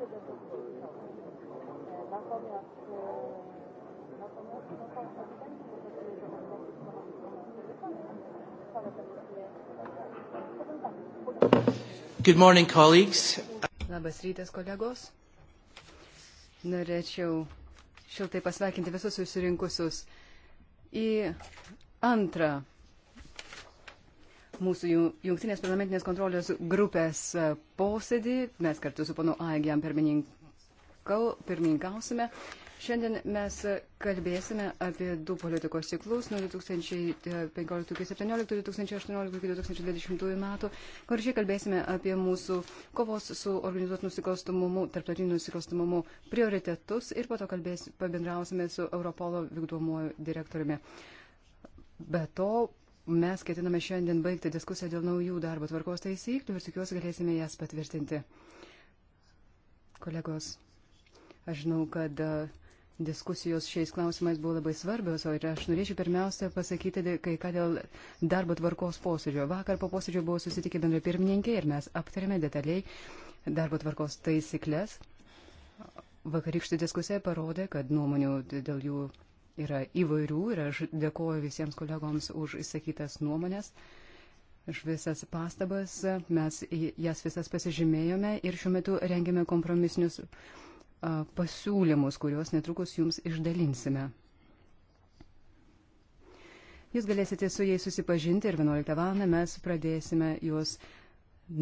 Natomiast, natomiast no to ewidentnie pokazuje, że można być wcale tak nie Good morning, colleagues. Labas rytas, kolegos. Norėčiau šiltai pasveikinti visus susirinkusius į antrą mūsų jungtinės parlamentinės kontrolės grupės e, posėdį. Mes kartu su panu Aigiam pirmininkausime. Šiandien mes kalbėsime apie du politikos ciklus nuo 2015-2017-2018-2020 e, metų. Karšiai kalbėsime apie mūsų kovos su organizuotų nusikalstumumu, tarptautiniu nusikalstumumu prioritetus ir po to kalbės, pabendrausime su Europolo vykdomuoju direktoriumi. Be to Mes ketiname šiandien baigti diskusiją dėl naujų darbo tvarkos taisyklių ir tikiuosi galėsime jas patvirtinti. Kolegos, aš žinau, kad e, diskusijos šiais klausimais buvo labai svarbios, o ir aš norėčiau pirmiausia pasakyti kai ką dėl darbo tvarkos posėdžio. Vakar po posėdžio buvo susitikę bendrai pirmininkai ir mes aptarėme detaliai darbo tvarkos taisyklės. Vakarykštė diskusija parodė, kad nuomonių dėl jų yra įvairių ir aš dėkoju visiems kolegoms už įsakytas nuomonės. Iš visas pastabas mes jas visas pasižymėjome ir šiuo metu rengiame kompromisinius pasiūlymus, kuriuos netrukus jums išdalinsime. Jūs galėsite su jais susipažinti ir 11 val. mes pradėsime juos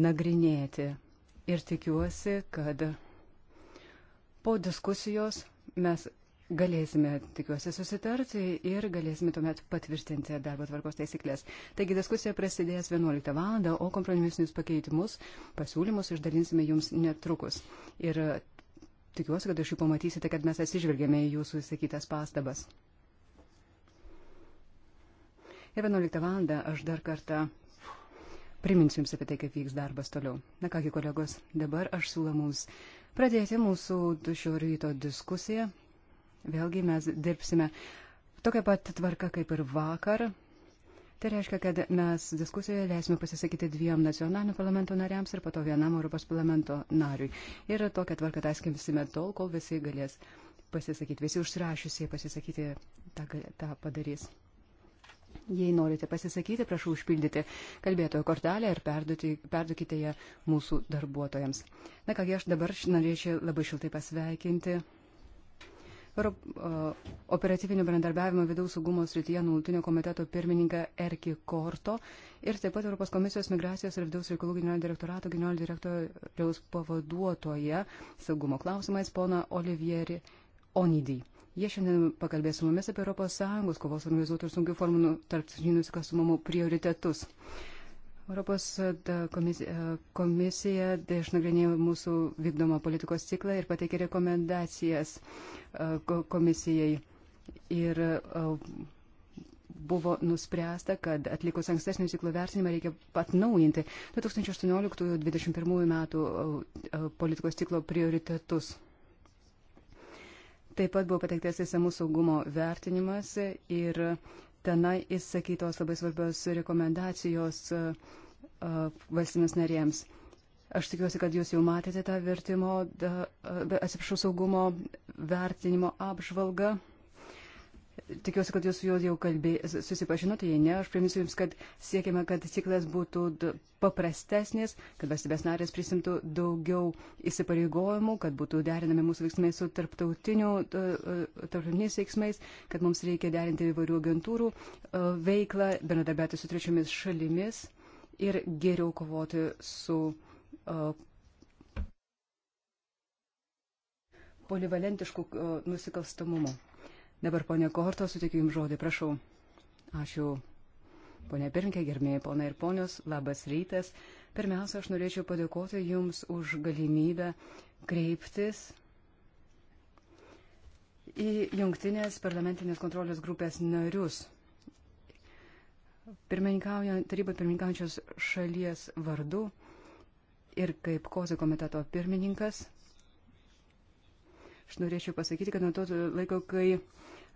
nagrinėti. Ir tikiuosi, kad po diskusijos mes galėsime, tikiuosi, susitarti ir galėsime tuomet patvirtinti darbo tvarkos taisyklės. Taigi diskusija prasidės 11 val. o kompromisinius pakeitimus, pasiūlymus išdalinsime jums netrukus. Ir tikiuosi, kad iš jų pamatysite, kad mes atsižvelgėme į jūsų įsakytas pastabas. Ir 11 val. aš dar kartą priminsiu jums apie tai, kaip vyks darbas toliau. Na kągi, kolegos, dabar aš siūlau mums pradėti mūsų šio ryto diskusiją. Vėlgi mes dirbsime tokia pat tvarka kaip ir vakar. Tai reiškia, kad mes diskusijoje leisime pasisakyti dviem nacionalinių parlamento nariams ir po to vienam Europos parlamento nariui. Ir tokią tvarką taiskimsime tol, kol visi galės pasisakyti, visi užsirašysiai pasisakyti tą, tą padarys. Jei norite pasisakyti, prašau užpildyti kalbėtojo kortelę ir perduokite ją mūsų darbuotojams. Na kągi, aš dabar norėčiau labai šiltai pasveikinti Uh, operatyvinio bendradarbiavimo vidaus saugumo srityje nuolatinio komiteto pirmininką Erki Korto ir taip pat Europos komisijos migracijos ir vidaus reikalų generalinio direktorato generalinio direktoriaus pavaduotoje saugumo klausimais pona Olivieri Onidį. Jie šiandien pakalbės su mumis apie ES kovos organizuotų ir sunkių formų nu, tarptautinių nusikalstamumų prioritetus. Uh, Europos e, komisija, komisija išnagrinėjo mūsų vykdomą politikos ciklą ir pateikė rekomendacijas e, komisijai. Ir e, buvo nuspręsta, kad atlikus ankstesnių ciklų vertinimą reikia atnaujinti 2018-2021 metų politikos ciklo prioritetus. Taip pat buvo pateiktas įsamus saugumo vertinimas ir tenai įsakytos labai svarbios rekomendacijos e, e, valstybės narėms. Aš tikiuosi, kad jūs jau matėte tą vertimo, e, atsiprašau, saugumo vertinimo apžvalgą. Tikiuosi, kad jūs su juo jau kalbė, susipažinote, jei ne, aš priminsiu jums, kad siekime, kad ciklas būtų paprastesnis, kad valstybės narės prisimtų daugiau įsipareigojimų, kad būtų derinami mūsų veiksmai su e, tarptautiniais veiksmais, kad mums reikia derinti įvairių agentūrų e, veiklą, bendradarbiauti su trečiomis šalimis ir geriau kovoti su e, polivalentišku nusikalstamumu. Dabar, ponė Korto, sutikiu Jums žodį, prašau. Ačiū, ponė Pirinkė, gerbėjai ponai ir ponios, labas rytas. Pirmiausia, aš norėčiau padėkoti Jums už galimybę kreiptis į jungtinės parlamentinės kontrolės grupės narius. Taryba pirmininkaujančios šalies vardu ir kaip kozio komiteto pirmininkas Aš norėčiau pasakyti, kad nuo to laiko, kai e,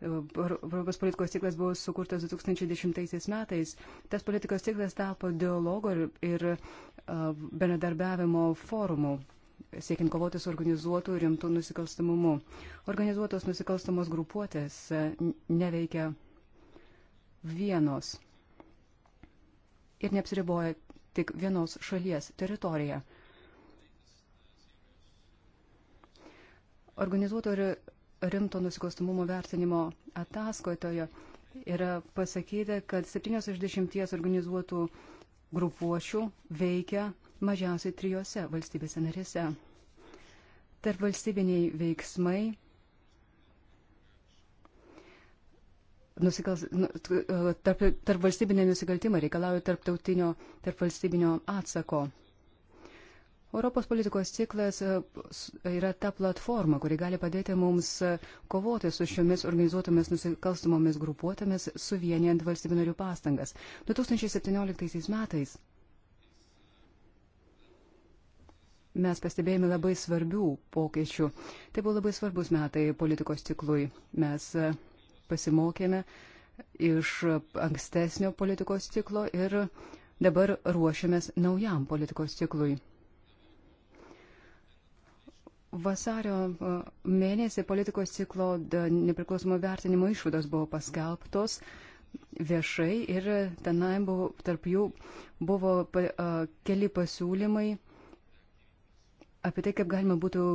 Europos politikos ciklas buvo sukurtas 2010 metais, tas politikos ciklas tapo dialogo ir, ir e, bendradarbiavimo forumu siekiant kovoti su organizuotu rimtu nusikalstamumu. Organizuotos nusikalstamos grupuotės e, neveikia vienos ir neapsiriboja tik vienos šalies teritorija. Organizuoto ir rimto nusikalstamumo vertinimo ataskaitoje yra pasakyta, kad 7 iš 10 organizuotų grupuočių veikia mažiausiai trijose valstybėse narėse. Tarp valstybiniai veiksmai nusikals, nu, e, tarp, tarp valstybinė nusikaltimai reikalauja tarptautinio, tarp valstybinio atsako. Europos politikos ciklas e, yra ta platforma, kuri gali padėti mums e, kovoti su šiomis organizuotomis nusikalstamomis grupuotėmis, suvienijant valstybių narių pastangas. 2017 metais mes pastebėjome labai svarbių pokyčių. Tai buvo labai svarbus metai politikos ciklui. Mes e, pasimokėme iš ankstesnio politikos ciklo ir dabar ruošiamės naujam politikos ciklui. Vasario e, mėnesį politikos ciklo nepriklausomo vertinimo išvados buvo paskelbtos viešai ir tenai buvo, tarp jų buvo e, keli pasiūlymai apie tai, kaip galima būtų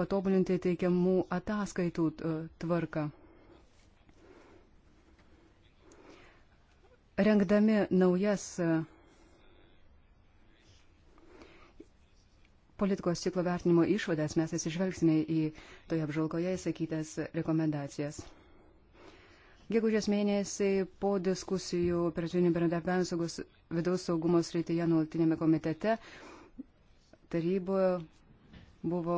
patobulinti teikiamų ataskaitų e, tvarką. Rengdami naujas politikos ciklo vertinimo išvadas mes atsižvelgsime į toje apžvalgoje įsakytas rekomendacijas. Gegužės mėnesį po diskusijų operacinių bendradarbiavimo saugos vidaus saugumo srityje nuolatinėme komitete taryboje buvo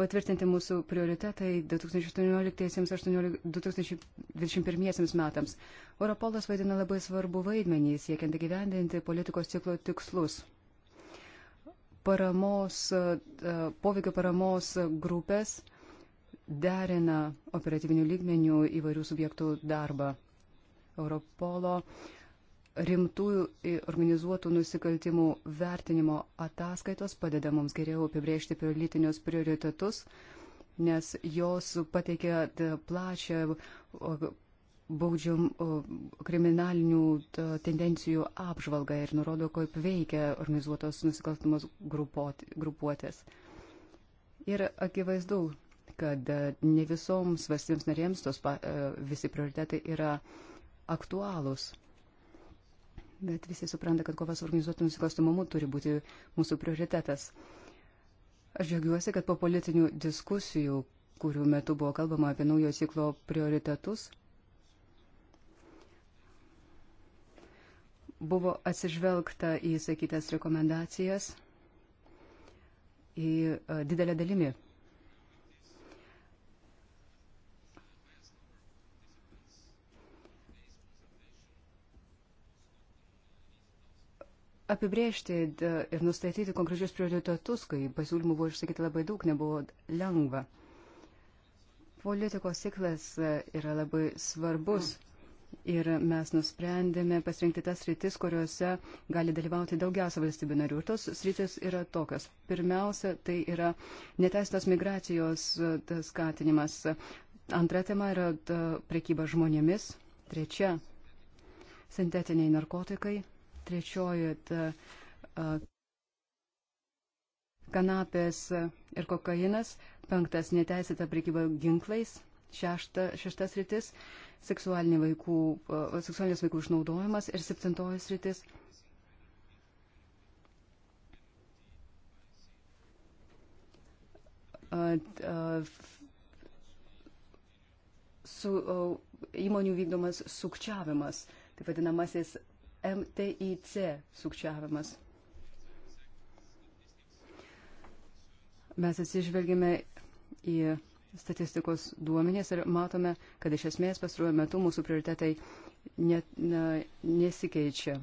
patvirtinti mūsų prioritetai 2018-2021 metams. Europolas vaidina labai svarbu vaidmenį siekiant įgyvendinti politikos ciklo tikslus paramos, e, poveikio paramos grupės derina operatyvinių lygmenių įvairių subjektų darbą. Europolo rimtų organizuotų nusikaltimų vertinimo ataskaitos padeda mums geriau apibriežti politinius prioritetus, nes jos pateikia e, plačią baudžiam kriminalinių tendencijų apžvalgą ir nurodo, kaip veikia organizuotos nusikalstamos grupuotės. Ir akivaizdu, kad e, ne visoms valstybėms narėms tos pa, e, visi prioritetai yra aktualūs. Bet visi supranta, kad kovas organizuotų nusikalstamumu turi būti mūsų prioritetas. Aš džiaugiuosi, kad po politinių diskusijų, kurių metu buvo kalbama apie naujo ciklo prioritetus, buvo atsižvelgta į sakytas rekomendacijas į e, didelę dalimi. Apibriežti ir nustatyti konkrečius prioritetus, kai pasiūlymų buvo išsakyti labai daug, nebuvo lengva. Politikos ciklas e, yra labai svarbus. Mm Ir mes nusprendėme pasirinkti tas rytis, kuriuose gali dalyvauti daugiausia valstybių narių. Ir tos rytis yra tokios. Pirmiausia, tai yra neteistos migracijos e, skatinimas. Antra tema yra e, prekyba žmonėmis. Trečia - sintetiniai narkotikai. Trečioji - e, kanapės ir kokainas. Penktas - neteisėta prekyba ginklais šešta, šeštas rytis - seksualinė vaikų, seksualinis vaikų išnaudojimas ir septintojas rytis. su įmonių vykdomas sukčiavimas, tai vadinamasis MTIC sukčiavimas. Mes atsižvelgėme į statistikos duomenės ir matome, kad iš esmės pastaruoju metu mūsų prioritetai net, na, nesikeičia.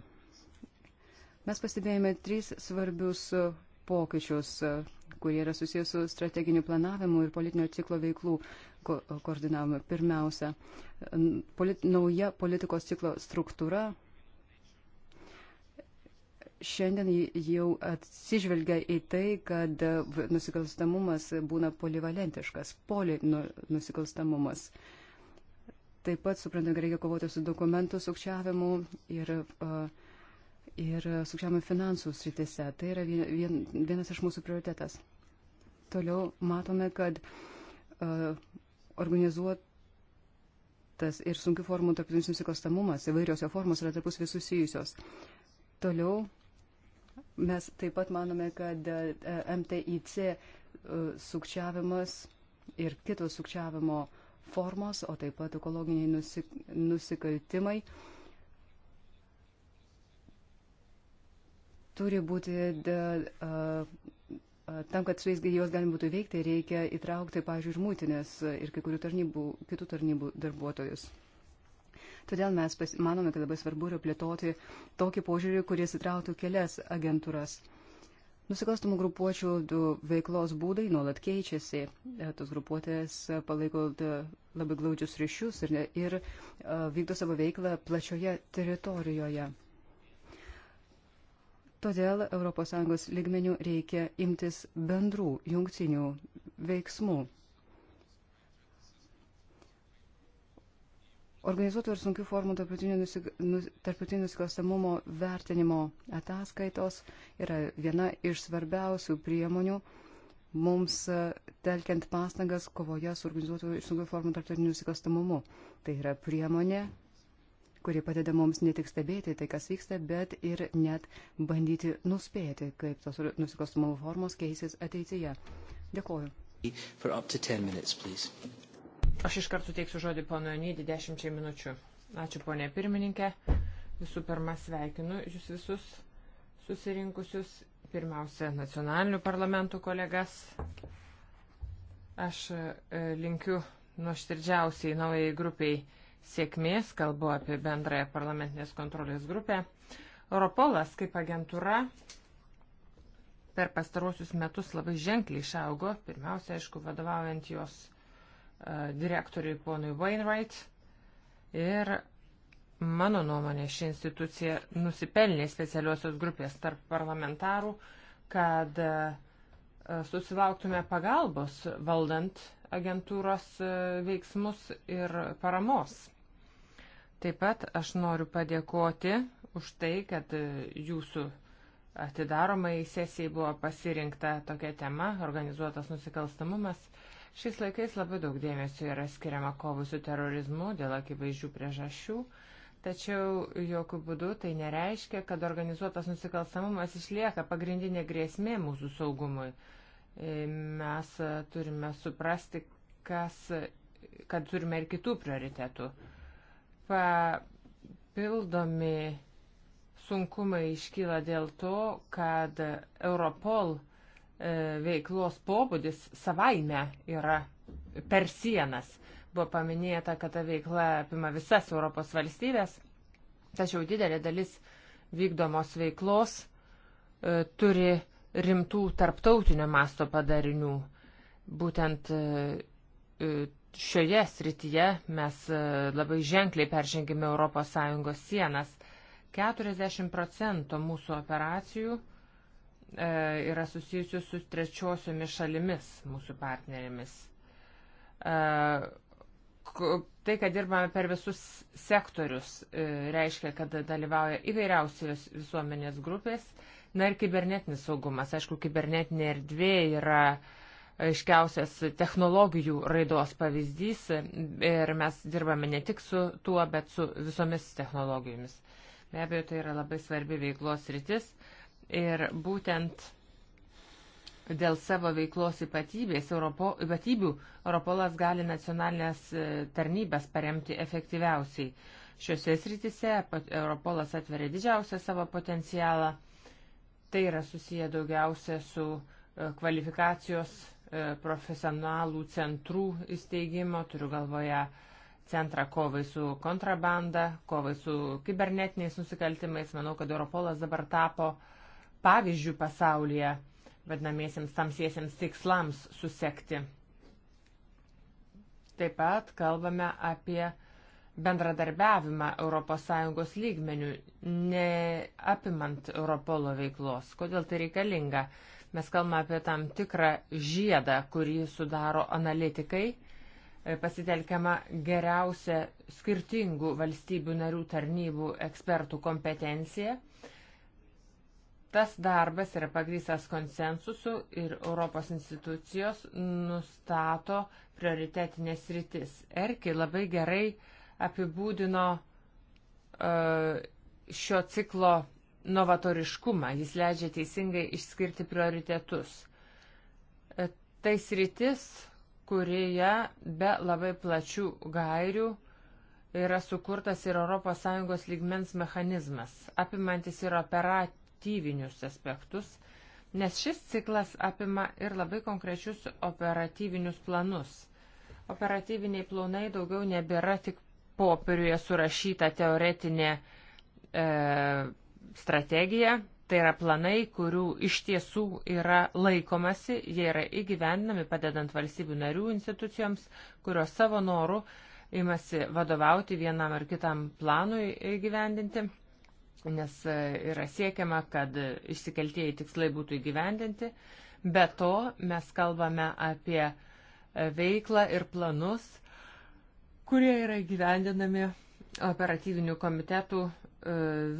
Mes pastebėjome tris svarbius pokyčius, kurie yra susijęs su strateginiu planavimu ir politinio ciklo veiklų ko koordinavimu. Pirmiausia, polit nauja politikos ciklo struktūra šiandien jau atsižvelgia į tai, kad nusikalstamumas būna polivalentiškas, polinusikalstamumas. Nu- Taip pat, suprantant, reikia kovoti su dokumentų sukčiavimu ir, ir sukčiavimu finansų sritise. Tai yra vien, vien, vienas iš mūsų prioritetas. Toliau matome, kad uh, organizuot smurtas ir sunkių formų tarptautinis nusikalstamumas įvairios jo formos yra tarpusvis susijusios. Toliau Mes taip pat manome, kad e, MTIC e, sukčiavimas ir kitos sukčiavimo formos, o taip pat ekologiniai nusik nusikaltimai turi būti, de, uh, tam, kad su jais juos galima būtų veikti, reikia įtraukti, pažiūrėjau, žmūtinės ir kai kurių tarnybų, kitų tarnybų darbuotojus. Todėl mes pas, manome, kad labai svarbu yra plėtoti tokį požiūrį, kuris įtrautų kelias agentūras. Nusikalstamų grupuočių veiklos būdai nuolat keičiasi. E, tos grupuotės e, palaiko e, labai glaudžius ryšius ir, ir vykdo savo veiklą plačioje teritorijoje. Todėl ES lygmenių reikia imtis bendrų jungtinių veiksmų. Organizuotų ir sunkių formų tarptautinio nusik... Nu, nusikalstamumo vertinimo ataskaitos yra viena iš svarbiausių priemonių mums e, telkiant pastangas kovoje su organizuotų ir sunkių formų tarptautiniu nusikalstamumu. Tai yra priemonė, kuri padeda mums ne tik stebėti tai, kas vyksta, bet ir net bandyti nuspėti, kaip tos nusikalstamumo formos keisis ateityje. Dėkuoju. For up to 10 minutes, please. Aš iš karto teiksiu žodį pono Onydį dešimčiai minučių. Ačiū ponė pirmininkė. Visų pirma sveikinu jūs visus susirinkusius. Pirmiausia, nacionalinių parlamentų kolegas. Aš e, linkiu nuoširdžiausiai naujai grupiai sėkmės, kalbu apie bendrąją parlamentinės kontrolės grupę. Europolas kaip agentūra per pastaruosius metus labai ženkliai išaugo, pirmiausia, aišku, vadovaujant jos direktoriui ponui Wainwright. Ir mano nuomonė, ši institucija nusipelnė specialiosios grupės tarp parlamentarų, kad e, susilauktume pagalbos valdant agentūros e, veiksmus ir paramos. Taip pat aš noriu padėkoti už tai, kad e, jūsų atidaromai sesijai buvo pasirinkta tokia tema - organizuotas nusikalstamumas. Šiais laikais labai daug dėmesio yra skiriama kovų su terorizmu dėl akivaizdžių priežasčių, tačiau jokių būdų tai nereiškia, kad organizuotas nusikalstamumas išlieka pagrindinė grėsmė mūsų saugumui. E, mes turime suprasti, kas, kad turime ir kitų prioritetų. Papildomi sunkumai iškyla dėl to, kad Europol E, veiklos pobūdis savaime yra per sienas. Buvo paminėta, kad ta veikla apima visas Europos valstybės, tačiau didelė dalis vykdomos veiklos e, turi rimtų tarptautinio masto padarinių. Būtent e, šioje srityje mes labai ženkliai peržengėme ES sienas. 40 procentų mūsų operacijų E, yra susijusi su trečiosiomis šalimis, mūsų partnerėmis. E, tai, kad dirbame per visus sektorius, e, reiškia, kad dalyvauja įvairiausios visuomenės grupės. Na ir kibernetinis saugumas. Aišku, kibernetinė erdvė yra aiškiausias technologijų raidos pavyzdys ir mes dirbame ne tik su tuo, bet su visomis technologijomis. Be abejo, tai yra labai svarbi veiklos rytis Ir būtent dėl savo veiklos ypatybės, Europo, ypatybių Europolas gali nacionalinės e, tarnybės paremti efektyviausiai. Šiuose srityse Europolas atveria didžiausią savo potencialą. Tai yra susiję daugiausia su e, kvalifikacijos e, profesionalų centrų įsteigimo, turiu galvoje centrą kovai su kontrabanda, kovai su kibernetiniais nusikaltimais. Manau, kad Europolas dabar tapo uh, pavyzdžių pasaulyje vadinamiesiems tamsiesiems tikslams susekti. Taip pat kalbame apie bendradarbiavimą ES lygmenių, neapimant Europolo veiklos. Kodėl tai reikalinga? Mes kalbame apie tam tikrą žiedą, kurį sudaro analitikai, e, pasitelkiama geriausia skirtingų valstybių narių tarnybų ekspertų kompetencija – Tas darbas yra pagrystas konsensusu ir Europos institucijos nustato prioritetinės rytis. Erki labai gerai apibūdino e, šio ciklo novatoriškumą. Jis leidžia teisingai išskirti prioritetus. E, tai sritis, kurioje be labai plačių gairių yra sukurtas ir ES lygmens mechanizmas, apimantis ir operacijų operatyvinius aspektus, nes šis ciklas apima ir labai konkrečius operatyvinius planus. Operatyviniai planai daugiau nebėra tik popieriuje surašyta teoretinė e, strategija, tai yra planai, kurių iš tiesų yra laikomasi, jie yra įgyvendinami padedant valstybių narių institucijoms, kurios savo norų imasi vadovauti vienam ar kitam planui įgyvendinti nes e, yra siekiama, kad išsikeltieji tikslai būtų įgyvendinti. Be to, mes kalbame apie e, veiklą ir planus, kurie yra įgyvendinami operatyvinių komitetų e,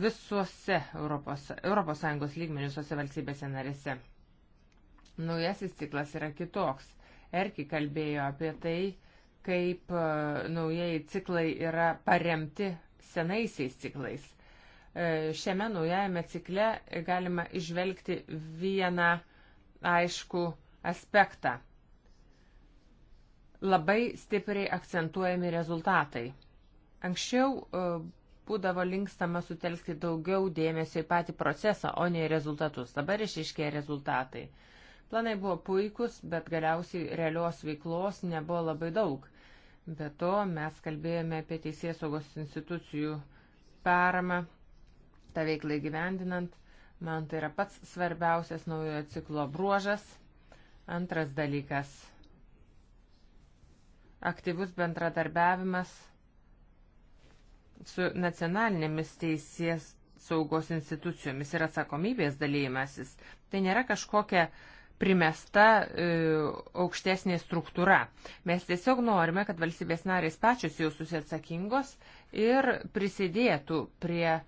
visuose Europos, Europos Sąjungos lygmeniuose valstybėse narėse. Naujasis ciklas yra kitoks. Erki kalbėjo apie tai, kaip naujieji ciklai yra paremti senaisiais ciklais – E, šiame naujajame cikle galima išvelgti vieną aišku aspektą. Labai stipriai akcentuojami rezultatai. Anksčiau e, būdavo linkstama sutelkti daugiau dėmesio į patį procesą, o ne į rezultatus. Dabar išiškėja rezultatai. Planai buvo puikus, bet galiausiai realios veiklos nebuvo labai daug. Be to mes kalbėjome apie teisės saugos institucijų paramą tą veiklą įgyvendinant. Man tai yra pats svarbiausias naujojo ciklo bruožas. Antras dalykas - aktyvus bendradarbiavimas su nacionalinėmis teisės saugos institucijomis ir atsakomybės dalymasis. Tai nėra kažkokia primesta e, aukštesnė struktūra. Mes tiesiog norime, kad valstybės narės pačios jaustųsi atsakingos ir prisidėtų prie e,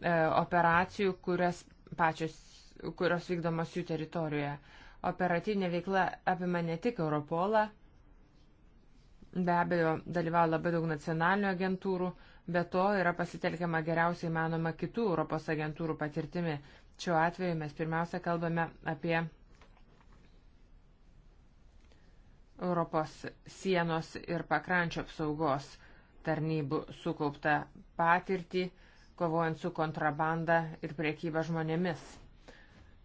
E, operacijų, kurias pačios, kurios vykdomos jų teritorijoje. Operatyvinė veikla apima ne tik Europolą, be abejo, dalyvauja labai daug nacionalinių agentūrų, bet to yra pasitelkiama geriausiai manoma kitų Europos agentūrų patirtimi. Šiuo atveju mes pirmiausia kalbame apie Europos sienos ir pakrančio apsaugos tarnybų sukauptą patirtį kovojant su kontrabanda ir priekyba žmonėmis.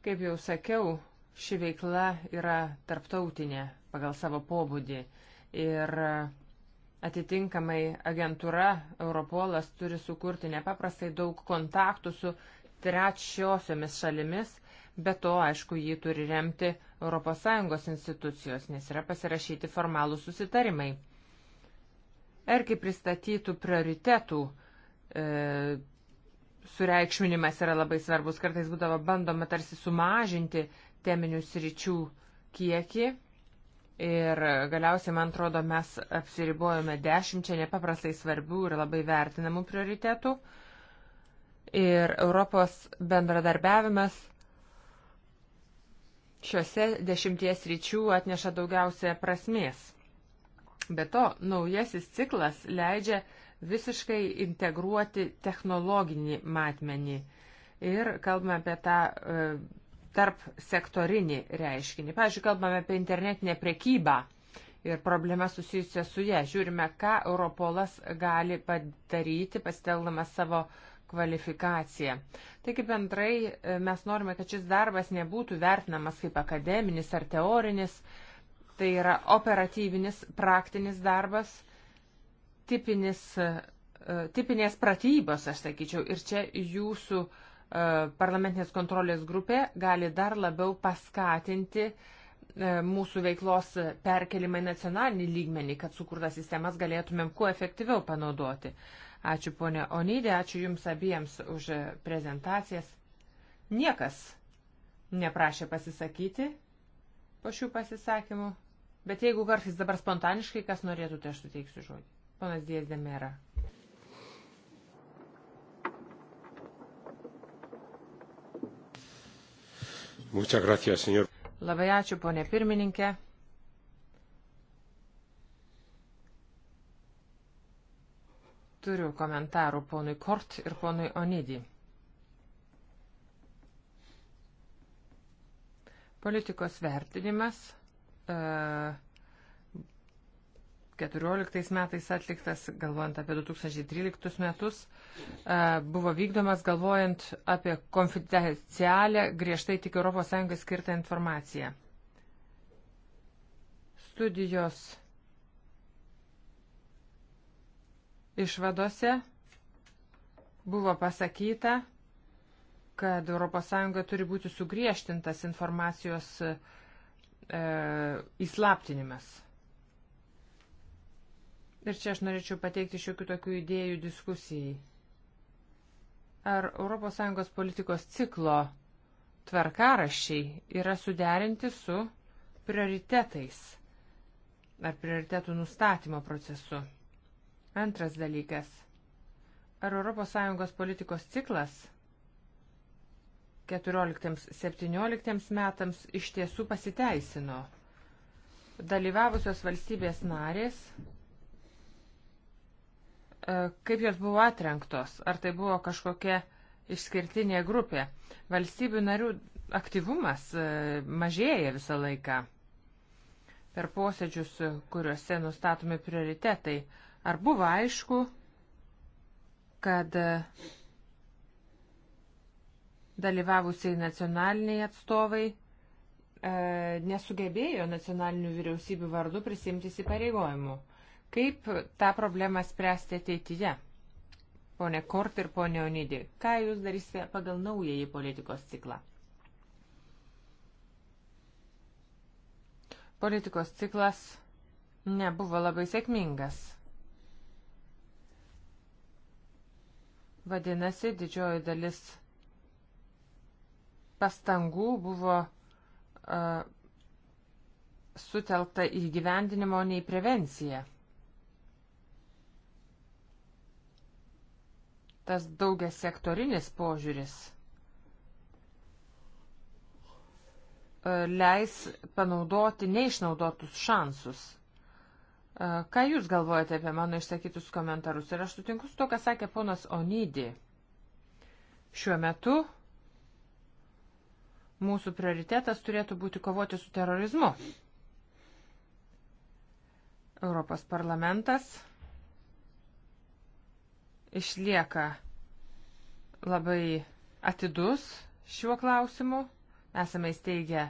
Kaip jau sakiau, ši veikla yra tarptautinė pagal savo pobūdį ir atitinkamai agentūra Europolas turi sukurti nepaprastai daug kontaktų su trečiosiomis šalimis, bet to, aišku, jį turi remti ES institucijos, nes yra pasirašyti formalų susitarimai. Ir er, kaip pristatytų prioritetų e, sureikšminimas yra labai svarbus. Kartais būdavo bandoma tarsi sumažinti teminių sričių kiekį. Ir galiausiai, man atrodo, mes apsiribojome dešimčia nepaprastai svarbių ir labai vertinamų prioritetų. Ir Europos bendradarbiavimas šiuose dešimties ryčių atneša daugiausia prasmės. Be to, naujasis ciklas leidžia visiškai integruoti technologinį matmenį. Ir kalbame apie tą e, tarp sektorinį reiškinį. Pavyzdžiui, kalbame apie internetinę prekybą ir problemą susijusią su ją. Žiūrime, ką Europolas gali padaryti, pasiteldamas savo kvalifikaciją. Taigi bendrai e, mes norime, kad šis darbas nebūtų vertinamas kaip akademinis ar teorinis, tai yra operatyvinis, praktinis darbas tipinis, e, tipinės pratybos, aš sakyčiau, ir čia jūsų e, parlamentinės kontrolės grupė gali dar labiau paskatinti e, mūsų veiklos perkelimą į nacionalinį lygmenį, kad sukurtas sistemas galėtumėm kuo efektyviau panaudoti. Ačiū ponė Onydė, ačiū Jums abiems už prezentacijas. Niekas neprašė pasisakyti po šių pasisakymų, bet jeigu kartais dabar spontaniškai kas norėtų, tai aš suteiksiu žodį. Panas Diezdemera. Gracias, Labai ačiū, ponė pirmininkė. Turiu komentarų ponui Kort ir ponui Onidį. Politikos vertinimas. Uh, e, 2014 metais atliktas, galvojant apie 2013 metus, e, buvo vykdomas galvojant apie konfidencialę griežtai tik ES skirtą informaciją. Studijos išvadose buvo pasakyta, kad ES turi būti sugriežtintas informacijos e, įslaptinimas Ir čia aš norėčiau pateikti šiokių tokių idėjų diskusijai. Ar ES politikos ciklo tvarkaraščiai yra suderinti su prioritetais ar prioritetų nustatymo procesu? Antras dalykas. Ar ES politikos ciklas 14-17 metams iš tiesų pasiteisino? Dalyvavusios valstybės narės E, kaip jos buvo atrenktos? Ar tai buvo kažkokia išskirtinė grupė? Valstybių narių aktyvumas e, mažėja visą laiką. Per posėdžius, kuriuose nustatomi prioritetai, ar buvo aišku, kad e, dalyvavusiai nacionaliniai atstovai e, nesugebėjo nacionalinių vyriausybių vardu prisimti įsipareigojimų. Kaip tą problemą spręsti ateityje? Pone Kort ir pone Onidį, ką jūs darysite pagal naująjį politikos ciklą? Politikos ciklas nebuvo labai sėkmingas. Vadinasi, didžioji dalis pastangų buvo uh, sutelkta į gyvendinimo, nei prevenciją. tas daugia sektorinis požiūris e, leis panaudoti neišnaudotus šansus. E, ką Jūs galvojate apie mano išsakytus komentarus? Ir aš sutinku su to, ką sakė ponas Onydį. Šiuo metu mūsų prioritetas turėtų būti kovoti su terorizmu. Europos parlamentas išlieka labai atidus šiuo klausimu. Esame įsteigę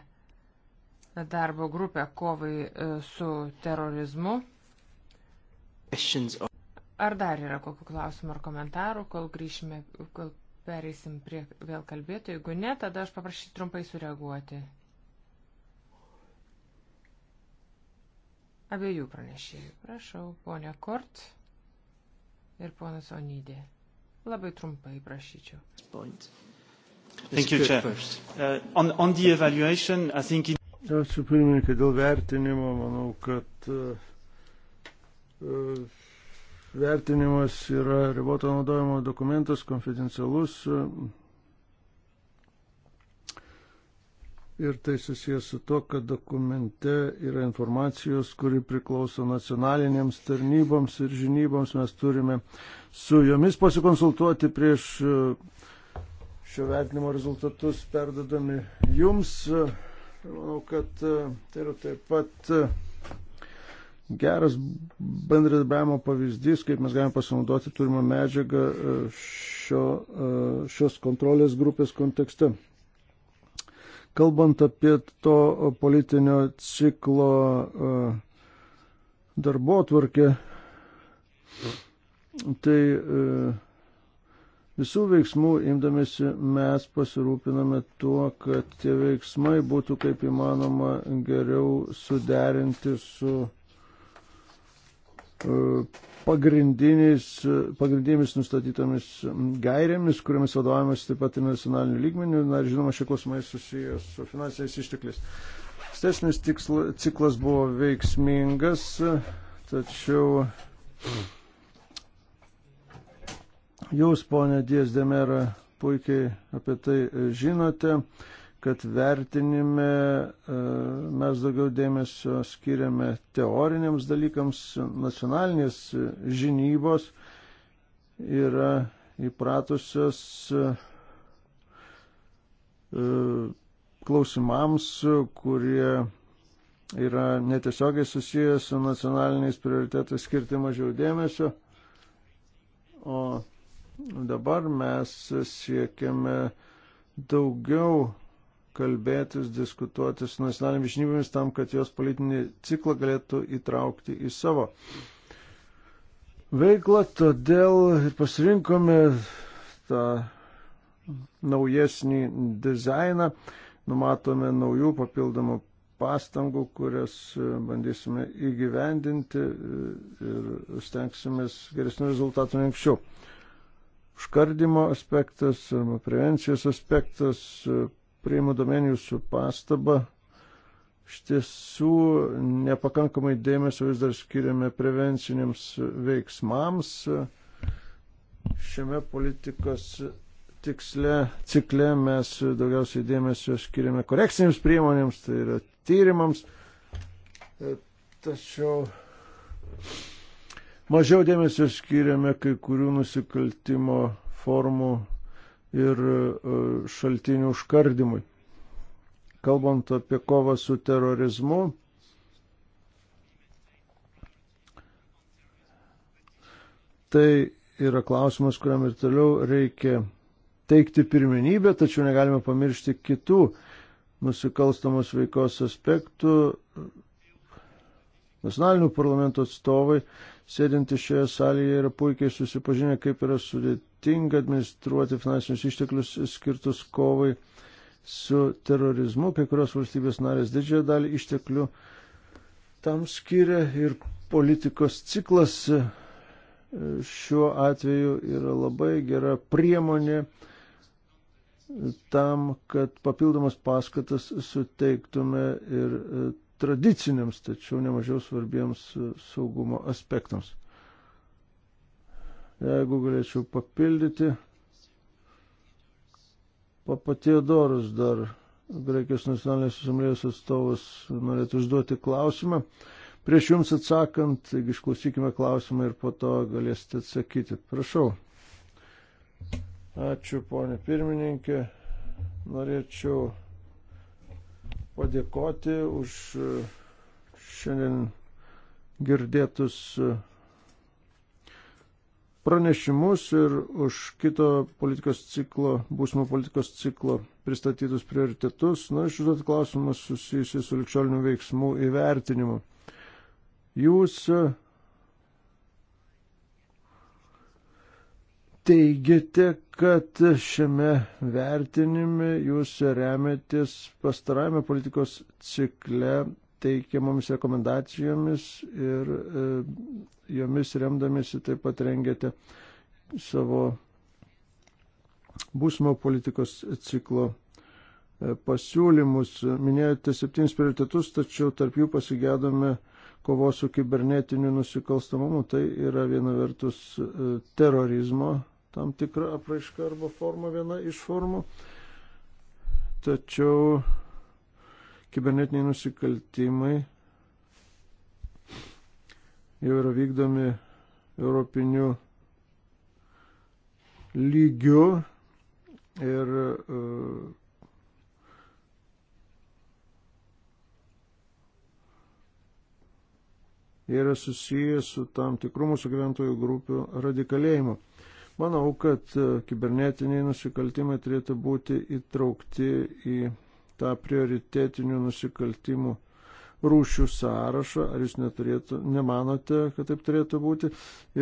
darbo grupę kovai e, su terorizmu. Ar dar yra kokių klausimų ar komentarų, kol grįšime, kol pereisim prie vėl kalbėtojų? Jeigu ne, tada aš paprašysiu trumpai sureaguoti. Abiejų pranešėjų. Prašau, ponia Kort ir ponas Onydė. Labai trumpai prašyčiau. Point. Thank you, Chair. Uh, on, on the evaluation, I think... In... Ačiū pirmininkai dėl vertinimo. Manau, kad uh, uh, vertinimas yra riboto naudojimo dokumentas, konfidencialus. Uh, ir tai susijęs su to, kad dokumente yra informacijos, kuri priklauso nacionalinėms tarnyboms ir žinyboms. Mes turime su jomis pasikonsultuoti prieš e, šio vertinimo rezultatus perdodami jums. E, manau, kad e, tai yra taip pat geras bendradarbiavimo pavyzdys, kaip mes galime pasinaudoti turimą medžiagą šio, šios kontrolės grupės kontekste. Kalbant apie to politinio ciklo e, darbo atvarkę, tai e, visų veiksmų imdamėsi mes pasirūpiname tuo, kad tie veiksmai būtų kaip įmanoma geriau suderinti su e, pagrindinėmis nustatytomis gairėmis, kuriamis vadovavimas taip pat ir nacionaliniu lygmeniu, na ir žinoma, šie klausimai susijęs su finansiniais ištekliais. Stesnis ciklas buvo veiksmingas, tačiau jūs, ponė Diezdemera, puikiai apie tai žinote kad vertinime e, mes daugiau dėmesio skiriame teoriniams dalykams, nacionalinės žinybos yra įpratusios e, e, klausimams, kurie yra netiesiogiai susijęs su nacionaliniais prioritetais skirti mažiau dėmesio. O dabar mes siekiame daugiau kalbėtis, diskutuoti su nacionalinėmis žinybėmis tam, kad jos politinį ciklą galėtų įtraukti į savo veiklą. Todėl pasirinkome tą naujesnį dizainą, numatome naujų papildomų pastangų, kurias bandysime įgyvendinti ir stengsimės geresnių rezultatų nei anksčiau užkardimo aspektas, prevencijos aspektas, priimu domenį jūsų pastabą. Iš tiesų nepakankamai dėmesio vis dar skiriame prevenciniams veiksmams. Šiame politikos tiksle, cikle mes daugiausiai dėmesio skiriame korekcinėms priemonėms, tai yra tyrimams. Tačiau mažiau dėmesio skiriame kai kurių nusikaltimo formų ir e, šaltinių užkardimui. Kalbant apie kovą su terorizmu, tai yra klausimas, kuriam ir toliau reikia teikti pirmenybę, tačiau negalime pamiršti kitų nusikalstamos veikos aspektų, nacionalinių parlamento atstovai, sėdinti šioje salėje, yra puikiai susipažinę, kaip yra sudėtinga administruoti finansinius išteklius skirtus kovai su terorizmu. Kai kurios valstybės narės didžiąją dalį išteklių tam skiria ir politikos ciklas e, šiuo atveju yra labai gera priemonė tam, kad papildomas paskatas suteiktume ir e, tradiciniams, tačiau nemažiau svarbiems e, saugumo aspektams. Jeigu galėčiau papildyti, papatiedoras dar Graikijos nacionalinės asamblėjos atstovas norėtų užduoti klausimą. Prieš jums atsakant, taigi išklausykime klausimą ir po to galėsite atsakyti. Prašau. Ačiū, ponė pirmininkė. Norėčiau padėkoti už e, šiandien girdėtus e, pranešimus ir už kito politikos ciklo, būsimo politikos ciklo pristatytus prioritetus. Na, iš užduotą klausimą susijusi su likščiolinių veiksmų įvertinimu. Jūs teigiate, kad šiame vertinime jūs remiatės pastarajame politikos cikle teikiamomis rekomendacijomis ir e, jomis remdamėsi taip pat rengiate savo būsimo politikos ciklo e, pasiūlymus. Minėjote septynis prioritetus, tačiau tarp jų pasigėdome kovos su kibernetiniu nusikalstamumu. Tai yra viena vertus e, terorizmo tam tikra apraiška arba forma viena iš formų. Tačiau kibernetiniai nusikaltimai jau yra vykdomi europiniu lygiu ir e, yra susijęs su tam tikrų mūsų gyventojų grupių radikalėjimu. Manau, kad e, kibernetiniai nusikaltimai turėtų būti įtraukti į tą prioritetinių nusikaltimų rūšių sąrašą, ar jūs neturėtų, nemanote, kad taip turėtų būti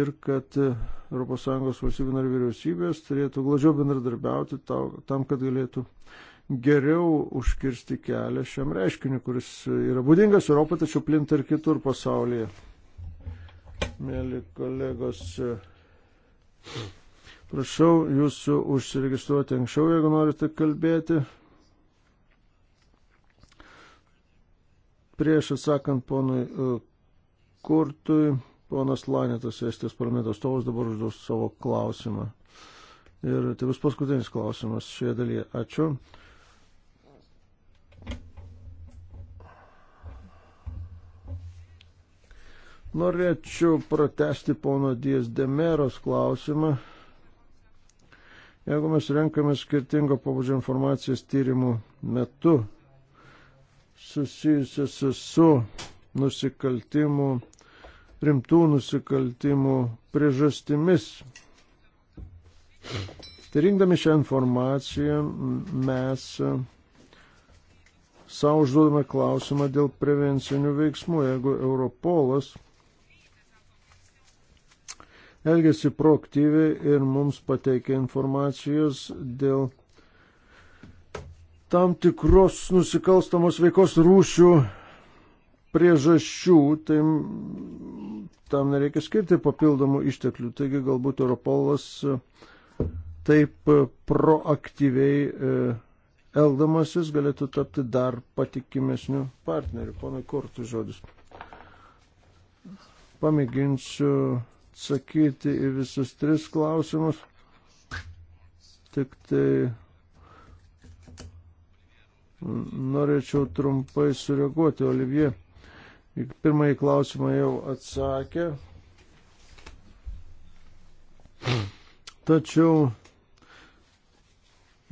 ir kad ES valstybių narių vyriausybės turėtų glaudžiau bendradarbiauti tam, kad galėtų geriau užkirsti kelią šiam reiškiniu, kuris yra būdingas Europai, tačiau plinta ir kitur pasaulyje. Mėly kolegos, Prašau jūsų užsiregistruoti anksčiau, jeigu norite kalbėti. Prieš atsakant ponui e, Kurtui, ponas Lanetas, Estijos parlamento atstovas, dabar užduos savo klausimą. Ir tai bus paskutinis klausimas šioje dalyje. Ačiū. Norėčiau pratesti pono Dies Demeros klausimą. Jeigu mes renkame skirtingo pabudžio informacijos tyrimų metu susijusias su nusikaltimų, rimtų nusikaltimų priežastimis. Tai rinkdami šią informaciją mes savo užduodame klausimą dėl prevencinių veiksmų. Jeigu Europolas elgėsi proaktyviai ir mums pateikė informacijos dėl tam tikros nusikalstamos veikos rūšių priežasčių, tai tam nereikia skirti papildomų išteklių. Taigi galbūt Europolas e, taip e, proaktyviai e, elgdamasis galėtų tapti dar patikimesniu partneriu. Pana Kortų žodis. Pamėginsiu atsakyti į visus tris klausimus. Tik tai norėčiau trumpai sureaguoti, Olivier. Pirmąjį klausimą jau atsakė. Tačiau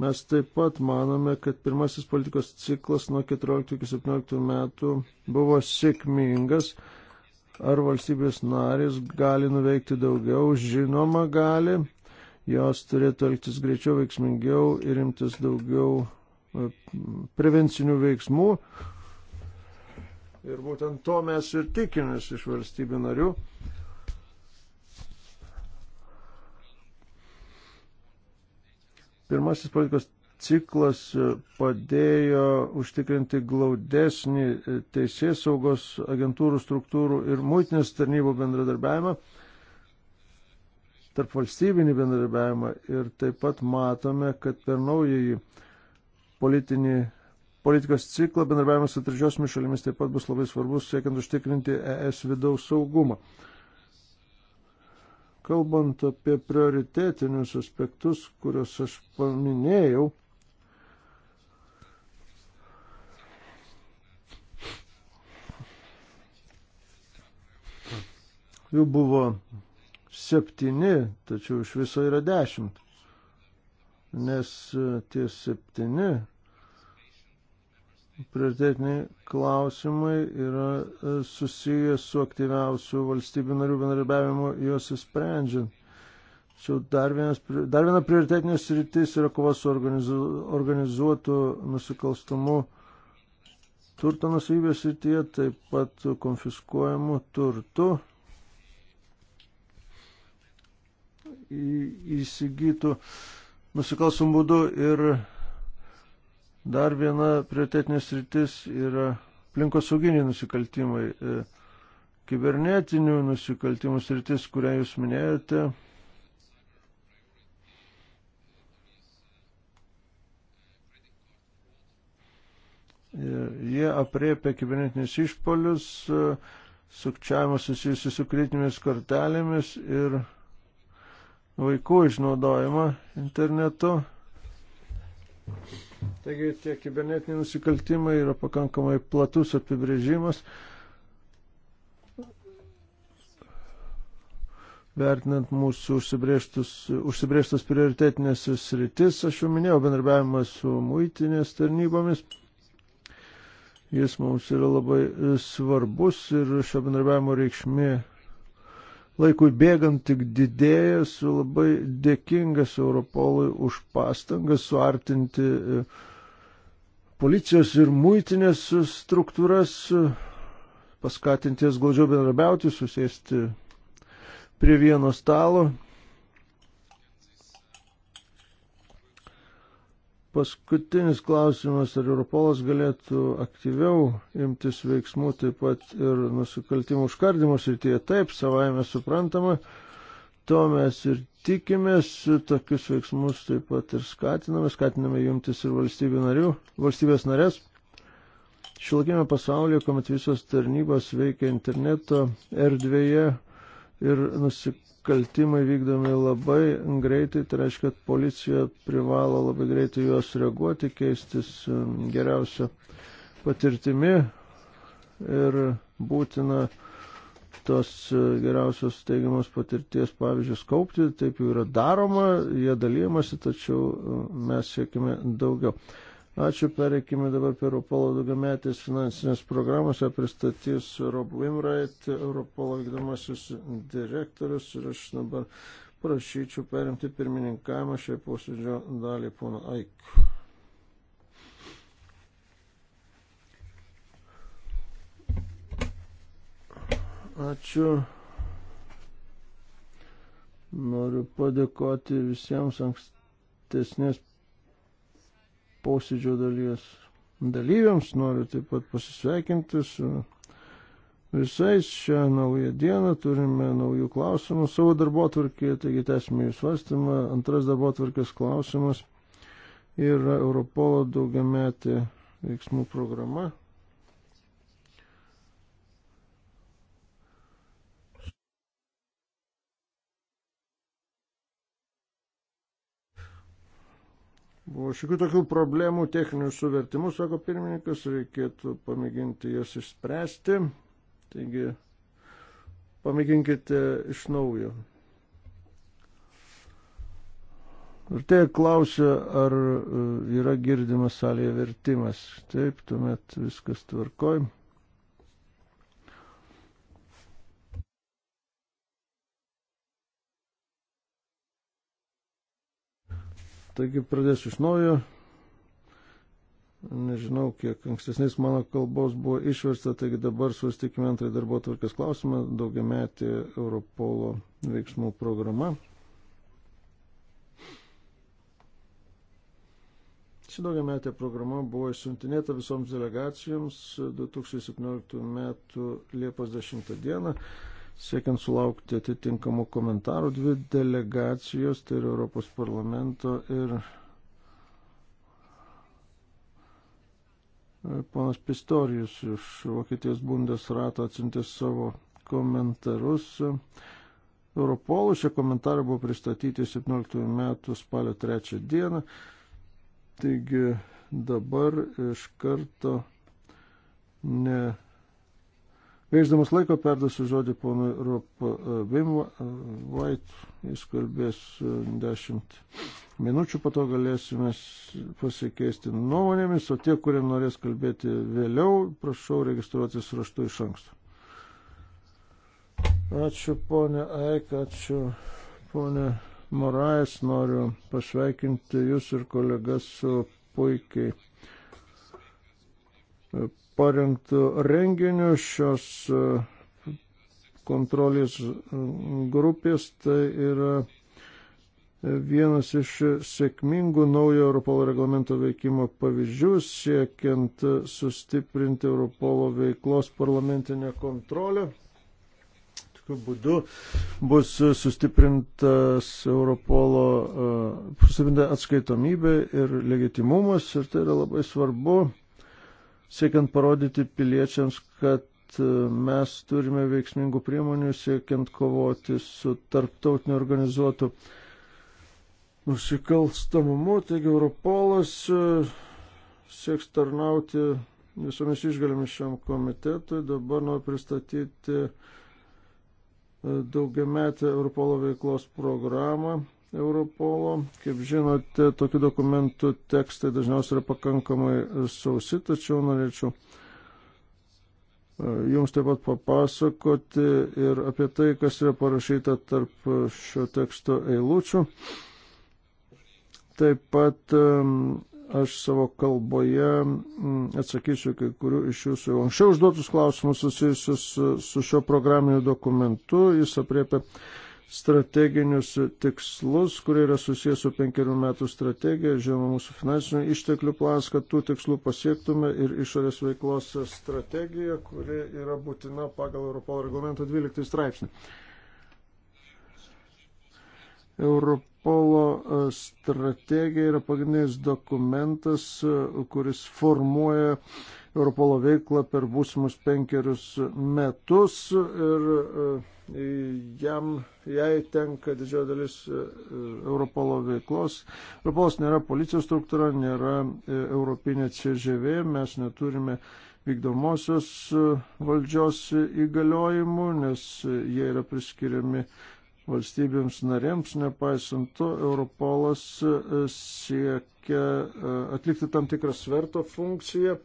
mes taip pat manome, kad pirmasis politikos ciklas nuo 14 iki 17 metų buvo sėkmingas Ar valstybės narės gali nuveikti daugiau? Žinoma, gali. Jos turėtų elgtis greičiau, veiksmingiau ir imtis daugiau e, prevencinių veiksmų. Ir būtent to mes ir tikimės iš valstybių narių. Pirmasis politikos ciklas e, padėjo užtikrinti glaudesnį e, teisės saugos agentūrų struktūrų ir muitinės tarnybų bendradarbiavimą, tarp valstybinį bendradarbiavimą ir taip pat matome, kad per naująjį politinį politikos ciklą bendradarbiavimas su trečiosiomis šalimis taip pat bus labai svarbus, siekiant užtikrinti ES vidaus saugumą. Kalbant apie prioritetinius aspektus, kuriuos aš paminėjau, jų buvo septyni, tačiau iš viso yra dešimt. Nes e, tie septyni prioritetiniai klausimai yra e, susijęs su aktyviausių valstybių narių bendradarbiavimu juos įsprendžiant. Tačiau dar, vienas, dar viena prioritetinė sritis yra kova su organizu, organizuotu nusikalstamu turto nusavybės srityje, taip pat konfiskuojamu turtu. įsigytų nusikalstamų būdų ir dar viena prioritetinė sritis yra aplinkosauginiai nusikaltimai. E, kibernetinių nusikaltimų sritis, kurią jūs minėjote, e, Jie apriepia kibernetinius išpolius, e, sukčiavimus susijusius su kritinėmis kortelėmis ir vaikų išnaudojimą internetu. Taigi tie kibernetiniai nusikaltimai yra pakankamai platus apibrėžimas. vertinant mūsų užsibrėžtas prioritetinės sritis, aš jau minėjau bendarbiavimą su muitinės tarnybomis. Jis mums yra labai svarbus ir šio bendarbiavimo reikšmė laikui bėgant tik didėja, esu labai dėkingas Europolui už pastangas suartinti e, policijos ir muitinės struktūras, e, paskatinti jas glaudžiau bendrabiauti, susėsti prie vieno stalo Paskutinis klausimas, ar Europolas galėtų aktyviau imtis veiksmų taip pat ir nusikaltimų užkardimo srityje. Taip, savaime suprantama, to mes ir tikimės, tokius veiksmus taip pat ir skatiname, skatiname jumtis ir narių, valstybės narės. Šilgime pasaulyje, kuomet visos tarnybos veikia interneto erdvėje ir nusikaltimų nusikaltimai vykdomi labai greitai, tai reiškia, kad policija privalo labai greitai juos reaguoti, keistis um, geriausią patirtimi ir būtina tos uh, geriausios teigiamos patirties pavyzdžius kaupti, taip jau yra daroma, jie dalymasi, tačiau uh, mes siekime daugiau. Ačiū, pereikime dabar prie Europolo daugiametės finansinės programos, ją pristatys Rob Wimright, Europolo vykdomasis direktorius ir aš dabar prašyčiau perimti pirmininkavimą šiai posėdžio dalį pono Aik. Ačiū. Noriu padėkoti visiems ankstesnės posėdžio dalies dalyviams. Noriu taip pat pasisveikinti su visais. Šią naują dieną turime naujų klausimų savo darbo atvarkėje, taigi tęsime jų svarstymą. Antras darbo atvarkės klausimas yra Europolo daugiametė veiksmų programa Buvo šiokių tokių problemų techninių suvertimų, sako pirmininkas, reikėtų pamėginti jas išspręsti. Taigi, pamėginkite iš naujo. Ir tai klausia, ar e, yra girdimas salėje vertimas. Taip, tuomet viskas tvarkojama. Taigi pradėsiu iš naujo. Nežinau, kiek ankstesnės mano kalbos buvo išversta, taigi dabar sustikime antrąjį darbo tvarkės klausimą, daugiametį Europolo veiksmų programą. Ši daugiametė programa buvo išsiuntinėta visoms delegacijoms 2017 m. Liepos 10 d siekiant sulaukti atitinkamų komentarų. Dvi delegacijos, tai yra Europos parlamento ir e, panas Pistorijus iš Vokietijos Bundesrato atsintė savo komentarus. Europolų šie komentarai buvo pristatyti 17 metų spalio 3 dieną. Taigi dabar iš karto ne Veisdamas laiko perdasiu žodį ponui Rob e, White, jis kalbės 10 e, minučių, po to galėsime pasikeisti nuomonėmis, o tie, kurie norės kalbėti vėliau, prašau registruotis raštu iš anksto. Ačiū ponė Aik, ačiū ponė Morais, noriu pasveikinti jūs ir kolegas su puikiai e, parengtų renginių šios e, kontrolės e, grupės. Tai yra e, vienas iš sėkmingų naujo Europolo reglamento veikimo pavyzdžių, siekiant sustiprinti Europolo veiklos parlamentinę kontrolę. Tokiu būdu bus sustiprintas Europolo sustiprinta atskaitomybė ir legitimumas ir tai yra labai svarbu siekiant parodyti piliečiams, kad e, mes turime veiksmingų priemonių siekiant kovoti su tarptautiniu organizuotu nusikalstamumu. Taigi Europolas e, sieks tarnauti visomis išgalėmis šiam komitetui. Dabar noriu pristatyti e, daugiametę Europolo veiklos programą Europolo. Kaip žinote, tokių dokumentų tekstai dažniausiai yra pakankamai sausi, tačiau norėčiau e, Jums taip pat papasakoti ir apie tai, kas yra parašyta tarp šio teksto eilučių. Taip pat e, aš savo kalboje atsakysiu kai kurių iš jūsų jau anksčiau užduotus klausimus susijusius su, su šio programiniu dokumentu. Jis apriepia strateginius tikslus, kurie yra susijęs su penkerių metų strategija, žinoma, mūsų finansinių išteklių planas, kad tų tikslų pasiektume ir išorės veiklos strategija, kuri yra būtina pagal Europolo reglamento 12 straipsnį. Europolo e, strategija yra pagrindinis dokumentas, e, kuris formuoja Europolo veiklą per būsimus penkerius metus ir e, jam, jai tenka didžioji dalis e, Europolo veiklos. Europolas nėra policijos struktūra, nėra e, Europinė CŽV, mes neturime vykdomosios valdžios įgaliojimų, nes jie yra priskiriami valstybėms narėms, nepaisant to, Europolas siekia atlikti tam tikrą sverto funkciją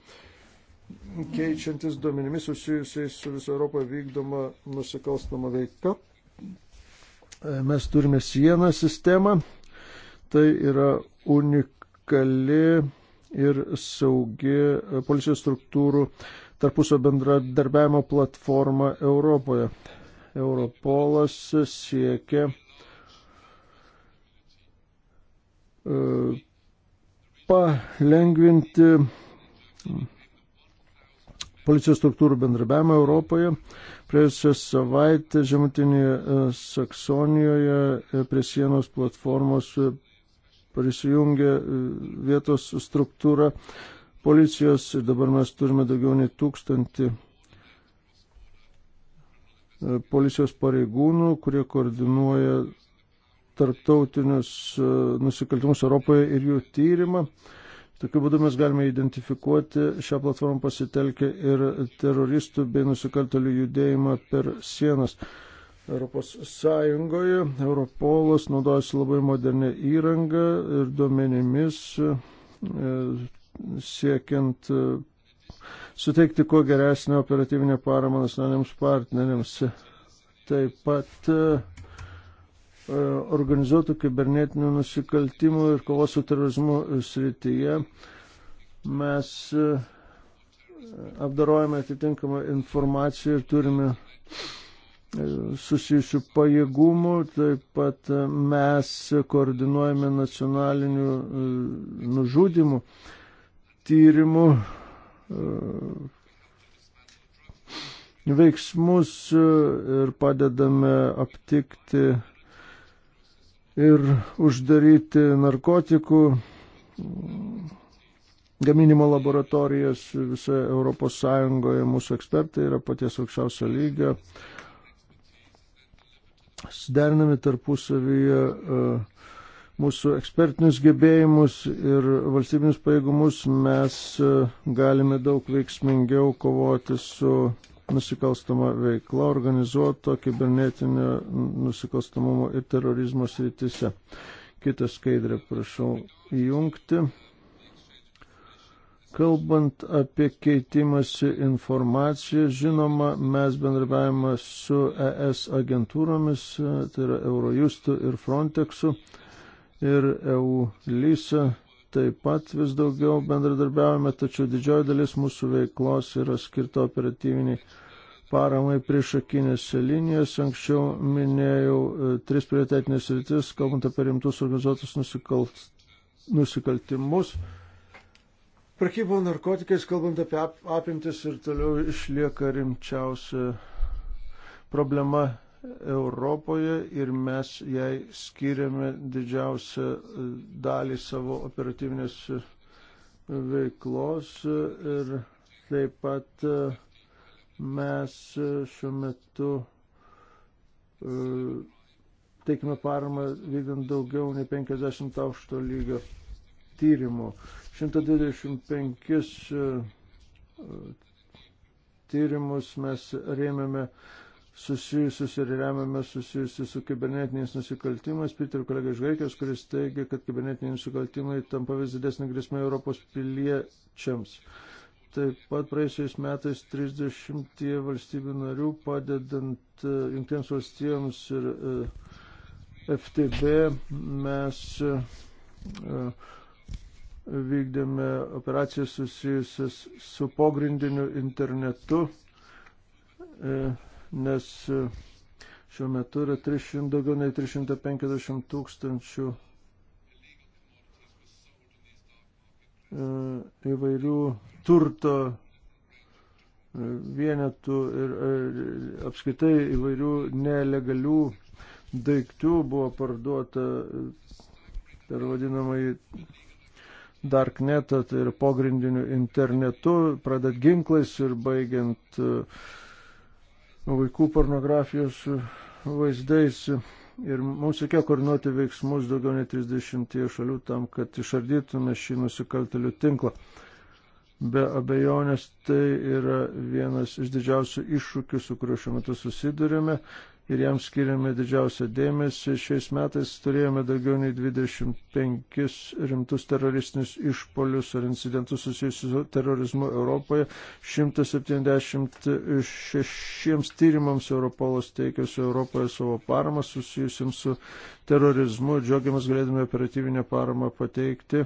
keičiantis duomenimis susijusiais su viso Europoje vykdoma nusikalstama veika. E, mes turime sieną sistemą, tai yra unikali ir saugi policijos struktūrų tarpusio bendradarbiavimo platforma Europoje. Europolas siekia e, palengvinti policijos struktūrų bendrabiavimą Europoje. Praėjusią savaitę Žemutinėje e, Saksonijoje e, prie sienos platformos e, prisijungė vietos struktūra policijos ir dabar mes turime daugiau nei tūkstantį policijos pareigūnų, kurie koordinuoja tarptautinius nusikaltimus Europoje ir jų tyrimą. Tokiu būdu mes galime identifikuoti šią platformą pasitelkę ir teroristų bei nusikaltelių judėjimą per sienas. Europos Sąjungoje Europolas naudojasi labai modernę įrangą ir duomenimis e, siekiant e, suteikti kuo geresnę operatyvinę paramą nacionaliniams partneriams. Taip pat uh, E, organizuotų kibernetinių nusikaltimų ir kovos su terorizmu srityje. Mes e, apdarojame atitinkamą informaciją ir turime e, susijusių pajėgumų, taip pat mes koordinuojame nacionalinių nužudimų tyrimų veiksmus ir padedame aptikti ir uždaryti narkotikų gaminimo laboratorijas visoje Europos Sąjungoje. Mūsų ekspertai yra paties aukščiausio lygio. Sderinami tarpusavyje e, mūsų ekspertinius gebėjimus ir valstybinius pajėgumus mes e, galime daug veiksmingiau kovoti su nusikalstama veikla organizuoto kibernetinio nusikalstamumo ir terorizmo srityse. Kitą skaidrę prašau įjungti. Kalbant apie keitimąsi informaciją, žinoma, mes bendrabiavimą su ES agentūromis, tai yra Eurojustu ir Frontexu ir EULISA taip pat vis daugiau bendradarbiavame, tačiau didžioji dalis mūsų veiklos yra skirta operatyviniai paramai priešakinėse linijose. Anksčiau minėjau e, tris prioritetinės rytis, kalbant apie rimtus organizuotus nusikalt, nusikaltimus. Prekybo narkotikais, kalbant apie apimtis ir toliau išlieka rimčiausia problema Europoje ir mes jai skiriame didžiausią e, dalį savo operatyvinės e, veiklos e, ir taip pat mes šiuo metu teikime paramą vykdant daugiau nei 50 aukšto lygio tyrimų. 125 tyrimus mes rėmėme susijusius ir remiame susijusius su kibernetiniais nusikaltimais. Pritariu kolega iš Graikijos, kuris teigia, kad kibernetiniai nusikaltimai tampa vis didesnė grėsmė Europos piliečiams. Taip pat praėjusiais metais 30 valstybių narių padedant e, Junktiems valstijams ir e, FTB mes e, vykdėme operacijas susijusias su pogrindiniu internetu nes e, šiuo metu yra 300, daugiau nei 350 tūkstančių e, įvairių turto e, vienetų ir apskaitai įvairių nelegalių daiktų buvo parduota per vadinamąjį darknetą, tai yra pogrindiniu internetu, pradant ginklais ir baigiant uh, vaikų pornografijos vaizdais. Ir mums reikėjo koordinuoti veiksmus daugiau nei 30 šalių tam, kad išardytume šį nusikaltelių tinklą. Be abejonės tai yra vienas iš didžiausių iššūkių, su kuriuo šiuo metu susidurime ir jam skiriame didžiausią dėmesį. Šiais metais turėjome daugiau nei 25 rimtus teroristinius išpolius ar incidentus susijusius su terorizmu Europoje. 176 tyrimams Europolas teikia su Europoje savo paramą susijusiam su terorizmu. Džiaugiamas galėdami operatyvinę paramą pateikti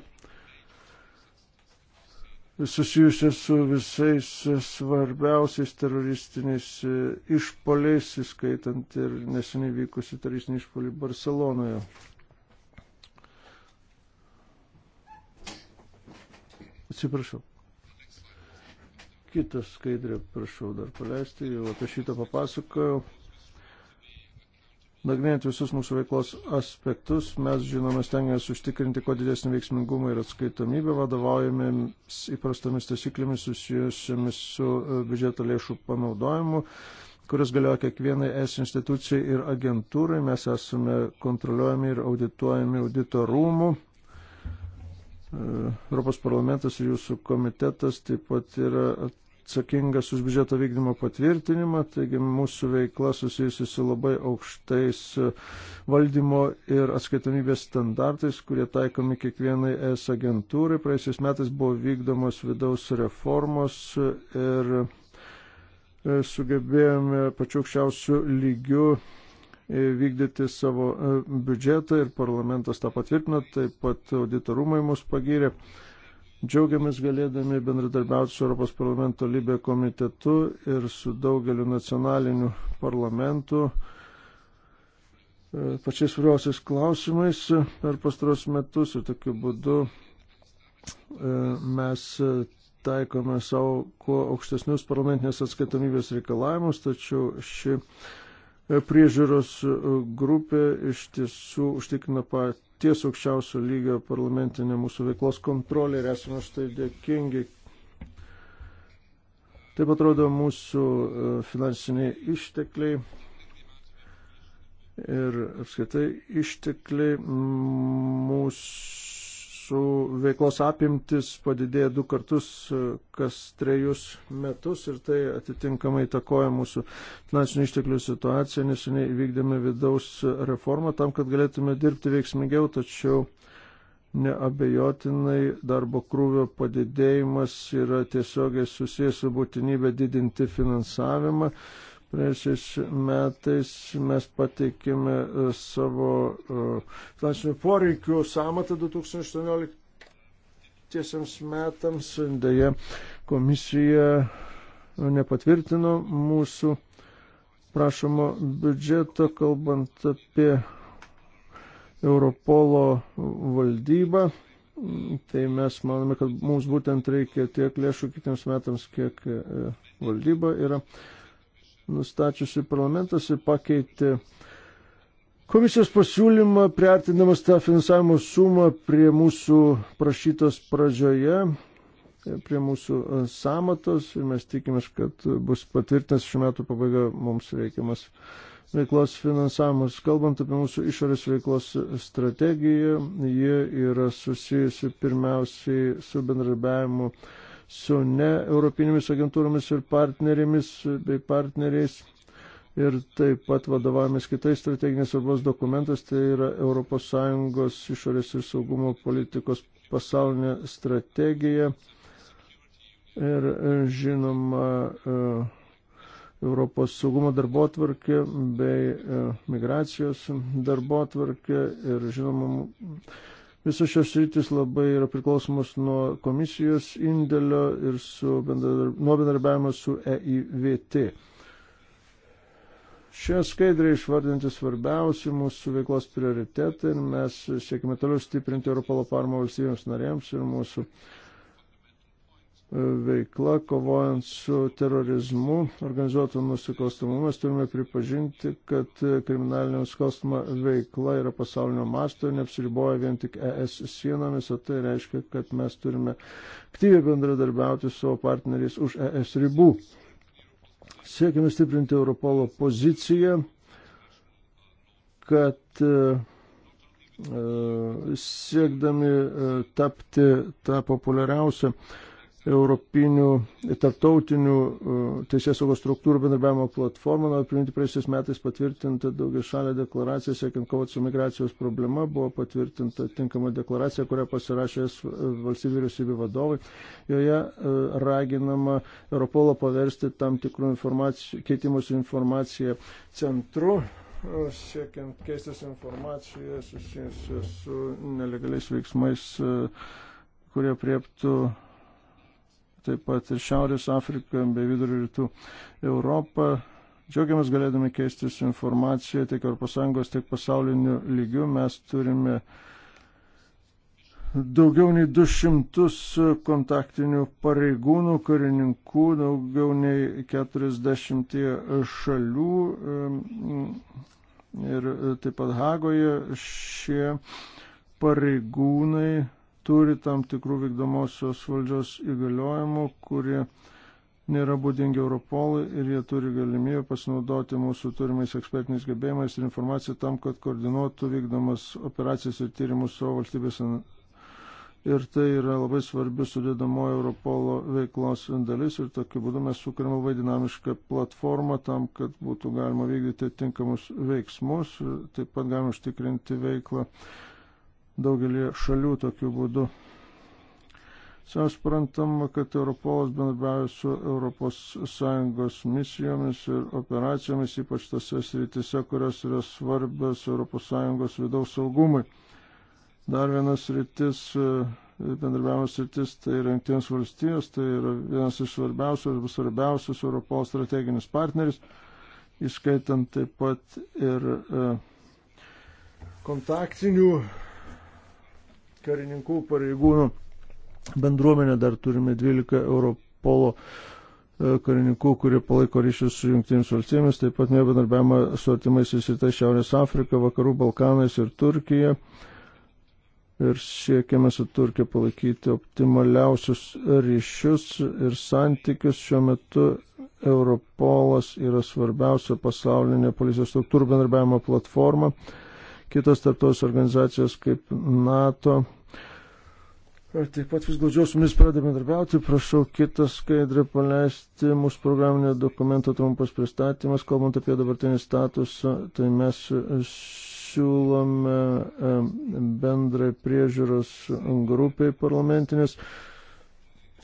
susijusios su visais svarbiausiais teroristiniais e, išpoliais, įskaitant ir neseniai vykusi teroristinį išpolį Barcelonoje. Atsiprašau. Kitas skaidrė, prašau dar paleisti, jau apie šitą papasakojau. Nagrinėjant visus mūsų veiklos aspektus, mes žinoma stengiamės užtikrinti kuo didesnį veiksmingumą ir atskaitomybę, vadovaujame įprastomis taisyklėmis susijusiamis su e, biudžeto lėšų panaudojimu, kuris galioja kiekvienai es institucijai ir agentūrai. Mes esame kontroliuojami ir audituojami audito rūmų. E, Europos parlamentas ir jūsų komitetas taip pat yra atsakingas už biudžeto vykdymo patvirtinimą, taigi mūsų veikla susijusi su labai aukštais e, valdymo ir atskaitomybės standartais, kurie taikomi kiekvienai ES agentūrai. Praėjusiais metais buvo vykdomos vidaus reformos ir e, sugebėjome pačiu aukščiausiu lygiu e, vykdyti savo biudžetą ir parlamentas tą patvirtino, taip pat auditorumai mus pagyrė. Džiaugiamės galėdami bendradarbiauti su Europos parlamento lybė komitetu ir su daugeliu nacionalinių parlamentų e, pačiais svarbiausiais klausimais per pastaros metus ir tokiu būdu e, mes taikome savo kuo aukštesnius parlamentinės atskaitomybės reikalavimus, tačiau ši e, priežiūros grupė iš tiesų užtikrina pat patirties aukščiausio lygio parlamentinė mūsų veiklos kontrolė ir esame štai dėkingi. Taip atrodo mūsų e, finansiniai ištekliai ir apskaitai ištekliai mūsų mūsų veiklos apimtis padidėja du kartus e, kas trejus metus ir tai atitinkamai takoja mūsų finansinių išteklių situaciją. Neseniai vykdėme vidaus reformą tam, kad galėtume dirbti veiksmingiau, tačiau neabejotinai darbo krūvio padidėjimas yra tiesiogiai susijęs su būtinybė didinti finansavimą Praėjusiais metais mes pateikėme e, savo e, finansinių poreikių samatą 2018 metams. Deja, komisija nepatvirtino mūsų prašomo biudžeto, kalbant apie Europolo valdybą. Tai mes manome, kad mums būtent reikia tiek lėšų kitiems metams, kiek e, valdyba yra nustačiusi parlamentas ir pakeitė komisijos pasiūlymą, priartinamas tą finansavimo sumą prie mūsų prašytos pradžioje, prie mūsų e, samatos ir mes tikimės, kad bus patvirtintas šių metų pabaiga mums reikiamas veiklos finansavimas. Kalbant apie mūsų išorės veiklos strategiją, ji yra susijusi pirmiausiai su bendradarbiavimu su ne europinėmis agentūromis ir partnerėmis bei partneriais ir taip pat vadovavomės kitais strateginės svarbos dokumentas, tai yra ES išorės ir saugumo politikos pasaulinė strategija ir žinoma e, Europos saugumo darbotvarkė bei e, migracijos darbotvarkė ir žinoma Visos šios rytis labai yra priklausomos nuo komisijos indėlio ir su bendradar... nuo bendarbiavimo su EIVT. Šie skaidriai išvardinti svarbiausi mūsų veiklos prioritetai ir mes siekime toliau stiprinti Europolo paramą valstybėms narėms ir mūsų uh, veikla, kovojant su terorizmu, organizuotų nusikalstamumą, mes turime pripažinti, kad kriminalinė nusikalstama veikla yra pasaulinio masto ir neapsiriboja vien tik ES sienomis, o tai reiškia, kad mes turime aktyviai bendradarbiauti su savo partneriais už ES ribų. Siekime stiprinti Europolo poziciją, kad e, siekdami e, tapti tą populiariausią europinių, tarptautinių e, teisės saugos struktūrų bendarbiavimo platformą. Noriu priminti, praėjusiais metais patvirtinta daugia šalia deklaracija, siekiant kovoti su migracijos problema, buvo patvirtinta tinkama deklaracija, kurią pasirašė e, valstybių vyriausybių vadovai. Joje e, raginama Europolą paversti tam tikrų informacijų, keitimus informaciją centru siekiant keistis informaciją susijusią su nelegaliais veiksmais, kurie prieptų taip pat ir Šiaurės Afriką bei Vidurio Rytų Europą. Džiaugiamės galėdami keistis informaciją tiek ES, tiek pasauliniu lygiu. Mes turime daugiau nei 200 kontaktinių pareigūnų, karininkų, daugiau nei 40 šalių ir taip pat Hagoje šie pareigūnai turi tam tikrų vykdomosios valdžios įgaliojimų, kurie nėra būdingi Europolui ir jie turi galimybę pasinaudoti mūsų turimais ekspertiniais gebėjimais ir informaciją tam, kad koordinuotų vykdomas operacijas ir tyrimus savo valstybės. Ir tai yra labai svarbi sudėdamoji Europolo veiklos dalis ir tokiu būdu mes sukūrėme labai dinamišką platformą tam, kad būtų galima vykdyti tinkamus veiksmus ir taip pat galima užtikrinti veiklą daugelį šalių tokiu būdu. Savo suprantama, kad Europolas bendrabiavo su ES misijomis ir operacijomis, ypač tose srityse, kurios yra svarbios ES vidaus saugumui. Dar vienas rytis, bendrabiavimas rytis, tai yra Junktinės valstijos, tai yra vienas iš svarbiausių ir svarbiausias Europos strateginis partneris, įskaitant taip pat ir e, kontaktinių karininkų pareigūnų bendruomenę, dar turime 12 Europolo e, karininkų, kurie palaiko ryšius su Junktinėmis valstybėmis, taip pat nebendarbiavimą su artimais įsita Šiaurės Afrika, Vakarų Balkanais ir Turkija. Ir siekiame su Turkija palaikyti optimaliausius ryšius ir santykius. Šiuo metu Europolas yra svarbiausia pasaulinė policijos struktūrų bendarbiavimo platforma kitos tarptos organizacijos kaip NATO. Ir taip pat vis glaudžiau su mumis pradėme darbiauti. Prašau kitą skaidrę paleisti. Mūsų programinio dokumento trumpas pristatymas. Kalbant apie dabartinį statusą, tai mes siūlome bendrai priežiūros grupiai parlamentinės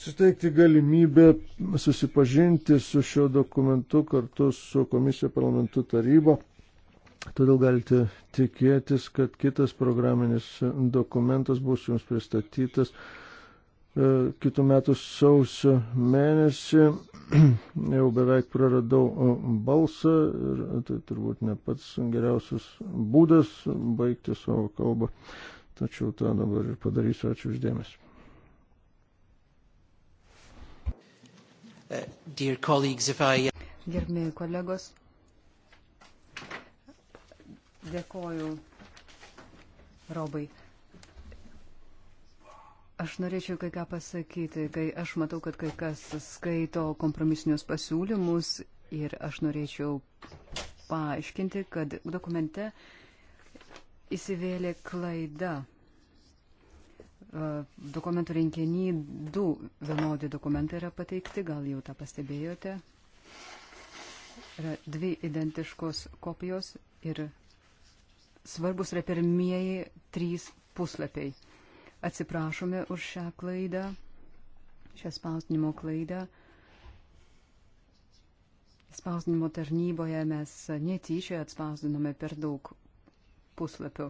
suteikti galimybę susipažinti su šiuo dokumentu kartu su komisija parlamentu taryba Todėl galite tikėtis, kad kitas programinis dokumentas bus jums pristatytas e, kitų metų sausio mėnesį. Jau beveik praradau e, balsą ir tai turbūt ne pats geriausias būdas baigti savo kalbą. Tačiau tą dabar ir padarysiu. Ačiū uždėmesi. Uh, uh, Gerbėjai kolegos, Dėkoju, Robai. Aš norėčiau kai ką pasakyti, kai aš matau, kad kai kas skaito kompromisinius pasiūlymus ir aš norėčiau paaiškinti, kad dokumente įsivėlė klaida. Dokumentų rinkinį du vienodi dokumentai yra pateikti, gal jau tą pastebėjote. Yra dvi identiškos kopijos ir svarbus yra pirmieji trys puslapiai. Atsiprašome už šią klaidą, šią spausdinimo klaidą. Spausdinimo tarnyboje mes netyčia atspausdinome per daug puslapių.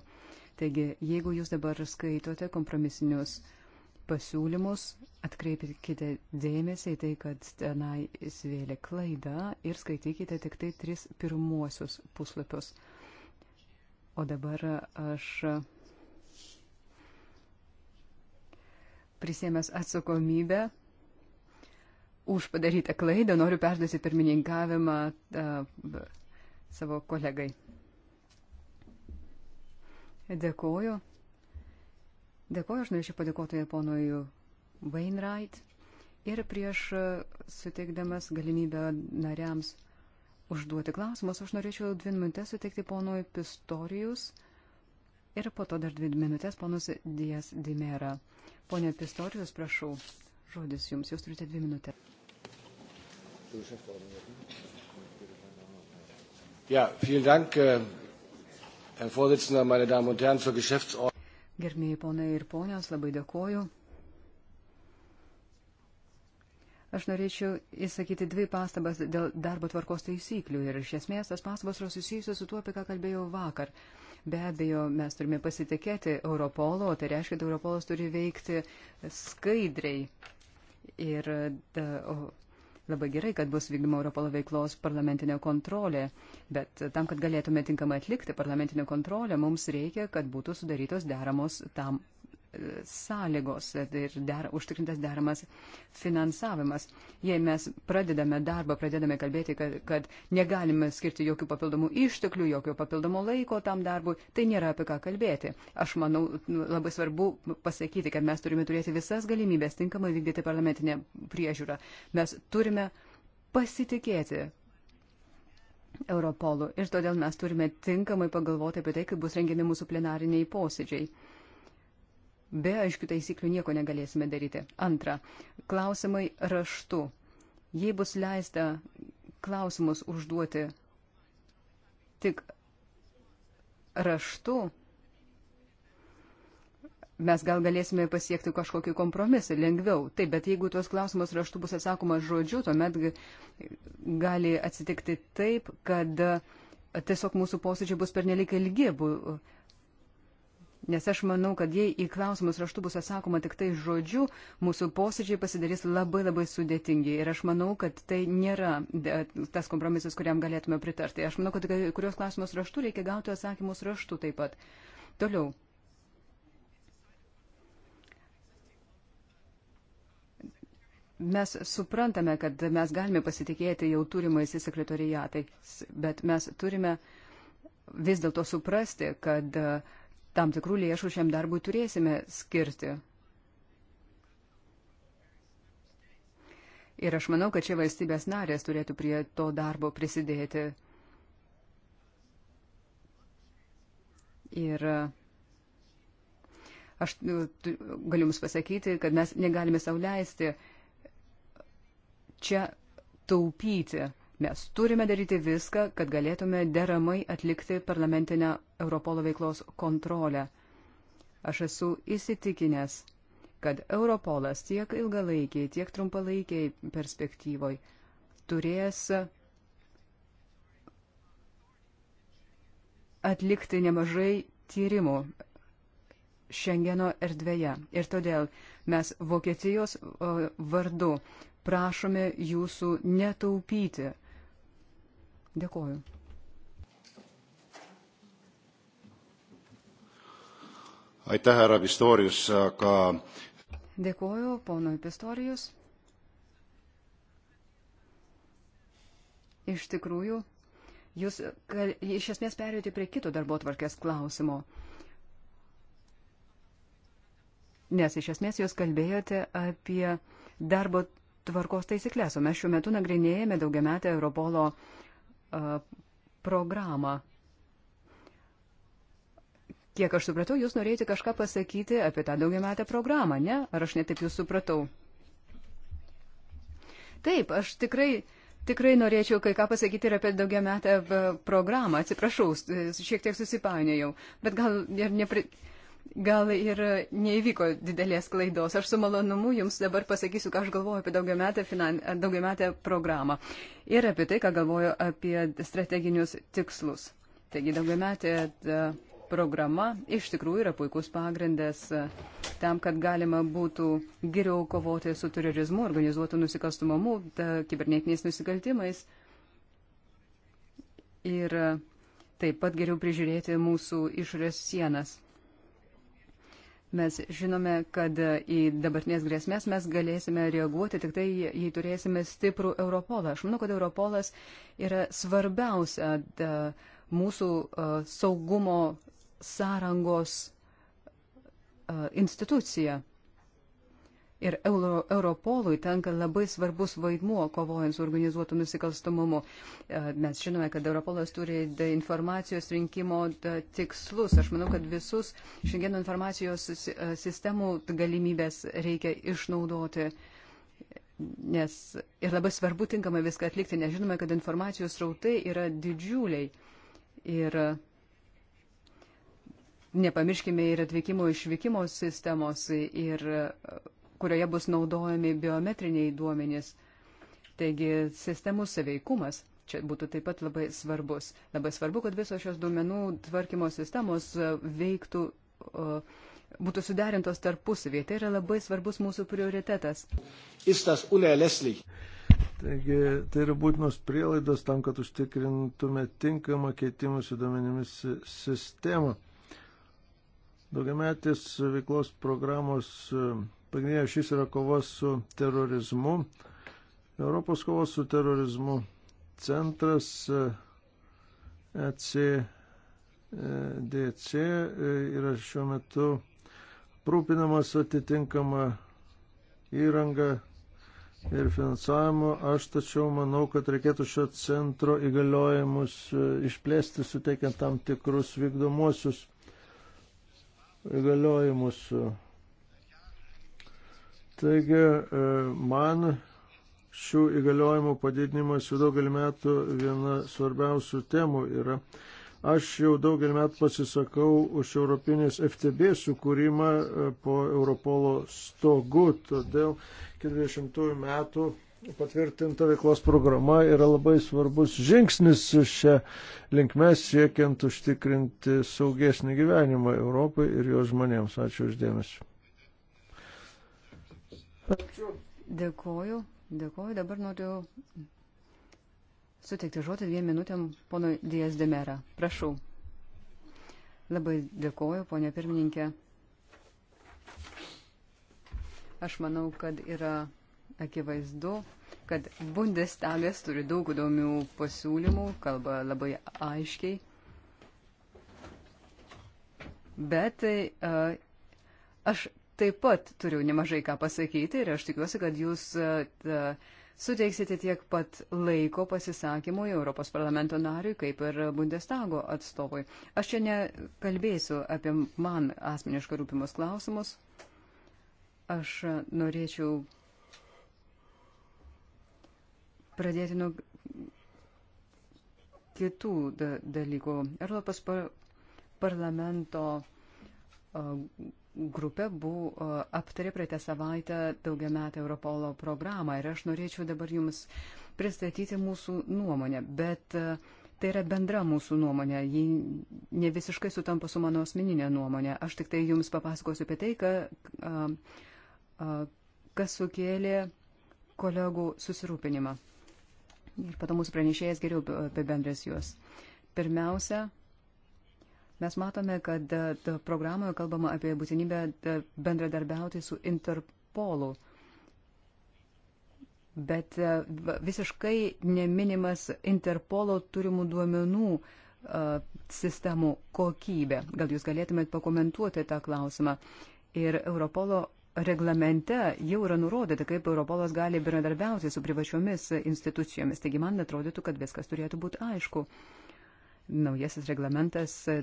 Taigi, jeigu jūs dabar skaitote kompromisinius pasiūlymus, atkreipkite dėmesį į tai, kad tenai įsivėlė klaida ir skaitykite tik tai tris pirmuosius puslapius. O dabar aš prisėmęs atsakomybę už padarytą klaidą noriu perduoti pirmininkavimą uh, savo kolegai. Dėkoju. Dėkoju, aš norėčiau padėkoti ponui Wainwright ir prieš suteikdamas galimybę nariams užduoti klausimus. Aš norėčiau dvi minutės suteikti ponui Pistorijus ir po to dar dvi minutės ponus Dijas Dimera. Pone Pistorijus, prašau, žodis jums, jūs turite dvi minutės. Ja, vielen Dank, äh, Herr Vorsitzender, meine Damen und Herren, zur Geschäftsordnung. Gerbėjai ponai ir ponios, labai dėkoju. Aš norėčiau įsakyti dvi pastabas dėl darbo tvarkos taisyklių ir iš esmės tas pastabas yra susijusios su tuo, apie ką kalbėjau vakar. Be abejo, mes turime pasitikėti Europolo, tai reiškia, kad Europolas turi veikti skaidriai. Ir da, o, Labai gerai, kad bus vykdoma Europolo veiklos parlamentinė kontrolė, bet tam, kad galėtume tinkamai atlikti parlamentinę kontrolę, mums reikia, kad būtų sudarytos deramos tam sąlygos ir der, užtikrintas deramas finansavimas. Jei mes pradedame darbą, pradedame kalbėti, kad, kad negalime skirti jokių papildomų išteklių, jokio papildomo laiko tam darbui, tai nėra apie ką kalbėti. Aš manau, labai svarbu pasakyti, kad mes turime turėti visas galimybės tinkamai vykdyti parlamentinę priežiūrą. Mes turime pasitikėti Europolu. Ir todėl mes turime tinkamai pagalvoti apie tai, kaip bus rengiami mūsų plenariniai posėdžiai. Be aiškių taisyklių nieko negalėsime daryti. Antra, klausimai raštu. Jei bus leista klausimus užduoti tik raštu, mes gal galėsime pasiekti kažkokį kompromisą lengviau. Taip, bet jeigu tuos klausimus raštu bus atsakoma žodžiu, tuomet gali atsitikti taip, kad tiesiog mūsų posėdžiai bus pernelik ilgi, Nes aš manau, kad jei į klausimus raštu bus atsakoma tik tai žodžiu, mūsų posėdžiai pasidarys labai labai sudėtingi. Ir aš manau, kad tai nėra e, tas kompromisas, kuriam galėtume pritarti. Aš manau, kad kurios klausimus raštu reikia gauti atsakymus raštu taip pat. Toliau. Mes suprantame, kad mes galime pasitikėti jau turimais į sekretorijatai, bet mes turime vis dėlto suprasti, kad uh, tam tikrų lėšų šiam darbui turėsime skirti. Ir aš manau, kad čia valstybės narės turėtų prie to darbo prisidėti. Ir aš galiu Jums pasakyti, kad mes negalime sauliaisti čia taupyti. Mes turime daryti viską, kad galėtume deramai atlikti parlamentinę Europolo veiklos kontrolę. Aš esu įsitikinęs, kad Europolas tiek ilgalaikiai, tiek trumpalaikiai perspektyvoj turės atlikti nemažai tyrimų Šengeno erdvėje. Ir todėl mes Vokietijos vardu prašome jūsų netaupyti Dėkoju. Aitäh, härra Pistorius, aga. Dėkoju, ponui Pistorius. Iš tikrųjų, jūs kal, iš esmės perėjote prie kito darbo tvarkės klausimo. Nes iš esmės jūs kalbėjote apie darbo tvarkos taisyklės, o mes šiuo metu nagrinėjame daugiametę Europolo uh, programą. Kiek aš supratau, jūs norėjote kažką pasakyti apie tą daugiametę programą, ne? Ar aš netaip jūs supratau? Taip, aš tikrai, tikrai norėčiau kai ką pasakyti ir apie daugiametę e, programą. Atsiprašau, e, šiek tiek susipainiojau, bet gal ir nepri gal ir neįvyko didelės klaidos. Aš su malonumu jums dabar pasakysiu, ką aš galvoju apie daugiametę, finan... daugiametę programą ir apie tai, ką galvoju apie strateginius tikslus. Taigi daugiametė e, programa iš tikrųjų yra puikus pagrindas e, tam, kad galima būtų geriau kovoti su terorizmu, organizuotų nusikalstumamu, kibernetiniais nusikaltimais. Ir e, taip pat geriau prižiūrėti mūsų išorės sienas. Mes žinome, kad į dabartinės grėsmės mes galėsime reaguoti tik tai, jei turėsime stiprų Europolą. Aš manau, kad Europolas yra svarbiausia da, mūsų a, saugumo sąrangos a, institucija. Ir Euro, Europolui tenka labai svarbus vaidmuo kovojant su organizuotu nusikalstamumu. E, mes žinome, kad Europolas turi informacijos rinkimo tikslus. Aš manau, kad visus šiandieno informacijos e, sistemų galimybės reikia išnaudoti. Nes ir labai svarbu tinkamai viską atlikti, nes žinome, kad informacijos rautai yra didžiuliai. Ir nepamirškime ir atvykimo išvykimo sistemos ir kurioje bus naudojami biometriniai duomenys. Taigi sistemų saveikumas čia būtų taip pat labai svarbus. Labai svarbu, kad visos šios duomenų tvarkymo sistemos e, veiktų, būtų suderintos tarpusavėje. Tai yra labai svarbus mūsų prioritetas. Istas Ulė Leslie. Taigi tai yra būtinos prielaidos tam, kad užtikrintume tinkamą keitimus į duomenimis sistemą. Daugiametės veiklos programos e, Pagrindinė šis yra kova su terorizmu. Europos kovos su terorizmu centras ECDC e e, yra šiuo metu prūpinamas atitinkama įranga ir finansavimu. Aš tačiau manau, kad reikėtų šio centro įgaliojimus e, išplėsti, suteikiant tam tikrus vykdomuosius įgaliojimus Taigi e, man šių įgaliojimų padidinimas jau daugelį metų viena svarbiausių temų yra. Aš jau daugelį metų pasisakau už Europinės FTB sukūrimą e, po Europolo stogu, todėl 40 metų patvirtinta veiklos programa yra labai svarbus žingsnis šią linkmę siekiant užtikrinti saugesnį gyvenimą Europai ir jos žmonėms. Ačiū uždėmesi. Dėkoju, dėkoju. Dabar noriu suteikti žodį dviem minutėm ponui Dijas Demera. Prašau. Labai dėkoju, ponė pirmininkė. Aš manau, kad yra akivaizdu, kad Bundestagas turi daug įdomių pasiūlymų, kalba labai aiškiai. Bet tai, aš taip pat turiu nemažai ką pasakyti ir aš tikiuosi, kad jūs e, suteiksite tiek pat laiko pasisakymui Europos parlamento nariui, kaip ir Bundestago atstovui. Aš čia nekalbėsiu apie man asmeniškai rūpimus klausimus. Aš norėčiau pradėti nuo kitų dalykų. Europos par parlamento e, grupė buvo aptarė praeitą savaitę daugiametę Europolo programą ir aš norėčiau dabar jums pristatyti mūsų nuomonę, bet tai yra bendra mūsų nuomonė, ji ne visiškai sutampa su mano asmeninė nuomonė. Aš tik tai jums papasakosiu apie tai, ka, a, a, kas sukėlė kolegų susirūpinimą. Ir pato mūsų pranešėjas geriau apibendrės juos. Pirmiausia, Mes matome, kad e, programoje kalbama apie būtinybę bendradarbiauti su Interpolu, bet e, visiškai neminimas Interpolo turimų duomenų e, sistemų kokybė. Gal jūs galėtumėt pakomentuoti tą klausimą. Ir Europolo reglamente jau yra nurodyta, kaip Europolas gali bendradarbiauti su privačiomis institucijomis. Taigi man atrodytų, kad viskas turėtų būti aišku. Uh, naujasis reglamentas e,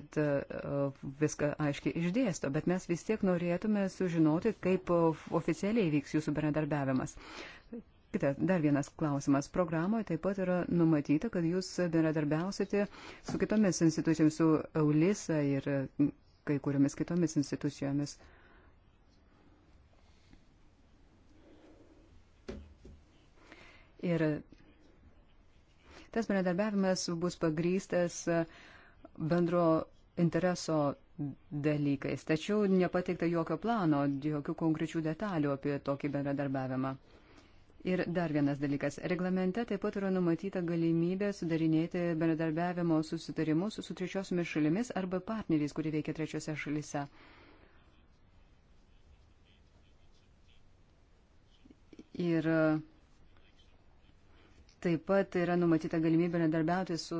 viską aiškiai išdėsto, bet mes vis tiek norėtume sužinoti, kaip e, oficialiai vyks jūsų bendradarbiavimas. Kita, dar vienas klausimas. Programoje taip pat yra numatyta, kad jūs bendradarbiausite su kitomis institucijomis, su Eulisa ir e, kai kuriomis kitomis institucijomis. Ir Tas bendradarbiavimas bus pagrystas bendro intereso dalykais, tačiau nepateikta jokio plano, jokių konkrečių detalių apie tokį bendradarbiavimą. Ir dar vienas dalykas. Reglamente taip pat yra numatyta galimybė sudarinėti bendradarbiavimo susitarimus su trečiosiomis šalimis arba partneriais, kurie veikia trečiose šalise. Ir Taip pat yra numatyta galimybė bendradarbiauti su,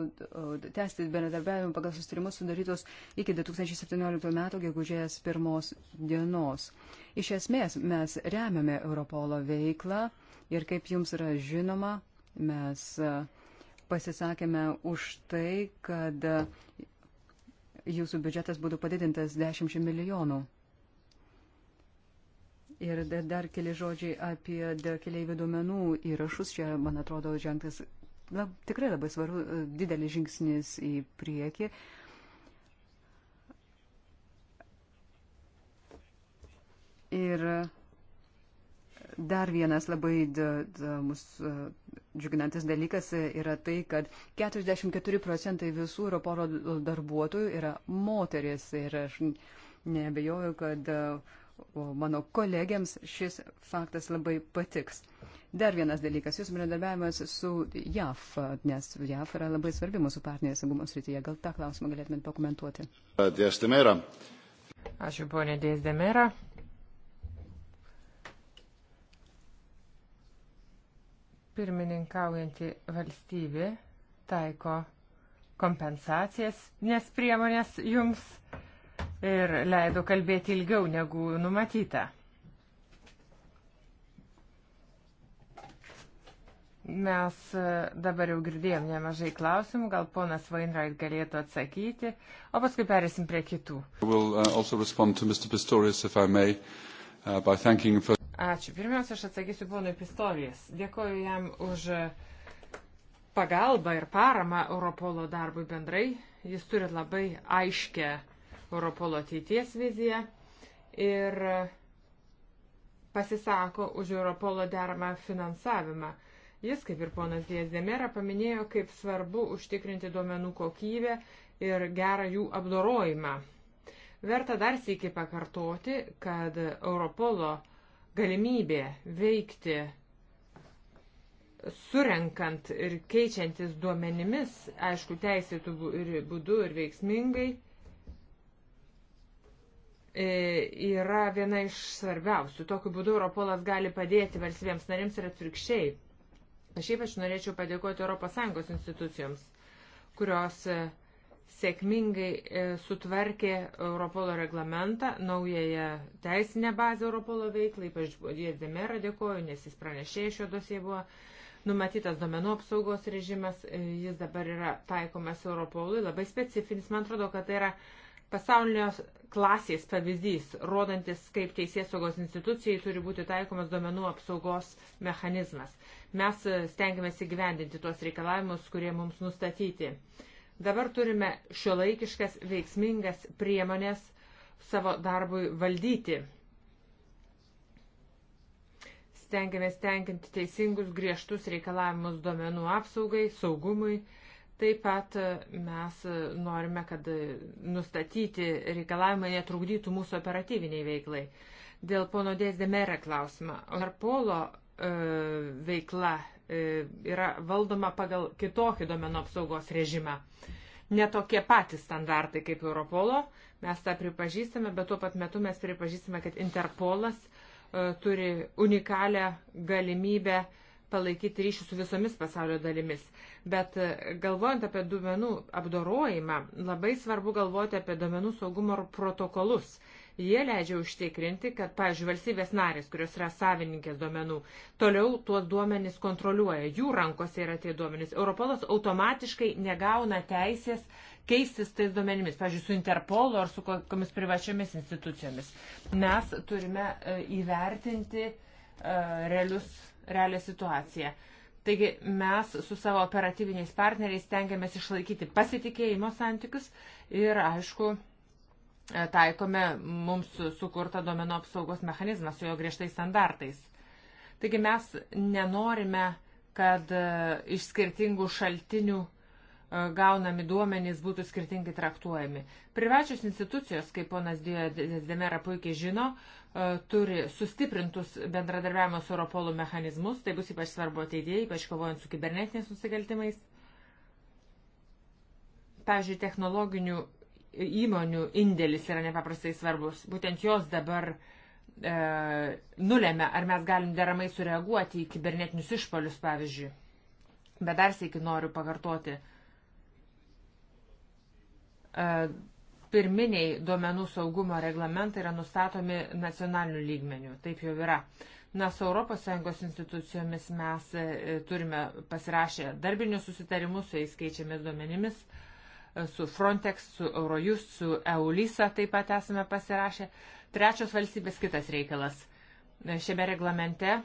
tęsti bendradarbiavimą pagal sustarimus sudarytos iki 2017 metų gegužės pirmos dienos. Iš esmės mes remiame Europolo veiklą ir kaip jums yra žinoma, mes pasisakėme už tai, kad jūsų biudžetas būtų padidintas 10 milijonų. Ir dar keli žodžiai apie keliaivių duomenų įrašus. Čia, man atrodo, žengtas lab, tikrai labai svarbu, e, didelis žingsnis į priekį. Ir dar vienas labai da, da, mus e, džiuginantis dalykas e, yra tai, kad 44 procentai visų Europoro darbuotojų yra moteris. Ir aš nebejoju, kad. Uh, o mano kolegiams šis faktas labai patiks. Dar vienas dalykas, jūsų bendradarbiavimas su JAF, nes JAF yra labai svarbi mūsų partnerė saugumo srityje. Gal tą klausimą galėtumėt pakomentuoti? Dėstemera. Ačiū, ponė Dėstemera. Pirmininkaujanti valstybė taiko kompensacijas, nes priemonės jums ir leido kalbėti ilgiau negu numatyta. Mes e, dabar jau girdėjom nemažai klausimų, gal ponas Vainrait galėtų atsakyti, o paskui perėsim prie kitų. Will, uh, uh Ačiū. Pirmiausia, aš atsakysiu ponui Pistorijas. Dėkoju jam už e, pagalbą ir paramą Europolo darbui bendrai. Jis turi labai aiškę Europolo ateities viziją ir pasisako už Europolo deramą finansavimą. Jis, kaip ir ponas Diezdemera, paminėjo, kaip svarbu užtikrinti duomenų kokybę ir gerą jų apdorojimą. Verta dar sėki pakartoti, kad Europolo galimybė veikti surenkant ir keičiantis duomenimis, aišku, teisėtų būdu ir veiksmingai, E, yra viena iš svarbiausių. Tokiu būdu Europolas gali padėti valstybėms narėms ir atvirkščiai. Aš ypač norėčiau padėkoti ES institucijoms, kurios e, sėkmingai e, sutvarkė Europolo reglamentą, naująją teisinę bazę Europolo veiklai, ypač Diezdemera dėkoju, nes jis pranešė šio dosie buvo numatytas domenų apsaugos režimas, jis dabar yra taikomas Europolui, labai specifinis, man atrodo, kad tai yra pasaulinės klasės pavyzdys, rodantis, kaip teisėsaugos institucijai turi būti taikomas duomenų apsaugos mechanizmas. Mes stengiamės įgyvendinti tuos reikalavimus, kurie mums nustatyti. Dabar turime šiuolaikiškas, veiksmingas priemonės savo darbui valdyti. Stengiamės tenkinti teisingus, griežtus reikalavimus duomenų apsaugai, saugumui, uh, Taip pat e, mes e, norime, kad e, nustatyti reikalavimai netrukdytų mūsų operatyviniai veiklai. Dėl pono Dėsdemere klausimą. Ar polo e, veikla e, yra valdoma pagal kitokį domenų apsaugos režimą? Netokie patys standartai kaip Europolo, mes tą pripažįstame, bet tuo pat metu mes pripažįstame, kad Interpolas e, turi unikalią galimybę palaikyti ryšį su visomis pasaulio dalimis. Bet e, galvojant apie duomenų apdorojimą, labai svarbu galvoti apie duomenų saugumo protokolus. Jie leidžia užtikrinti, kad, pavyzdžiui, valstybės narės, kurios yra savininkės duomenų, toliau tuos duomenys kontroliuoja. Jų rankose yra tie duomenys. Europolas automatiškai negauna teisės keistis tais duomenimis, pavyzdžiui, su Interpolu ar su kokiamis privačiomis institucijomis. Mes turime e, įvertinti e, realius, realią situaciją. Taigi mes su savo operatyviniais partneriais tengiamės išlaikyti pasitikėjimo santykius ir, aišku, e, taikome mums sukurtą domeno apsaugos mechanizmą su jo griežtais standartais. Taigi mes nenorime, kad e, iš skirtingų šaltinių e, gaunami duomenys būtų skirtingai traktuojami. Privačios institucijos, kaip ponas Dėmera puikiai žino, E, turi sustiprintus bendradarbiavimo su Europolu mechanizmus, tai bus ypač svarbu ateityje, ypač kovojant su kibernetiniais nusikaltimais. Pavyzdžiui, technologinių įmonių indėlis yra nepaprastai svarbus. Būtent jos dabar e, nulėmė, ar mes galim deramai sureaguoti į kibernetinius išpolius, pavyzdžiui. Bet dar sėki noriu pakartoti. E, pirminiai duomenų saugumo reglamentai yra nustatomi nacionaliniu lygmeniu. Taip jau yra. Na, su ES institucijomis mes e, turime pasirašę darbinius susitarimus, su jais keičiamės duomenimis, e, su Frontex, su Eurojust, su EULISA taip pat esame pasirašę. Trečios valstybės kitas reikalas. E, šiame reglamente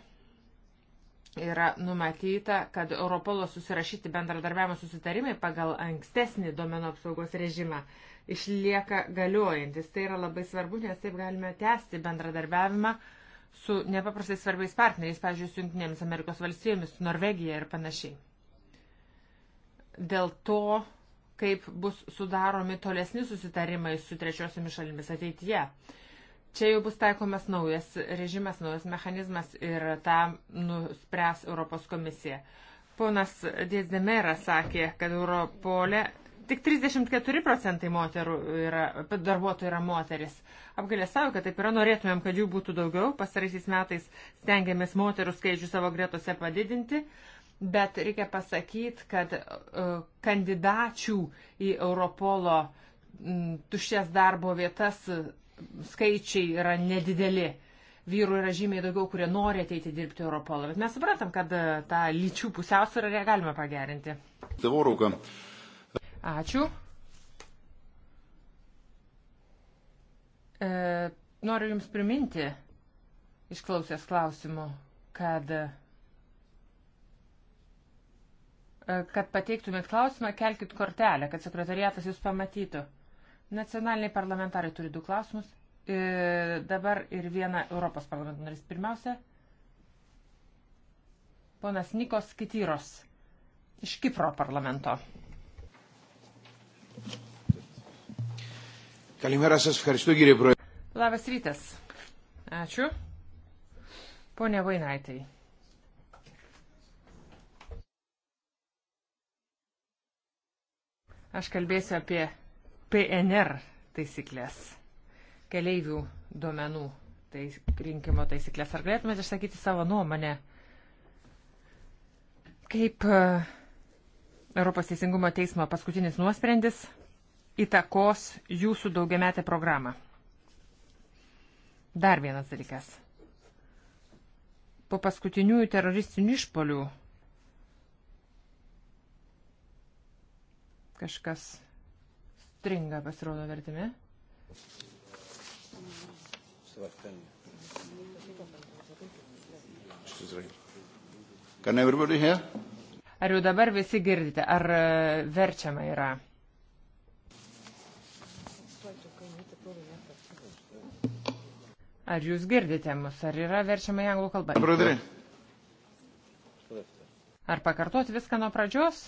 yra numatyta, kad Europolo susirašyti bendradarbiavimo susitarimai pagal ankstesnį duomenų apsaugos režimą išlieka galiojantis. Tai yra labai svarbu, nes taip galime tęsti bendradarbiavimą su nepaprastai svarbiais partneriais, pavyzdžiui, su Junktinėmis Amerikos valstybėmis, su Norvegija ir panašiai. Dėl to, kaip bus sudaromi tolesni susitarimai su trečiosiomis šalimis ateityje. Čia jau bus taikomas naujas režimas, naujas mechanizmas ir tą nuspręs Europos komisija. Ponas Dėzdemeras sakė, kad Europolė Tik 34 procentai moterų yra, darbuotojų yra moteris. Apgalėsauju, kad taip yra, norėtumėm, kad jų būtų daugiau. Pasaraisiais metais stengiamės moterų skaičių savo gretose padidinti, bet reikia pasakyti, kad e, kandidačių į Europolo tušės darbo vietas e, skaičiai yra nedideli vyrų yra žymiai daugiau, kurie nori ateiti dirbti Europolą. Bet mes suprantam, kad e, tą lyčių pusiausvyrą galime pagerinti. Tėvorauka, Ačiū. E, noriu Jums priminti, išklausęs klausimų, kad, e, kad pateiktumėt klausimą, kelkit kortelę, kad sekretariatas Jūs pamatytų. Nacionaliniai parlamentarai turi du klausimus. E, dabar ir vieną Europos parlamento narys pirmiausia. Ponas Nikos Kityros iš Kipro parlamento. Kalimera, aš ευχαριστώ κύριε Πρόεδρε. Labas rytas. Ačiū. Pone Vainaitai. Aš kalbėsiu apie PNR taisyklės, keleivių duomenų tais, rinkimo taisyklės. Ar galėtumėte išsakyti savo nuomonę, kaip uh, Europos Teisingumo teismo paskutinis nuosprendis įtakos jūsų daugiametę programą. Dar vienas dalykas. Po paskutiniųjų teroristinių išpolių kažkas stringa pasirodo vertime. Can everybody hear? Ar jau dabar visi girdite, ar e, verčiama yra? Ar jūs girdite mus, ar yra verčiama į anglų kalbą? Pradri. Ar pakartot viską nuo pradžios?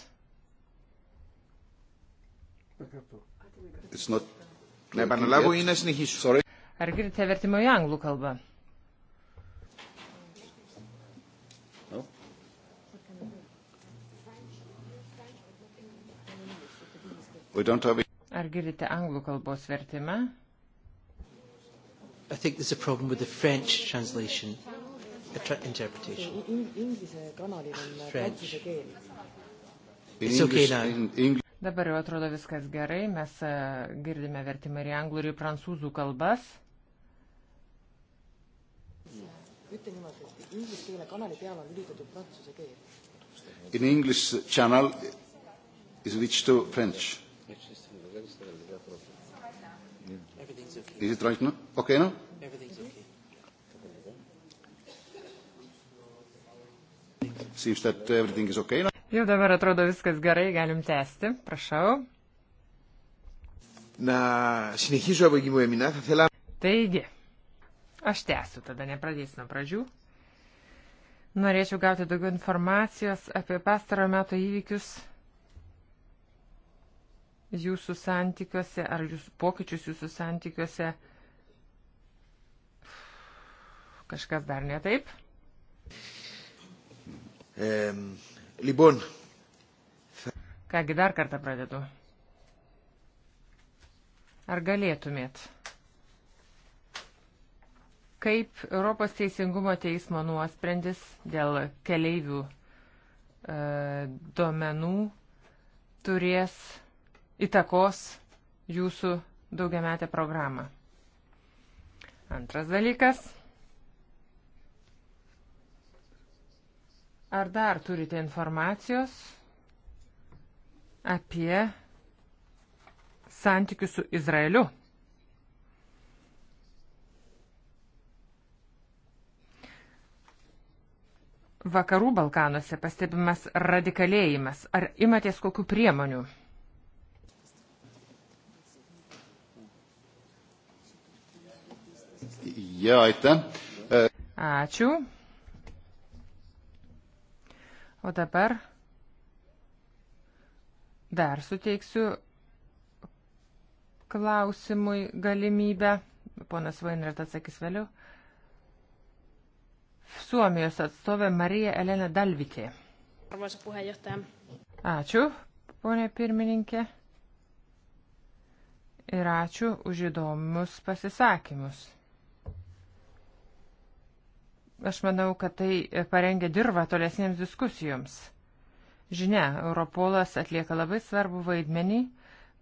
Not... Nebanalavo į nesnihysiu. Ar girdite vertimo į anglų kalbą? Have... Ar girdite anglų kalbos vertimą? I think there's a problem with the French translation, tra interpretation. Uh, uh, French. It's okay now. Dabar jau atrodo viskas gerai, mes uh, girdime vertimą ir į anglų, ir į prancūzų kalbas. Ütlen niimoodi, et inglise keele kanali peale on lülitatud prantsuse keel. In English channel is reached to French. Yeah. Everything's okay. Is it right now? Okay now? Everything's okay. Seems that everything is okay now. Jau dabar atrodo viskas gerai, galim tęsti. Prašau. Na, συνεχίζω από εκεί που έμεινα. Θα θέλα... Taigi, aš tęsiu, tada nepradėsiu nuo pradžių. Norėčiau gauti daugiau informacijos apie pastarojo meto įvykius jūsų santykiuose ar jūsų pokyčius jūsų santykiuose kažkas dar netaip? E, Libon. Kągi dar kartą pradedu. Ar galėtumėt? Kaip Europos Teisingumo teismo nuosprendis dėl keleivių e, duomenų turės įtakos jūsų daugiametę programą. Antras dalykas. Ar dar turite informacijos apie santykius su Izraeliu? Vakarų Balkanuose pastebimas radikalėjimas. Ar imatės kokių priemonių? Ja, aite. Ačiū. O dabar dar suteiksiu klausimui galimybę. Ponas Vainrat atsakys vėliau. Suomijos atstovė Marija Elena Dalvikė. Arvoisa puheenjohtaja. Ačiū, ponė pirmininkė. Ir ačiū už įdomius pasisakymus. Aš manau, kad tai parengia dirbą tolesniems diskusijoms. Žinia, Europolas atlieka labai svarbų vaidmenį,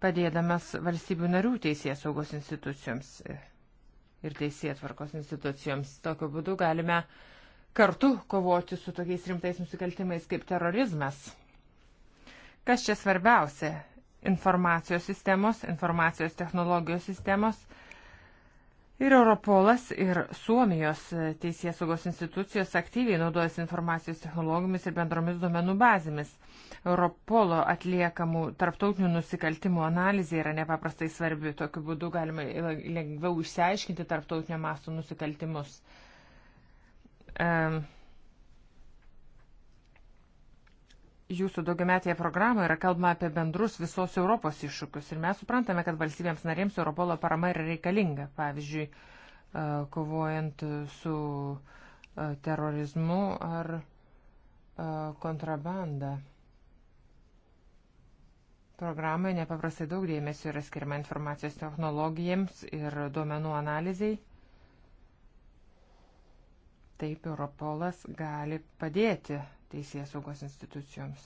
padėdamas valstybių narių teisės saugos institucijoms ir teisėtvarkos institucijoms. Tokiu būdu galime kartu kovoti su tokiais rimtais nusikaltimais kaip terorizmas. Kas čia svarbiausia? Informacijos sistemos, informacijos technologijos sistemos Ir Europolas ir Suomijos teisės saugos institucijos aktyviai naudojasi informacijos technologijomis ir bendromis duomenų bazėmis. Europolo atliekamų tarptautinių nusikaltimų analizė yra nepaprastai svarbi. Tokiu būdu galima lengviau išsiaiškinti tarptautinio masto nusikaltimus. Um, e, jūsų daugiametėje programoje yra kalbama apie bendrus visos Europos iššūkius ir mes suprantame, kad valstybėms narėms Europolo parama yra reikalinga, pavyzdžiui, e, kovojant su e, terorizmu ar e, kontrabanda. Programai nepaprastai daug dėmesio yra skirma informacijos technologijams ir duomenų analizai. Taip Europolas gali padėti teisėjas saugos institucijoms.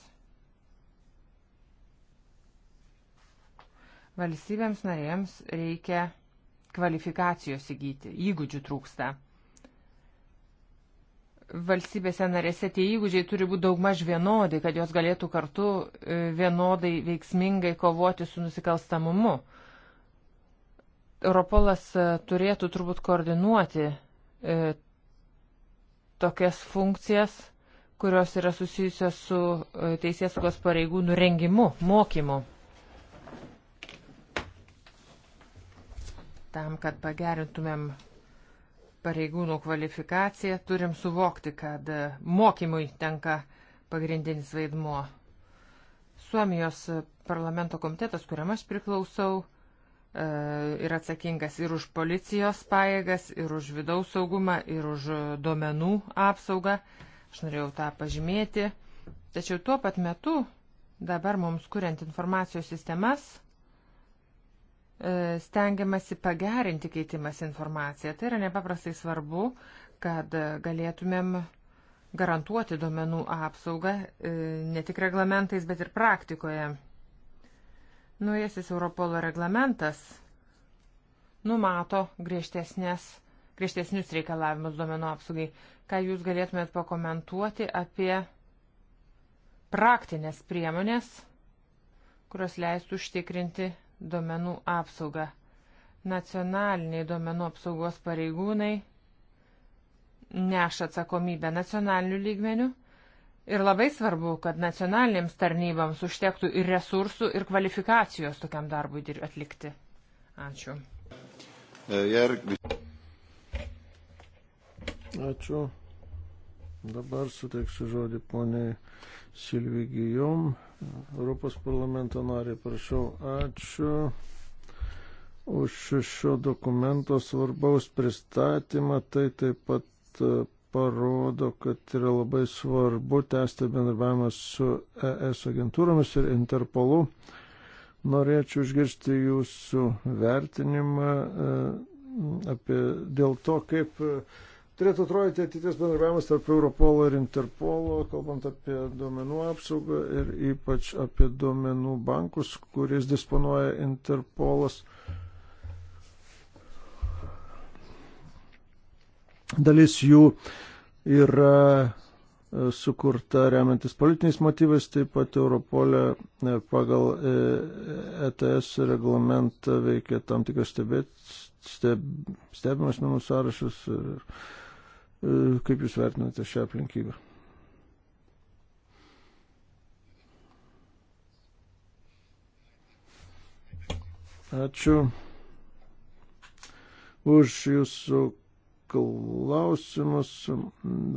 Valstybėms narėms reikia kvalifikacijos įgyti, įgūdžių trūksta. Valstybėse narėse tie įgūdžiai turi būti daugmaž vienodi, kad jos galėtų kartu e, vienodai veiksmingai kovoti su nusikalstamumu. Europolas e, turėtų turbūt koordinuoti e, tokias funkcijas kurios yra susijusios su e, teisėsaugos pareigūnų rengimu, mokymu. Tam, kad pagerintumėm pareigūnų kvalifikaciją, turim suvokti, kad e, mokymui tenka pagrindinis vaidmuo. Suomijos parlamento komitetas, kuriam aš priklausau, e, yra atsakingas ir už policijos pajėgas, ir už vidaus saugumą, ir už duomenų apsaugą. Aš norėjau tą pažymėti. Tačiau tuo pat metu dabar mums kuriant informacijos sistemas e, stengiamasi pagerinti keitimas informaciją. Tai yra nepaprastai svarbu, kad galėtumėm garantuoti duomenų apsaugą e, ne tik reglamentais, bet ir praktikoje. Naujasis Europolo reglamentas numato griežtesnės griežtesnius reikalavimus duomenų apsaugai. Ką jūs galėtumėt pakomentuoti apie praktinės priemonės, kurios leistų užtikrinti duomenų apsaugą. Nacionaliniai duomenų apsaugos pareigūnai neša atsakomybę nacionalinių lygmenių. Ir labai svarbu, kad nacionalinėms tarnybams užtektų ir resursų, ir kvalifikacijos tokiam darbui atlikti. Ačiū. E, Ačiū. Dabar suteiksiu žodį poniai Silvigijom, Europos parlamento nariai, prašau. Ačiū už šio dokumento svarbaus pristatymą. Tai taip pat e, parodo, kad yra labai svarbu tęsti bendradarbiavimą su ES agentūromis ir Interpolu. Norėčiau išgirsti jūsų vertinimą e, apie dėl to, kaip turėtų atrodyti ateities bendravimas tarp Europolo ir Interpolo, kalbant apie duomenų apsaugą ir ypač apie duomenų bankus, kuris disponuoja Interpolas. Dalis jų yra e, sukurta remiantis politiniais motyvais, taip pat Europolė e, pagal ETS e reglamentą veikia tam tikras stebėt, steb, stebimas menų sąrašas ir, ir E, kaip Jūs vertinate šią aplinkybę? Ačiū už Jūsų klausimus.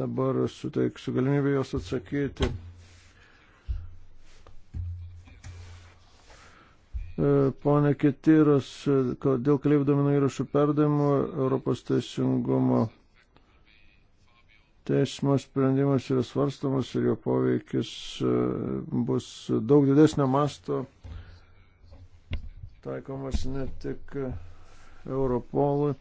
Dabar suteiksiu galimybę juos atsakyti. E, pone Ketiras, dėl kalėjų domenų įrašų perdavimo Europos teisingumo teismo sprendimas yra svarstamas ir jo poveikis e, bus daug didesnio masto taikomas ne tik Europolui.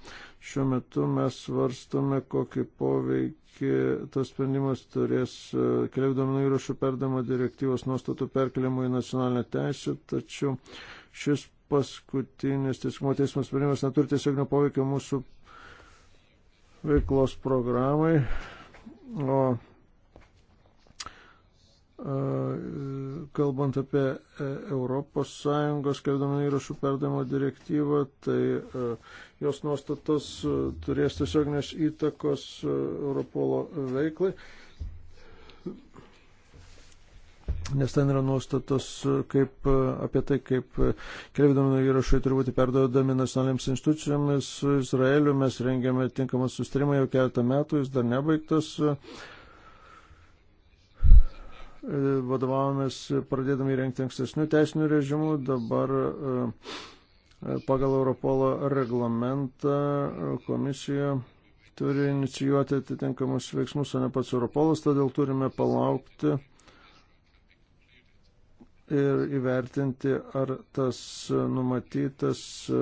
Šiuo metu mes svarstame, kokį poveikį tas sprendimas turės e, keliaivių duomenų įrašų perdama direktyvos nuostatų perkeliamų į nacionalinę teisę, tačiau šis paskutinis teismo teismo sprendimas neturi tiesioginio poveikio mūsų veiklos programai. O kalbant apie ES skelbdamą įrašų perdavimo direktyvą, tai e, jos nuostatos e, turės tiesioginės įtakos e, Europolo veiklai nes ten yra nuostatos kaip, apie tai, kaip keliai duomenų įrašai turi būti perduodami nacionalinėms institucijomis su Izraeliu. Mes rengiame tinkamą sustarimą jau keletą metų, jis dar nebaigtas. Vadovavomės pradėdami rengti ankstesnių teisinių režimų, dabar e, pagal Europolo reglamentą e, komisija turi inicijuoti atitinkamus veiksmus, o ne pats Europolas, todėl turime palaukti ir įvertinti, ar tas numatytas e,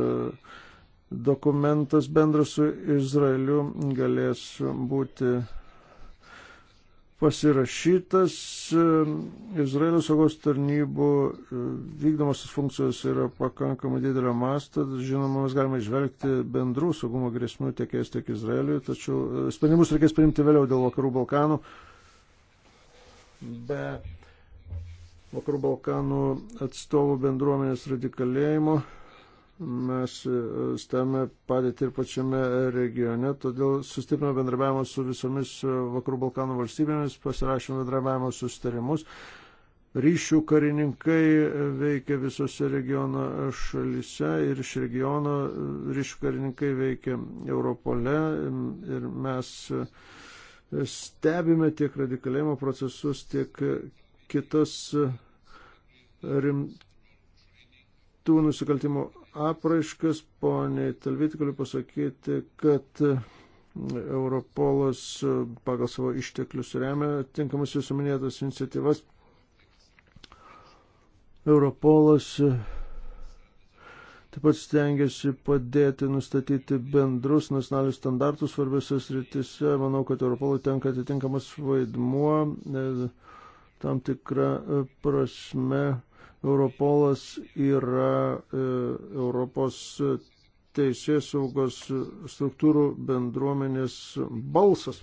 dokumentas bendras su Izraeliu galės būti pasirašytas e, Izraelio saugos tarnybų e, vykdomosios funkcijos yra pakankamai didelio masto. Žinoma, mes galime išvelgti bendrų saugumo grėsmių tiek es, tiek Izraeliui, tačiau sprendimus reikės priimti vėliau dėl vakarų Balkanų. Bet Vakarų Balkanų atstovų bendruomenės radikalėjimo. Mes e, stebime padėti ir pačiame regione, todėl sustiprinome bendrabiavimą su visomis e, Vakarų Balkanų valstybėmis, pasirašėme bendrabiavimo sustarimus. Ryšių karininkai e, veikia visose regiono šalise ir iš regiono ryšių karininkai veikia Europole ir mes stebime tiek radikalėjimo procesus, tiek kitas e, rimtų nusikaltimų apraiškas. Poniai Talvit galiu pasakyti, kad e, Europolas e, pagal savo išteklius remia tinkamas jūsų minėtas iniciatyvas. Europolas taip pat stengiasi padėti nustatyti bendrus nacionalinius standartus svarbiose sritise. Manau, kad Europolui tenka atitinkamas vaidmuo. E, tam tikrą e, prasme Europolas yra e, Europos teisės saugos struktūrų bendruomenės balsas.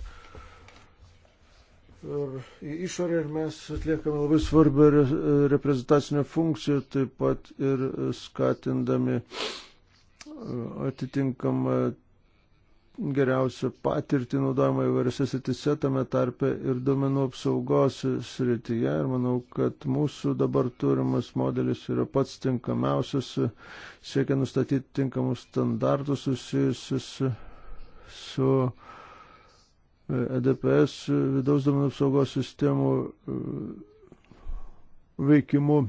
Ir į išorę mes atliekame labai svarbią reprezentacinę funkciją, taip pat ir skatindami e, atitinkamą geriausią patirtį naudojimą įvairiose sritise, tame tarpe ir duomenų apsaugos srityje. Ir manau, kad mūsų dabar turimas modelis yra pats tinkamiausias, siekia nustatyti tinkamus standartus susijusius su, su EDPS e vidaus duomenų apsaugos sistemų e, veikimu,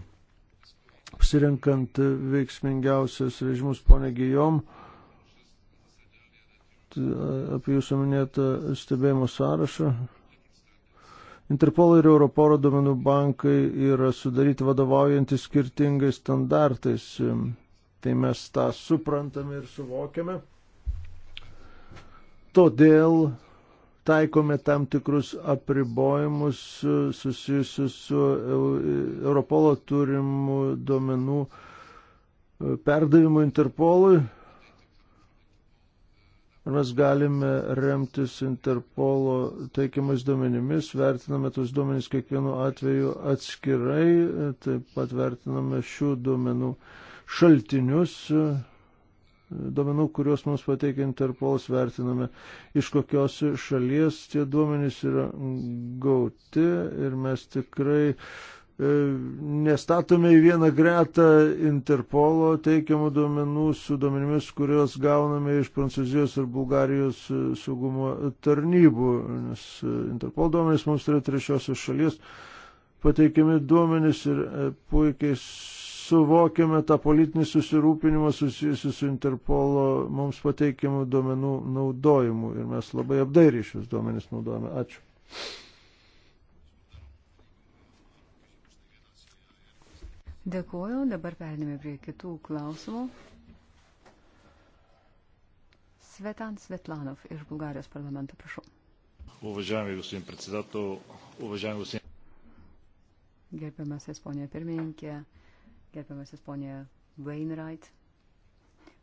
pasirenkant veiksmingiausias režimus ponegijom apie jūsų minėtą stebėjimo sąrašą. Interpol ir Europoro duomenų bankai yra sudaryti vadovaujantis skirtingais standartais. Tai mes tą suprantame ir suvokiame. Todėl taikome tam tikrus apribojimus susijusius su Europolo turimų duomenų e, perdavimu Interpolui Ir mes galime remtis Interpolo teikiamais duomenimis, vertiname tos duomenys kiekvienu atveju atskirai, taip pat vertiname šių duomenų šaltinius, duomenų, kuriuos mums pateikia Interpolas, vertiname, iš kokios šalies tie duomenys yra gauti ir mes tikrai E, nestatome į vieną gretą Interpolo teikiamų duomenų su duomenimis, kuriuos gauname iš Prancūzijos ir Bulgarijos e, saugumo tarnybų, nes e, Interpol duomenys mums yra trečiosios šalies pateikiami duomenys ir puikiai suvokiame tą politinį susirūpinimą susijusiu su Interpolo mums pateikiamų duomenų naudojimu ir mes labai apdairiai šios duomenys naudojame. Ačiū. Dėkuoju, dabar perinėme prie kitų klausimų. Svetan Svetlanov iš Bulgarijos parlamento, prašau. Uvažiavimai, gusim predsedato, uvažiavimai, gusim. Gerbiamasis ponė pirmininkė, gerbiamasis ponė Wainwright,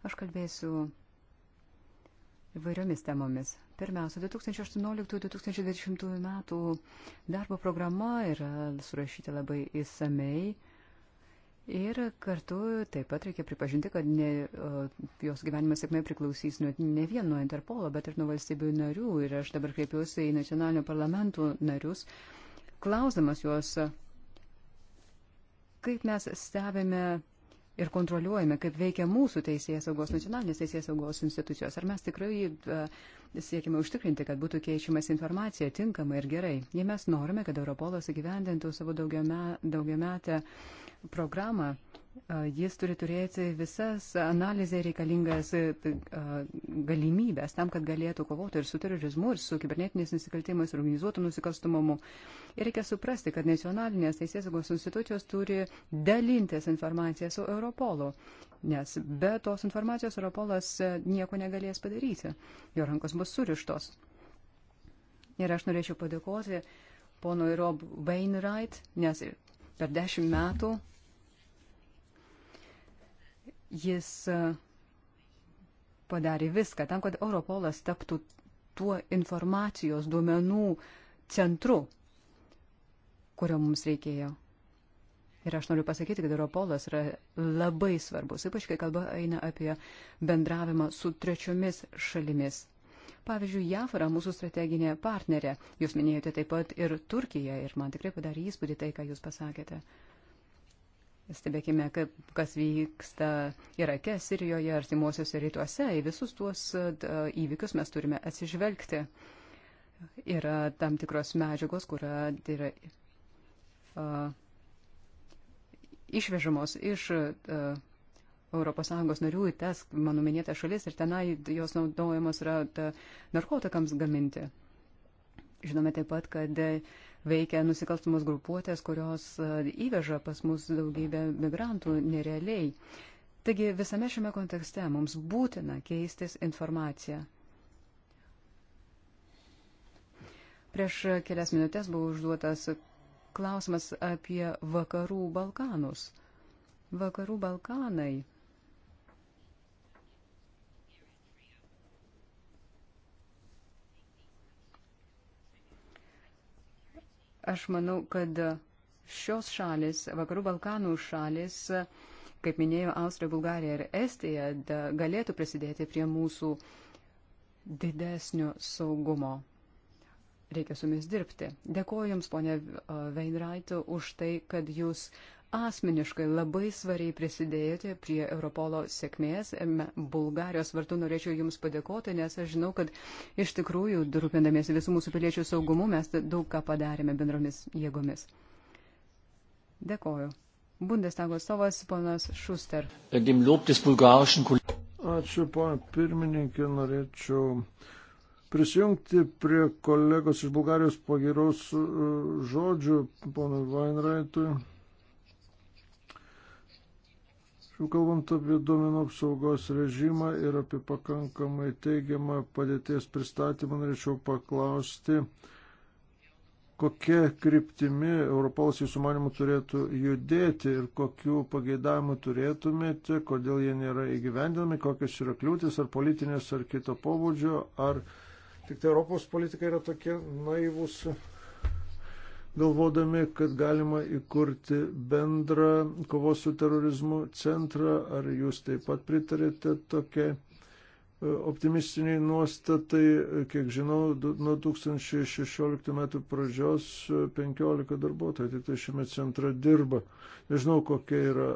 aš kalbėsiu įvairiomis temomis. Pirmiausia, 2018-2020 metų darbo programa yra surašyta labai įsamei. Ir kartu taip pat reikia pripažinti, kad ne, jos gyvenimas sėkmė priklausys nu, ne vien nuo Interpolo, bet ir nuo valstybių narių. Ir aš dabar kreipiuosi į nacionalinio parlamentų narius, klausdamas juos, kaip mes stebime ir kontroliuojame, kaip veikia mūsų teisės saugos, nacionalinės teisės saugos institucijos. Ar mes tikrai uh, siekime užtikrinti, kad būtų keičiamas informacija tinkamai ir gerai. Jei mes norime, kad Europolas įgyvendintų savo daugiametę programą, uh, jis turi turėti visas analizė reikalingas galimybės tam, kad galėtų kovoti ir su terorizmu, ir su kibernetiniais nusikaltimais, ir organizuotų nusikalstamumu. Ir reikia suprasti, kad nacionalinės teisėsaugos institucijos turi dalintis informaciją su Europolu, nes be tos informacijos Europolas nieko negalės padaryti. Jo rankos bus surištos. Ir aš norėčiau padėkoti ponui Rob Wainwright, nes per dešimt metų Jis e, padarė viską tam, kad Europolas taptų tuo informacijos duomenų centru, kurio mums reikėjo. Ir aš noriu pasakyti, kad Europolas yra labai svarbus, ypač kai kalba eina apie bendravimą su trečiomis šalimis. Pavyzdžiui, JAF yra mūsų strateginė partnerė. Jūs minėjote taip pat ir Turkiją ir man tikrai padarė įspūdį tai, ką jūs pasakėte. Uh, Stebėkime, kaip, kas vyksta Irake, Sirijoje, artimuosiuose rytuose. Į visus tuos e, įvykius mes turime atsižvelgti. Yra tam tikros medžiagos, kur yra uh, išvežamos iš uh, e, ES narių į tas, mano minėtas šalis, ir tenai jos naudojamos yra narkotikams gaminti. Žinome taip pat, kad uh, veikia nusikalstamos grupuotės, kurios e, įveža pas mus daugybę migrantų nerealiai. Taigi visame šiame kontekste mums būtina keistis informaciją. Prieš kelias minutės buvo užduotas klausimas apie vakarų Balkanus. Vakarų Balkanai Aš manau, kad šios šalis, vakarų Balkanų šalis, kaip minėjo Austrija, Bulgarija ir Estija, da, galėtų prisidėti prie mūsų didesnio saugumo. Reikia su jumis dirbti. Dėkuoju Jums, ponė Veinrait, už tai, kad Jūs asmeniškai labai svariai prisidėjote prie Europolo sėkmės. Bulgarijos vartų norėčiau Jums padėkoti, nes aš žinau, kad iš tikrųjų, rūpindamiesi visų mūsų piliečių saugumu, mes daug ką padarėme bendromis jėgomis. Dėkoju. Bundestago atstovas ponas Šuster. Ačiū, pana pirmininkė, norėčiau prisijungti prie kolegos iš Bulgarijos pagiraus e, žodžių, ponui Vainraitui. Kalbant apie duomenų apsaugos režimą ir apie pakankamai teigiamą padėties pristatymą, norėčiau paklausti, kokia kryptimi Europolas jūsų manimų turėtų judėti ir kokiu pageidavimu turėtumėte, kodėl jie nėra įgyvendinami, kokios yra kliūtis, ar politinės, ar kito pobūdžio, ar tik tai Europos politikai yra tokie naivūs galvodami, kad galima įkurti bendrą kovos su terorizmu centrą, ar jūs taip pat pritarėte tokiai e, optimistiniai nuostatai, kiek žinau, nuo 2016 metų pradžios 15 e, darbuotojų tik tai šiame centre dirba. Nežinau, kokia yra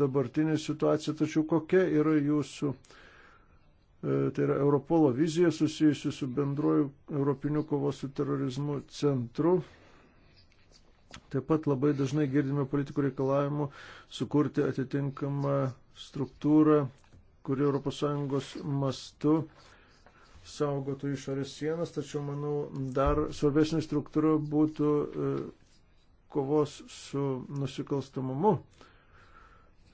dabartinė situacija, tačiau kokia yra jūsų, e, tai yra Europolo vizija susijusi su bendruoju Europiniu kovos su terorizmu centru Taip pat labai dažnai girdime politikų reikalavimų sukurti atitinkamą struktūrą, kuri ES mastu saugotų išorės sienas, tačiau manau dar svarbesnė struktūra būtų e, kovos su nusikalstamumu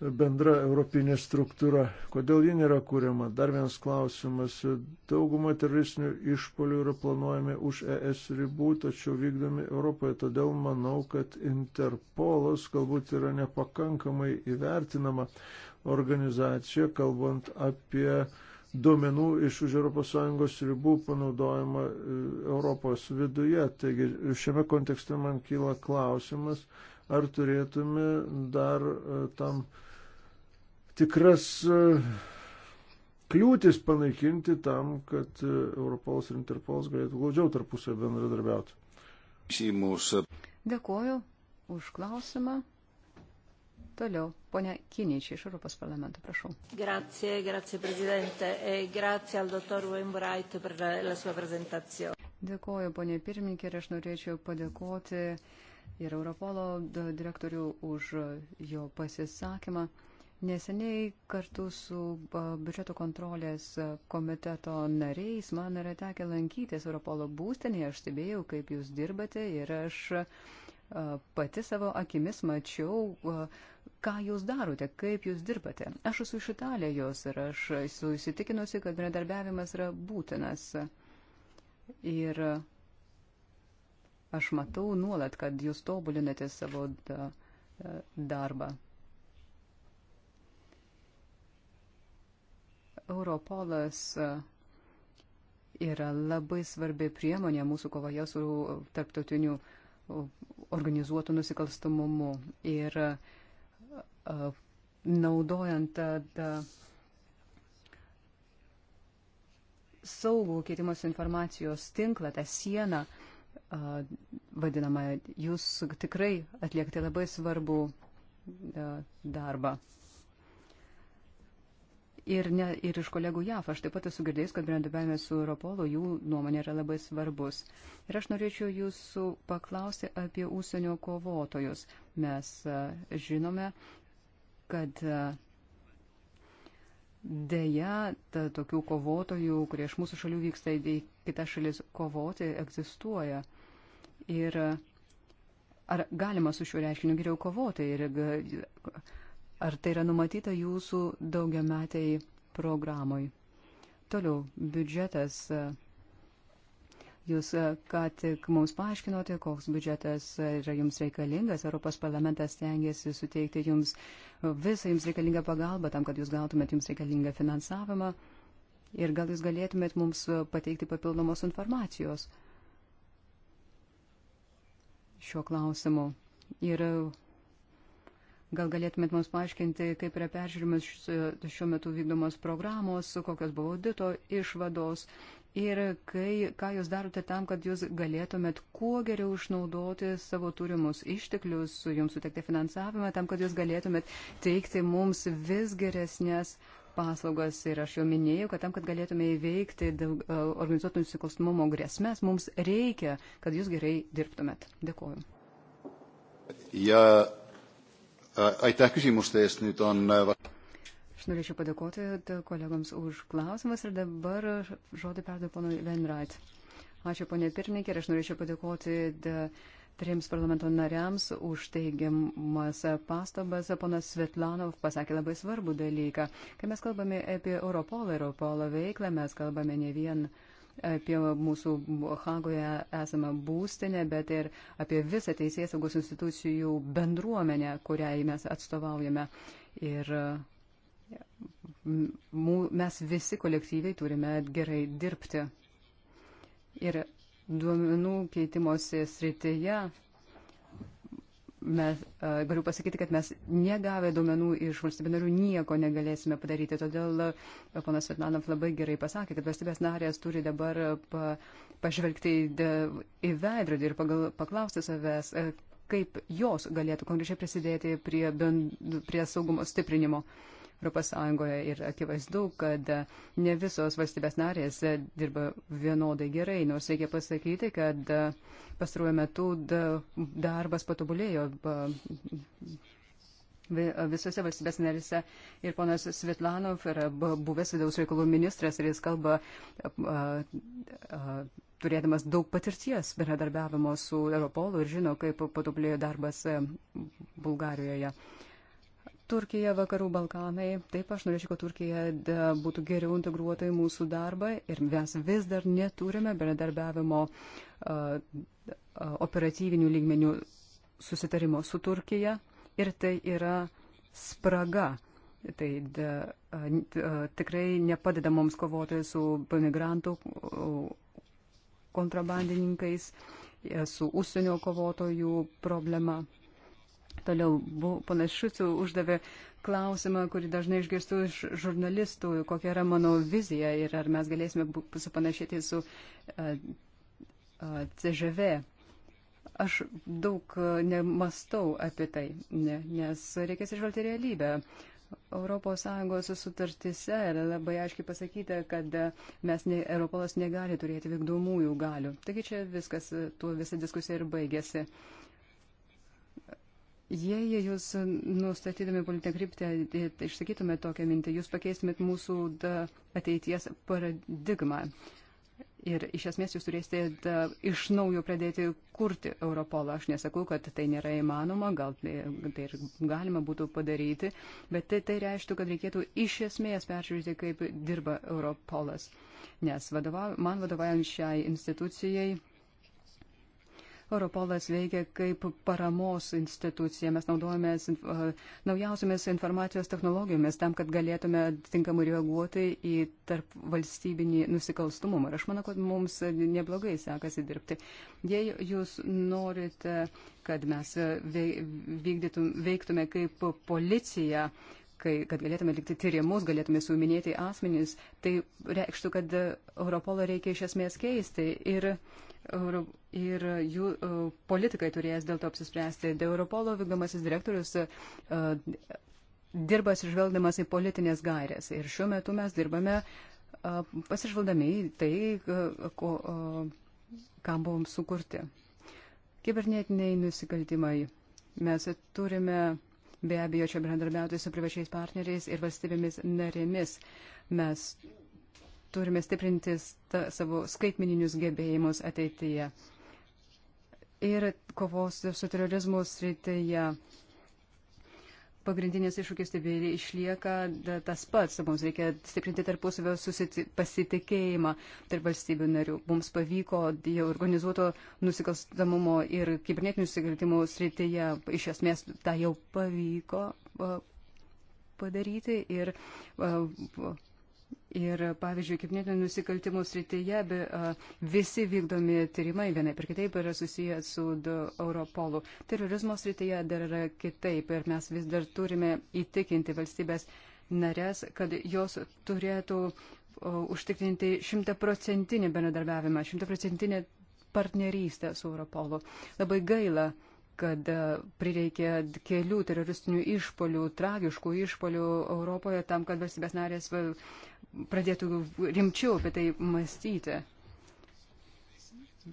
bendra europinė struktūra. Kodėl ji nėra kuriama? Dar vienas klausimas. Dauguma teroristinių išpolių yra planuojami už ES ribų, tačiau vykdomi Europoje. Todėl manau, kad Interpolas galbūt yra nepakankamai įvertinama organizacija, kalbant apie duomenų iš už ES ribų panaudojimą e, Europos viduje. Taigi šiame kontekste man kyla klausimas, ar turėtume dar e, tam tikras e, kliūtis panaikinti tam, kad e, Europolas ir Interpolas galėtų glaudžiau tarpusio bendradarbiauti. Dėkuoju už klausimą. Toliau, ponia Kiničiai iš Europos parlamento, prašau. Grazie, grazie prezidente, e grazie al dottor Wainwright per la sua presentazione. Dėkuoju, ponia pirmininkė, ir aš norėčiau padėkoti ir Europolo direktorių už jo pasisakymą. Neseniai kartu su biudžeto kontrolės komiteto nariais man yra tekę lankytis Europolo būstinėje, aš stebėjau, kaip jūs dirbate ir aš pati savo akimis mačiau, ką jūs darote, kaip jūs dirbate. Aš esu iš Italijos ir aš esu įsitikinusi, kad bendradarbiavimas yra būtinas. Ir aš matau nuolat, kad jūs tobulinate savo darbą. Europolas e, yra labai svarbi priemonė mūsų kovoje su tarptautiniu organizuotu nusikalstamumu. Ir e, e, naudojant tada saugų keitimos informacijos tinklą, tą sieną, vadinamą, jūs tikrai atliekate labai svarbų darbą. Ir, ne, ir iš kolegų JAF aš taip pat esu girdėjęs, kad bendradarbiavimas su Europolu jų nuomonė yra labai svarbus. Ir aš norėčiau jūsų paklausti apie ūsienio kovotojus. Mes a, žinome, kad a, dėja ta, tokių kovotojų, kurie iš mūsų šalių vyksta į kitas šalis kovoti, egzistuoja. Ir a, ar galima su šiuo reiškiniu geriau kovoti? Ir, Ar tai yra numatyta jūsų daugiametiai programai? Toliau, biudžetas. Jūs e, ką tik mums paaiškinote, koks biudžetas e, yra jums reikalingas. Europos parlamentas tengiasi suteikti jums visą jums reikalingą pagalbą tam, kad jūs gautumėt jums reikalingą finansavimą. Ir gal jūs galėtumėt mums pateikti papildomos informacijos šiuo klausimu. Ir Gal galėtumėt mums paaiškinti, kaip yra peržiūrimas šiuo metu vykdomos programos, kokios buvo audito išvados ir kai, ką jūs darote tam, kad jūs galėtumėt kuo geriau išnaudoti savo turimus išteklius, jums sutekti finansavimą, tam, kad jūs galėtumėt teikti mums vis geresnės paslaugas ir aš jau minėjau, kad tam, kad galėtume įveikti daug, e, organizuotų nusikalstamumo grėsmės, mums reikia, kad jūs gerai dirbtumėt. Dėkuoju. Ja, Aitäh küsimuste eest, nüüd on. Aš norėčiau padėkoti kolegams už klausimas ir dabar žodį perduoju ponui Venrait. Ačiū ponė Pirnikė ir aš norėčiau padėkoti trims parlamento nariams už teigiamas pastabas. Ponas Svetlanov pasakė labai svarbų dalyką. Kai mes kalbame apie Europolą ir Europolo veiklą, mes kalbame ne vien uh, apie mūsų Hagoje esamą būstinę, bet ir apie visą teisės saugos institucijų bendruomenę, kuriai mes atstovaujame. Ir mes visi kolektyviai turime gerai dirbti. Ir duomenų keitimosi srityje mes, galiu pasakyti, kad mes negavę duomenų iš valstybių narių nieko negalėsime padaryti. Todėl ponas Vetmanov labai gerai pasakė, kad valstybės narės turi dabar pa, pažvelgti į veidrodį ir pagal, paklausti savęs, kaip jos galėtų konkrečiai prisidėti prie, bend, prie saugumo stiprinimo. Uh, ES ir akivaizdu, kad ne visos valstybės narės dirba vienodai gerai, nors reikia pasakyti, kad pastaruoju metu darbas patobulėjo visose valstybės narėse. Ir ponas Svetlanov yra buvęs vidaus reikalų ministras ir jis kalba a, a, turėdamas daug patirties bendradarbiavimo su Europolu ir žino, kaip patobulėjo darbas Bulgarijoje. Turkija, Vakarų Balkanai. Taip, aš norėčiau, kad Turkija būtų geriau integruota į mūsų darbą ir mes vis dar neturime bendradarbiavimo operatyvinių lygmenių susitarimo su Turkija ir tai yra spraga. Tai da, tikrai nepadeda mums kovoti su migrantų kontrabandininkais, e, su užsienio kovotojų problema. Toliau ponas Šucų uždavė klausimą, kurį dažnai išgirstu iš žurnalistų, kokia yra mano vizija ir ar mes galėsime supanašyti su uh, uh, CŽV. Aš daug nemastau apie tai, ne, nes reikės išvalgti realybę. ES sutartise yra labai aiškiai pasakyta, kad mes, ne, Europolas negali turėti vykdomųjų galių. Taigi čia viskas, tuo visa diskusija ir baigėsi. Uh, Jei jūs nustatydami politinę kryptį e, tai išsakytumėt tokią mintį, jūs pakeistumėt mūsų da, ateities paradigmą. Ir iš esmės jūs turėsite da, iš naujo pradėti kurti Europolą. Aš nesakau, kad tai nėra įmanoma, gal tai, tai ir galima būtų padaryti, bet tai, tai reiškia, kad reikėtų iš esmės peržiūrėti, kaip dirba Europolas. Nes vadovau, man vadovaujant šiai institucijai Europolas veikia kaip paramos institucija. Mes naudojamės uh, naujausiamis informacijos technologijomis tam, kad galėtume tinkamai reaguoti į tarp valstybinį nusikalstumumą. Ir aš manau, kad mums neblogai sekasi dirbti. Jei jūs norite, kad mes uh, vykdytum, veiktume kaip policija, kai, kad galėtume likti tyrimus, galėtume suminėti asmenys, tai reikštų, kad uh, Europolą reikia iš esmės keisti. Ir uh, ir e, jų e, politikai turės dėl to apsispręsti. Dėl Europolo vykdomasis direktorius e, dirba atsižvelgdamas į politinės gairės. Ir šiuo metu mes dirbame pasižvaldami į tai, ko, kam buvom sukurti. Kibernetiniai nusikaltimai. Mes turime be abejo čia bendradarbiauti su privačiais partneriais ir valstybėmis narėmis. Mes turime stiprinti savo skaitmeninius gebėjimus ateityje. Ir kovos su terorizmu srityje pagrindinis iššūkis taip ir išlieka tas pats. Mums reikia stiprinti tarpusavio pasitikėjimą tarp valstybių narių. Mums pavyko jau organizuoto nusikalstamumo ir kibernetinių nusikaltimų srityje iš esmės tą jau pavyko padaryti ir Ir, pavyzdžiui, kibernetinių nusikaltimų srityje be, a, visi vykdomi tyrimai vienai per kitaip yra susiję su Europolu. Terorizmo srityje dar yra kitaip ir mes vis dar turime įtikinti valstybės narės, kad jos turėtų o, užtikrinti šimtaprocentinį bendradarbiavimą, šimtaprocentinę partnerystę su Europolu. Labai gaila, kad e, prireikė kelių teroristinių išpolių, tragiškų išpolių Europoje tam, kad valstybės narės e, pradėtų rimčiau apie tai mąstyti.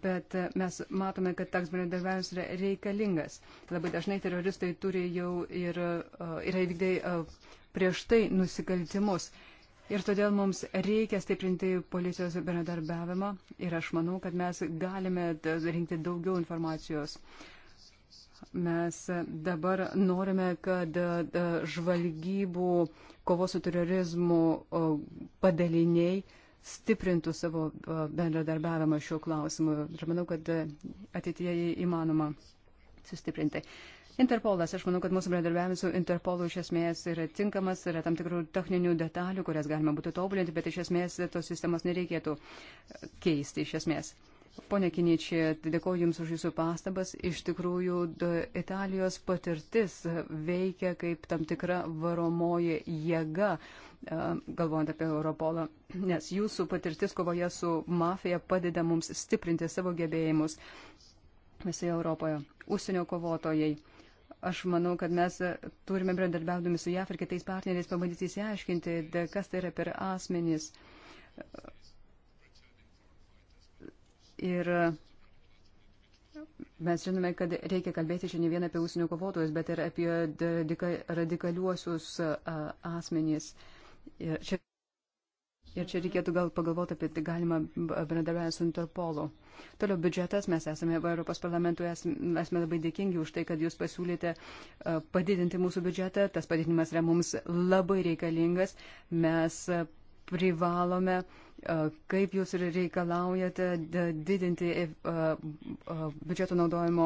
Bet e, mes matome, kad toks bendradarbiavimas yra reikalingas. Labai dažnai teroristai turi jau ir yra įvykdę prieš tai nusikaltimus. Ir todėl mums reikia stiprinti policijos bendradarbiavimą ir aš manau, kad mes galime rinkti daugiau informacijos. Uh, Mes dabar norime, kad e, žvalgybų kovos su terorizmu padaliniai stiprintų savo e, bendradarbiavimą šiuo klausimu. Ir manau, kad e, ateityje jį įmanoma sustiprinti. Interpolas, aš manau, kad mūsų bendradarbiavimas su Interpolu iš esmės yra tinkamas, yra tam tikrų techninių detalių, kurias galima būtų tobulinti, bet iš esmės tos sistemos nereikėtų keisti iš esmės. Uh, Pone Kiniečia, dėkoju Jums už Jūsų pastabas. Iš tikrųjų, Italijos patirtis veikia kaip tam tikra varomoji jėga, galvojant apie Europolą, nes Jūsų patirtis kovoje su mafija padeda mums stiprinti savo gebėjimus visoje Europoje. Užsienio kovotojai aš manau, kad mes turime bendradarbiaudami su JAF ir kitais partneriais pabandyti įsiaiškinti, kas tai yra per asmenys. Ir mes žinome, kad reikia kalbėti čia ne vien apie ūsinių kovotojus, bet ir apie radikaliuosius asmenys. Ir čia, ir čia reikėtų gal pagalvoti apie tai galima bendradarbiavę su Interpolu. Toliau biudžetas, mes esame Europos parlamentui, esame, esame labai dėkingi už tai, kad jūs pasiūlėte padidinti mūsų biudžetą. Tas padidinimas yra mums labai reikalingas. Mes privalome, kaip jūs ir reikalaujate, didinti e, biudžeto naudojimo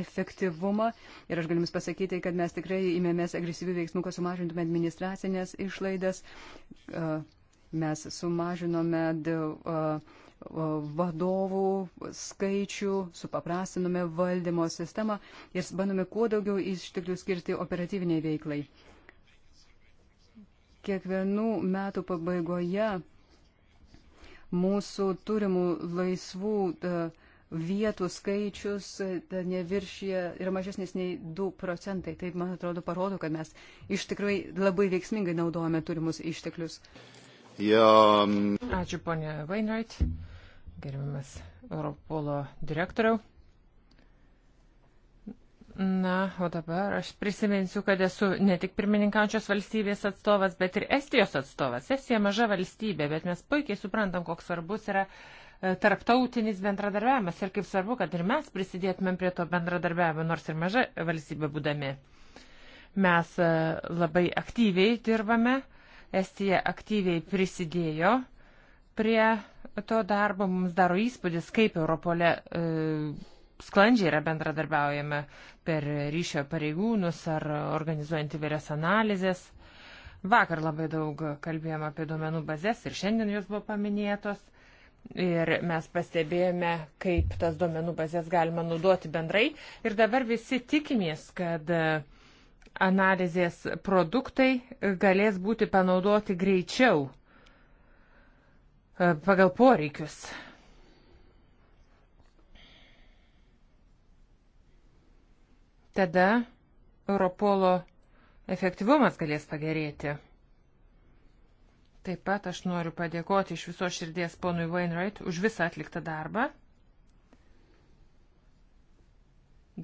efektyvumą. Ir aš galiu Jums pasakyti, kad mes tikrai imėmės agresyvių veiksmų, kad sumažintume administracinės išlaidas. Mes sumažinome vadovų skaičių, supaprastinome valdymo sistemą ir bandome kuo daugiau išteklių skirti operatyviniai veiklai kiekvienų metų pabaigoje mūsų turimų laisvų e, vietų skaičius e, neviršyje yra mažesnis nei 2 procentai. Tai, man atrodo, parodo, kad mes iš tikrųjų labai veiksmingai naudojame turimus išteklius. Ja. Mm. Ačiū, ponė Vainwright, gerbiamas Europolo direktoriau. Na, o dabar aš prisiminsiu, kad esu ne tik pirmininkančios valstybės atstovas, bet ir Estijos atstovas. Estija maža valstybė, bet mes puikiai suprantam, koks svarbus yra e, tarptautinis bendradarbiavimas ir kaip svarbu, kad ir mes prisidėtumėm prie to bendradarbiavimo, nors ir maža valstybė būdami. Mes e, labai aktyviai dirbame, Estija aktyviai prisidėjo prie to darbo, mums daro įspūdis, kaip Europole. E, sklandžiai yra bendradarbiaujame per ryšio pareigūnus ar organizuojant įvairias analizės. Vakar labai daug kalbėjom apie duomenų bazės ir šiandien jos buvo paminėtos. Ir mes pastebėjome, kaip tas duomenų bazės galima naudoti bendrai. Ir dabar visi tikimės, kad e, analizės produktai galės būti panaudoti greičiau e, pagal poreikius. tada Europolo efektyvumas galės pagerėti. Taip pat aš noriu padėkoti iš viso širdies ponui Wainwright už visą atliktą darbą.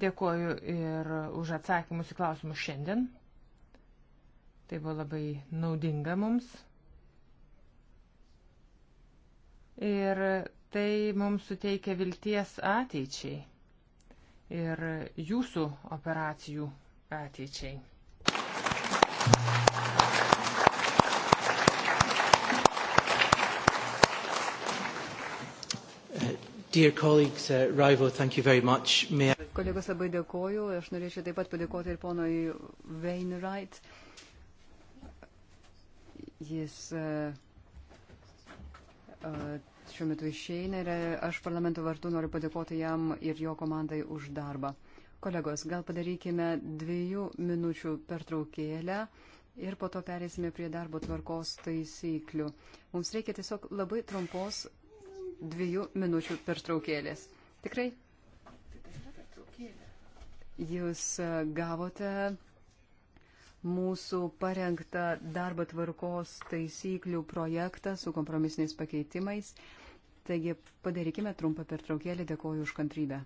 Dėkoju ir už atsakymus į klausimus šiandien. Tai buvo labai naudinga mums. Ir tai mums suteikia vilties ateičiai ir jūsų operacijų ateičiai. Dear colleagues, uh, Rival, thank you very much. May I... Kolegos labai dėkoju. Aš norėčiau taip pat padėkoti ir ponui Wainwright. Jis uh, uh, šiuo metu išeina ir aš parlamento vardu noriu padėkoti jam ir jo komandai už darbą. Kolegos, gal padarykime dviejų minučių pertraukėlę ir po to perėsime prie darbo tvarkos taisyklių. Mums reikia tiesiog labai trumpos dviejų minučių pertraukėlės. Tikrai? Jūs gavote mūsų parengtą darbo tvarkos taisyklių projektą su kompromisiniais pakeitimais. Taigi padarykime trumpą pertraukėlį, dėkoju už kantrybę.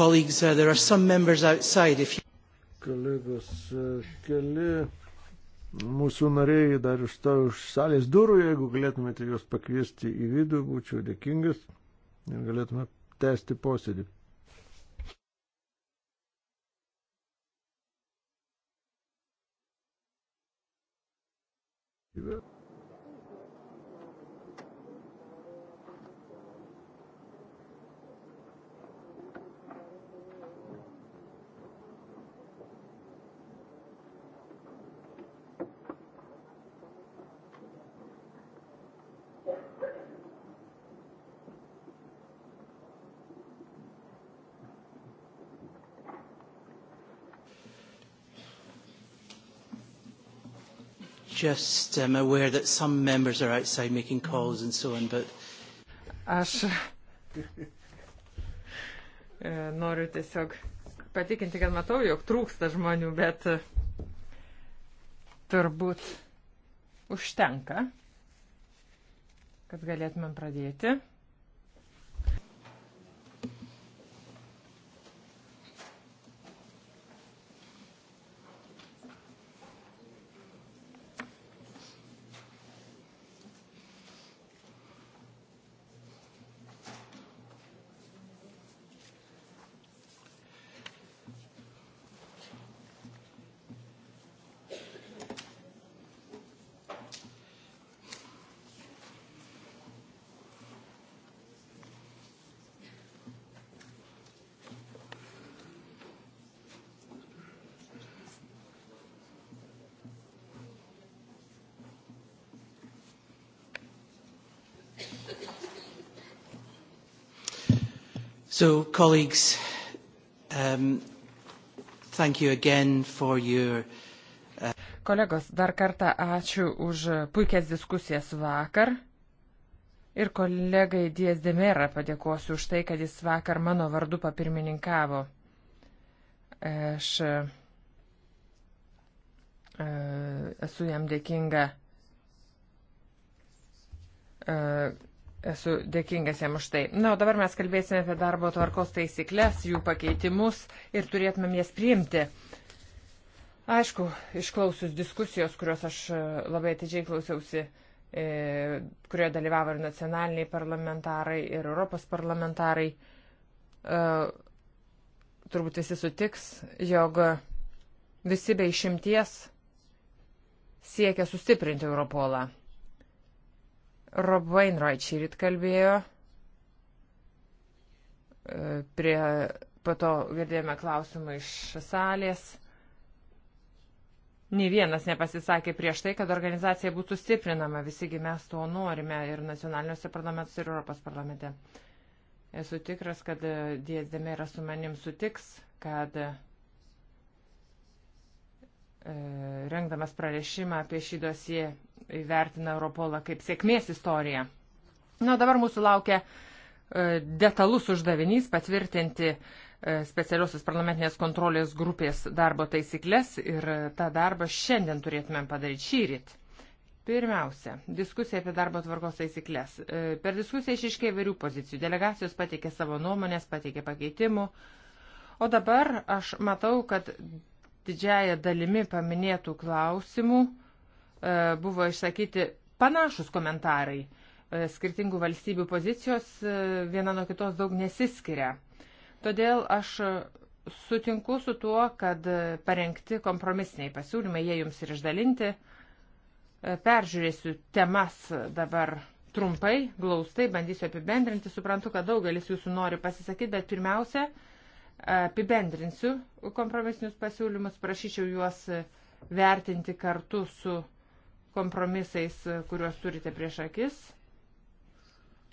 colleagues, uh, there are some members outside. If you... Kolegos, e, keli mūsų nariai dar iš to už salės durų, jeigu galėtumėte juos pakviesti į vidų, būčiau dėkingas ir galėtume tęsti posėdį. just am um, aware that some members are outside making calls and so on, but... Aš e, noriu tiesiog patikinti, kad matau, jog trūksta žmonių, bet e, turbūt užtenka, kad galėtumėm pradėti. So, colleagues, um, thank you again for your. Uh... Kolegos, dar kartą ačiū už puikias diskusijas vakar. Ir kolegai Dies Demera padėkosiu už tai, kad jis vakar mano vardu papirmininkavo. Aš e, esu jam dėkinga e, Esu dėkingas jam už tai. Na, o dabar mes kalbėsime apie darbo tvarkos taisyklės, jų pakeitimus ir turėtumėm jas priimti. Aišku, išklausius diskusijos, kurios aš e, labai atidžiai klausiausi, e, kurioje dalyvavo ir nacionaliniai parlamentarai, ir Europos parlamentarai, e, turbūt visi sutiks, jog visi be išimties siekia sustiprinti Europolą Rob Wainwright šį ryt kalbėjo. E, prie, po to girdėjome klausimą iš salės. Nė vienas nepasisakė prieš tai, kad organizacija būtų stiprinama, visigi mes to norime ir nacionaliniuose parlamentuose, ir Europos parlamente. Esu tikras, kad e, Diezdemė yra su manim sutiks, kad E, rengdamas pranešimą apie šį dosiją, įvertina Europolą kaip sėkmės istoriją. Na, dabar mūsų laukia e, detalus uždavinys patvirtinti e, specialiosios parlamentinės kontrolės grupės darbo taisyklės ir tą darbą šiandien turėtumėm padaryti šį rytį. Pirmiausia, diskusija apie darbo tvarkos taisyklės. Per diskusiją išiškė įvairių pozicijų. Delegacijos pateikė savo nuomonės, pateikė pakeitimų. O dabar aš matau, kad didžiaja dalimi paminėtų klausimų e, buvo išsakyti panašus komentarai. E, skirtingų valstybių pozicijos e, viena nuo kitos daug nesiskiria. Todėl aš sutinku su tuo, kad parengti kompromisiniai pasiūlymai, jie jums ir išdalinti. Peržiūrėsiu temas dabar trumpai, glaustai, bandysiu apibendrinti. Suprantu, kad daugelis jūsų nori pasisakyti, bet pirmiausia, uh, Apibendrinsiu kompromisinius pasiūlymus, prašyčiau juos vertinti kartu su kompromisais, kuriuos turite prieš akis.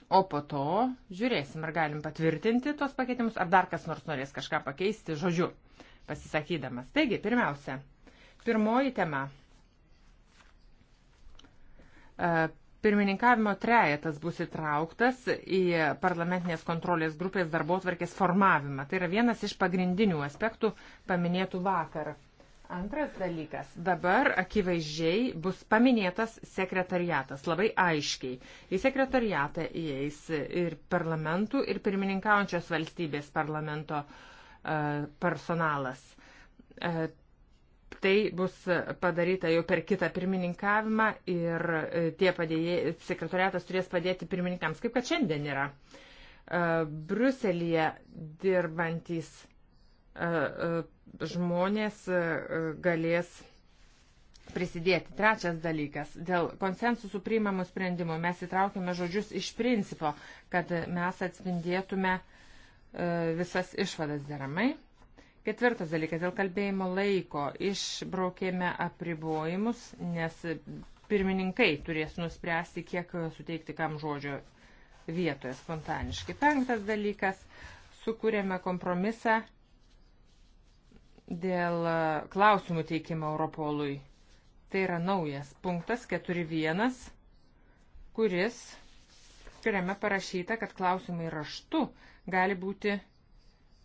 O po to žiūrėsim, ar galim patvirtinti tos pakeitimus, ar dar kas nors norės kažką pakeisti žodžiu, pasisakydamas. Taigi, pirmiausia, pirmoji tema pirmininkavimo trejetas bus įtrauktas į parlamentinės kontrolės grupės darbo tvarkės formavimą. Tai yra vienas iš pagrindinių aspektų paminėtų vakar. Antras dalykas. Dabar akivaizdžiai bus paminėtas sekretariatas labai aiškiai. Į sekretariatą įeis ir parlamentų, ir pirmininkaujančios valstybės parlamento e, personalas e, tai bus padaryta jau per kitą pirmininkavimą ir e, tie padėjėjai, sekretoriatas turės padėti pirmininkams, kaip kad šiandien yra. E, Bruselėje dirbantis e, žmonės galės prisidėti. Trečias dalykas. Dėl konsensusų priimamų sprendimų mes įtraukėme žodžius iš principo, kad mes atspindėtume visas išvadas deramai. Ketvirtas dalykas, dėl kalbėjimo laiko išbraukėme apribojimus, nes pirmininkai turės nuspręsti, kiek suteikti kam žodžio vietoje spontaniškai. Penktas dalykas, sukūrėme kompromisą dėl klausimų teikimo Europolui. Tai yra naujas punktas 4.1, kuris, kuriame parašyta, kad klausimai raštu gali būti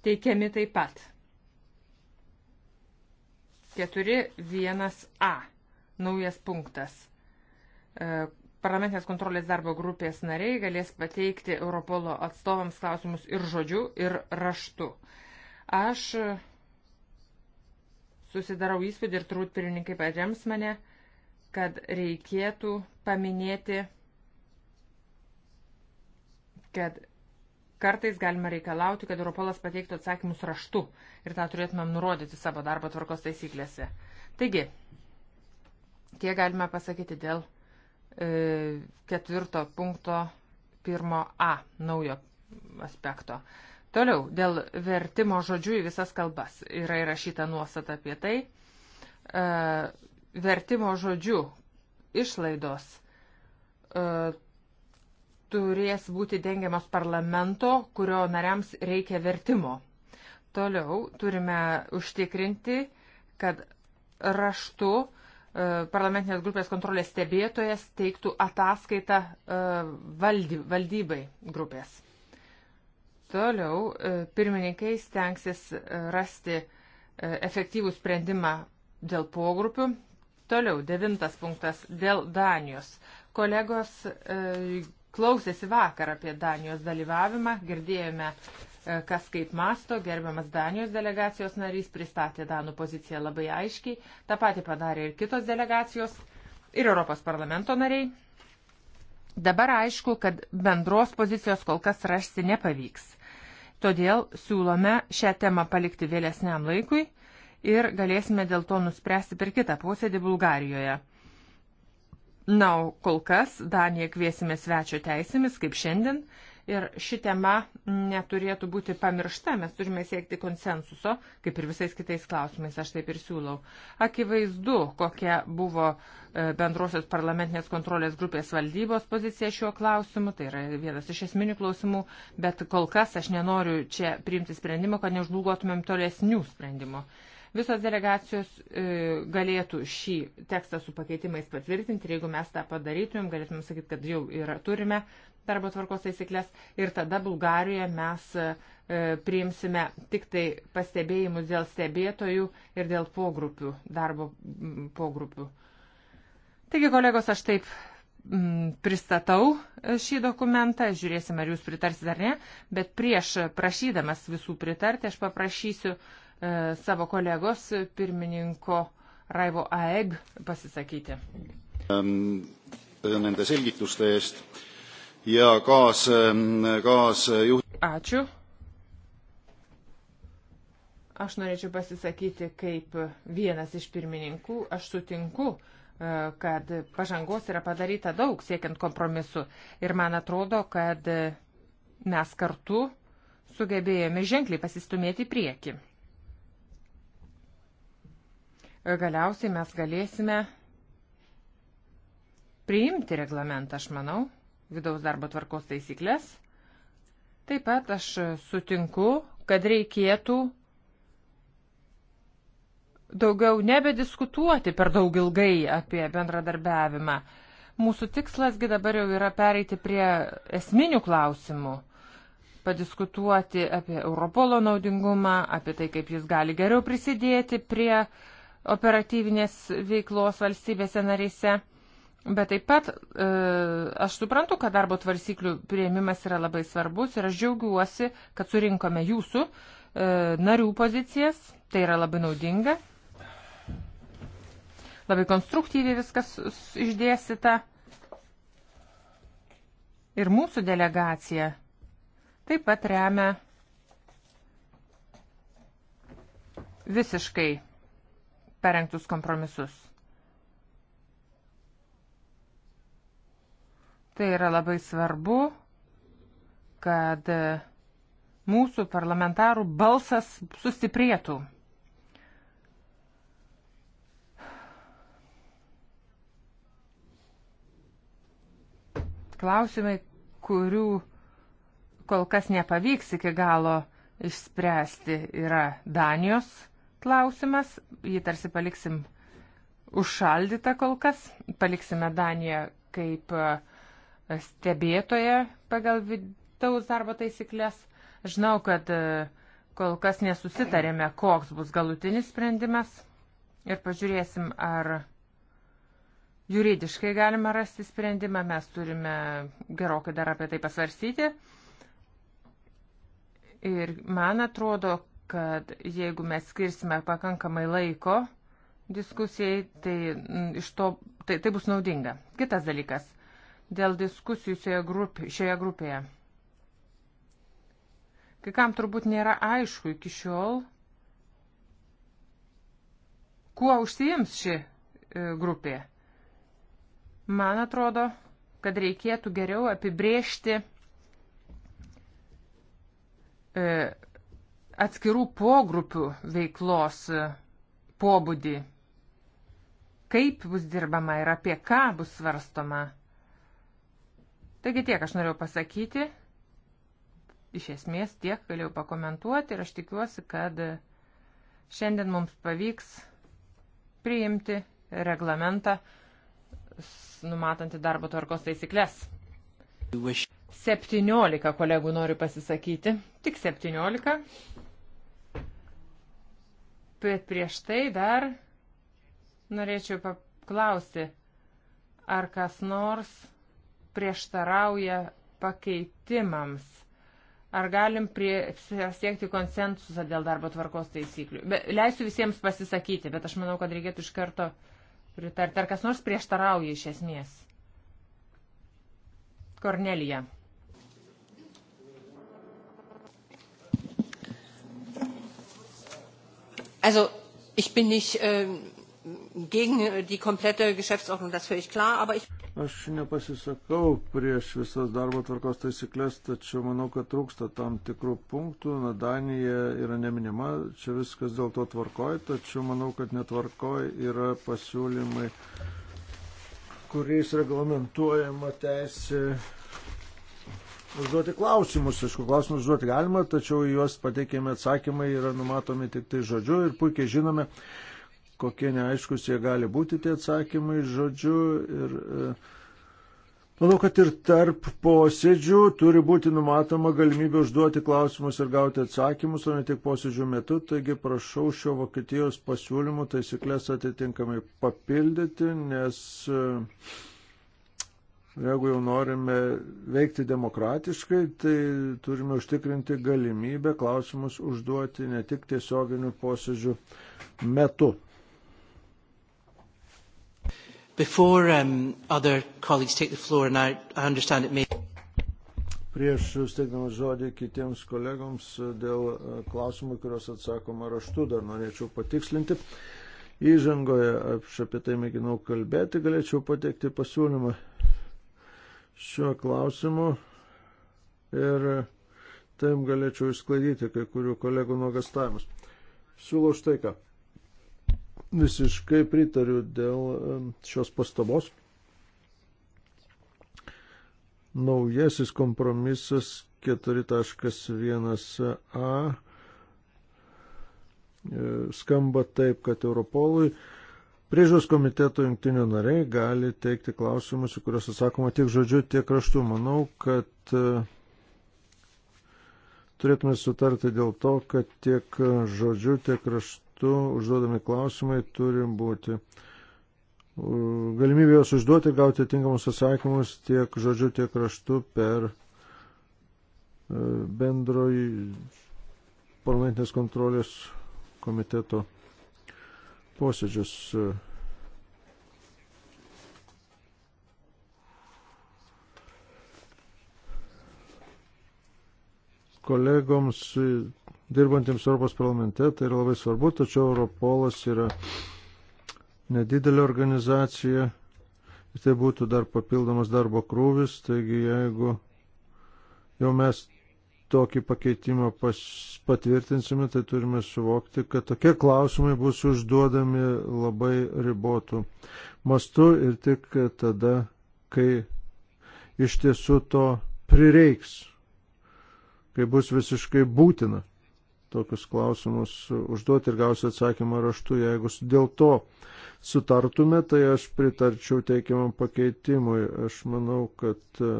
teikiami taip pat. 4.1a. Naujas punktas. E, Parlamentinės kontrolės darbo grupės nariai galės pateikti Europolo atstovams klausimus ir žodžiu, ir raštu. Aš susidarau įspūdį ir turbūt pirmininkai parems mane, kad reikėtų paminėti, kad Kartais galima reikalauti, kad Europolas pateiktų atsakymus raštu ir tą turėtumėm nurodyti savo darbo tvarkos taisyklėse. Taigi, tie galime pasakyti dėl e, ketvirto punkto pirmo A naujo aspekto. Toliau, dėl vertimo žodžių į visas kalbas yra įrašyta nuostata apie tai. E, vertimo žodžių išlaidos e, turės būti dengiamas parlamento, kurio nariams reikia vertimo. Toliau turime užtikrinti, kad raštu e, parlamentinės grupės kontrolės stebėtojas teiktų ataskaitą e, valdy, valdybai grupės. Toliau e, pirmininkai stengsis rasti efektyvų sprendimą dėl pogrupių. Toliau devintas punktas dėl Danijos. Kolegos klausėsi vakar apie Danijos dalyvavimą, girdėjome, e, kas kaip masto, gerbiamas Danijos delegacijos narys pristatė Danų poziciją labai aiškiai, tą patį padarė ir kitos delegacijos, ir Europos parlamento nariai. Dabar aišku, kad bendros pozicijos kol kas rasti nepavyks. Todėl siūlome šią temą palikti vėlesniam laikui ir galėsime dėl to nuspręsti per kitą posėdį Bulgarijoje. Na, o kol kas Daniją kviesime svečio teisėmis, kaip šiandien. Ir ši tema neturėtų būti pamiršta, mes turime siekti konsensuso, kaip ir visais kitais klausimais, aš taip ir siūlau. Akivaizdu, kokia buvo e, bendrosios parlamentinės kontrolės grupės valdybos pozicija šiuo klausimu, tai yra vienas iš esminių klausimų, bet kol kas aš nenoriu čia priimti sprendimo, kad neužbūgotumėm tolesnių sprendimų. Visos delegacijos e, galėtų šį tekstą su pakeitimais patvirtinti ir jeigu mes tą padarytumėm, galėtumėm sakyti, kad jau yra, turime darbo tvarkos taisyklės ir tada Bulgarijoje mes e, priimsime tik tai pastebėjimus dėl stebėtojų ir dėl pogrupių, darbo pogrupių. Taigi, kolegos, aš taip pristatau e, šį dokumentą, žiūrėsim, ar jūs pritarsit ar ne, bet prieš prašydamas visų pritarti, aš paprašysiu E, savo kolegos pirmininko Raivo Aeg pasisakyti. Nende selgituste eest ja kaas, kaasjuht. Ačiū. Aš norėčiau pasisakyti kaip vienas iš pirmininkų. Aš sutinku, e, kad pažangos yra padaryta daug siekiant kompromisu. Ir man atrodo, kad mes kartu sugebėjome ženkliai pasistumėti į priekį galiausiai mes galėsime priimti reglamentą, aš manau, vidaus darbo tvarkos taisyklės. Taip pat aš sutinku, kad reikėtų daugiau nebediskutuoti per daug ilgai apie bendradarbiavimą. Mūsų tikslasgi dabar jau yra pereiti prie esminių klausimų, padiskutuoti apie Europolo naudingumą, apie tai, kaip jis gali geriau prisidėti prie uh, operatyvinės veiklos valstybėse narėse. Bet taip pat e, aš suprantu, kad darbo tvarkyklių prieimimas yra labai svarbus ir aš džiaugiuosi, kad surinkome jūsų e, narių pozicijas. Tai yra labai naudinga. Labai konstruktyviai viskas išdėsita. Ir mūsų delegacija taip pat remia visiškai parengtus kompromisus. Tai yra labai svarbu, kad mūsų parlamentarų balsas sustiprėtų. Klausimai, kurių kol kas nepavyks iki galo išspręsti, yra Danijos klausimas, jį tarsi paliksim užšaldytą kol kas, paliksime Daniją kaip e, stebėtoje pagal vidaus darbo taisyklės. Žinau, kad e, kol kas nesusitarėme, koks bus galutinis sprendimas ir pažiūrėsim, ar juridiškai galime rasti sprendimą. Mes turime gerokai dar apie tai pasvarsyti. Ir man atrodo, kad jeigu mes skirsime pakankamai laiko diskusijai, tai, mm, iš to, tai, tai bus naudinga. Kitas dalykas - dėl diskusijų šioje, grup, šioje grupėje. Kai kam turbūt nėra aišku iki šiol, kuo užsijims ši e, grupė. Man atrodo, kad reikėtų geriau apibriežti e, atskirų pogrupių veiklos pobūdį, kaip bus dirbama ir apie ką bus svarstoma. Taigi tiek aš norėjau pasakyti, iš esmės tiek galėjau pakomentuoti ir aš tikiuosi, kad šiandien mums pavyks priimti reglamentą numatantį darbo tvarkos taisyklės. 17 kolegų nori pasisakyti, tik 17. Bet prieš tai dar norėčiau paklausti, ar kas nors prieštarauja pakeitimams. Ar galim prie, siekti konsensusą dėl darbo tvarkos taisyklių? Be, leisiu visiems pasisakyti, bet aš manau, kad reikėtų iš karto pritarti. Ar kas nors prieštarauja iš esmės? Kornelija. Also ich bin nicht ähm, gegen äh, die komplette Geschäftsordnung, das völlig klar, aber ich. Aš nepasisakau prieš visas darbo tvarkos taisyklės, tačiau manau, kad trūksta tam tikrų punktų. Na, Danija yra neminima, čia viskas dėl to tvarkoj, tačiau manau, kad netvarkoj yra pasiūlymai, kuriais reglamentuojama teisė užduoti klausimus. Aišku, klausimus užduoti galima, tačiau juos pateikiami atsakymai yra numatomi tik tai žodžiu ir puikiai žinome, kokie neaiškus jie gali būti tie atsakymai žodžiu. Ir, e, Manau, kad ir tarp posėdžių turi būti numatoma galimybė užduoti klausimus ir gauti atsakymus, o ne tik posėdžių metu. Taigi prašau šio Vokietijos pasiūlymų taisyklės atitinkamai papildyti, nes uh, jeigu jau norime veikti demokratiškai, tai turime užtikrinti galimybę klausimus užduoti ne tik tiesioginių posėdžių metu. Before, um, other colleagues take the floor, and I, I understand it may... Prieš steigdamas žodį kitiems kolegoms uh, dėl uh, klausimų, kuriuos atsakoma raštu, dar norėčiau patikslinti. Įžangoje aš apie tai mėginau kalbėti, galėčiau pateikti pasiūlymą šiuo klausimu ir taip galėčiau išsklaidyti kai kurių kolegų nuogastavimus. Siūlau štai ką. Visiškai pritariu dėl šios pastabos. Naujasis kompromisas 4.1a e, skamba taip, kad Europolui Priežiūros komiteto jungtinių nariai gali teikti klausimus, į kuriuos atsakoma tiek žodžiu, tiek raštu. Manau, kad e, turėtume sutarti dėl to, kad tiek žodžiu, tiek raštu užduodami klausimai turi būti e, galimybė juos užduoti ir gauti tinkamus atsakymus tiek žodžiu, tiek raštu per e, bendroj parlamentinės kontrolės komiteto posėdžius. E, kolegoms e, dirbantiems Europos parlamente tai yra labai svarbu, tačiau Europolas yra nedidelė organizacija ir tai būtų dar papildomas darbo krūvis, taigi jeigu jau mes tokį pakeitimą pas, patvirtinsime, tai turime suvokti, kad tokie klausimai bus užduodami labai ribotų mastų ir tik tada, kai iš tiesų to prireiks, kai bus visiškai būtina tokius klausimus užduoti ir gausi atsakymą raštu. Jeigu dėl to sutartume, tai aš pritarčiau teikiamam pakeitimui. Aš manau, kad uh,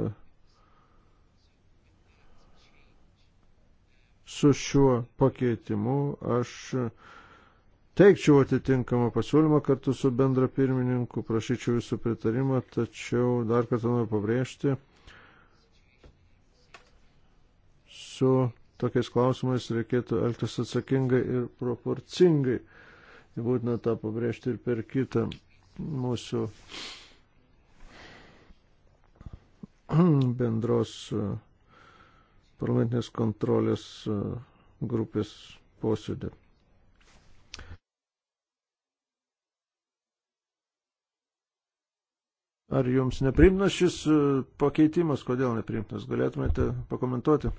su šiuo pakeitimu. Aš teikčiau atitinkamą pasiūlymą kartu su bendra pirmininku, prašyčiau jūsų pritarimą, tačiau dar kartą noriu pabrėžti, su tokiais klausimais reikėtų elgtis atsakingai ir proporcingai. Ir būtina tą pabrėžti ir per kitą mūsų bendros parlamentinės kontrolės e, grupės posėdį. Ar jums neprimnas šis e, pakeitimas, kodėl neprimnas? Galėtumėte pakomentuoti?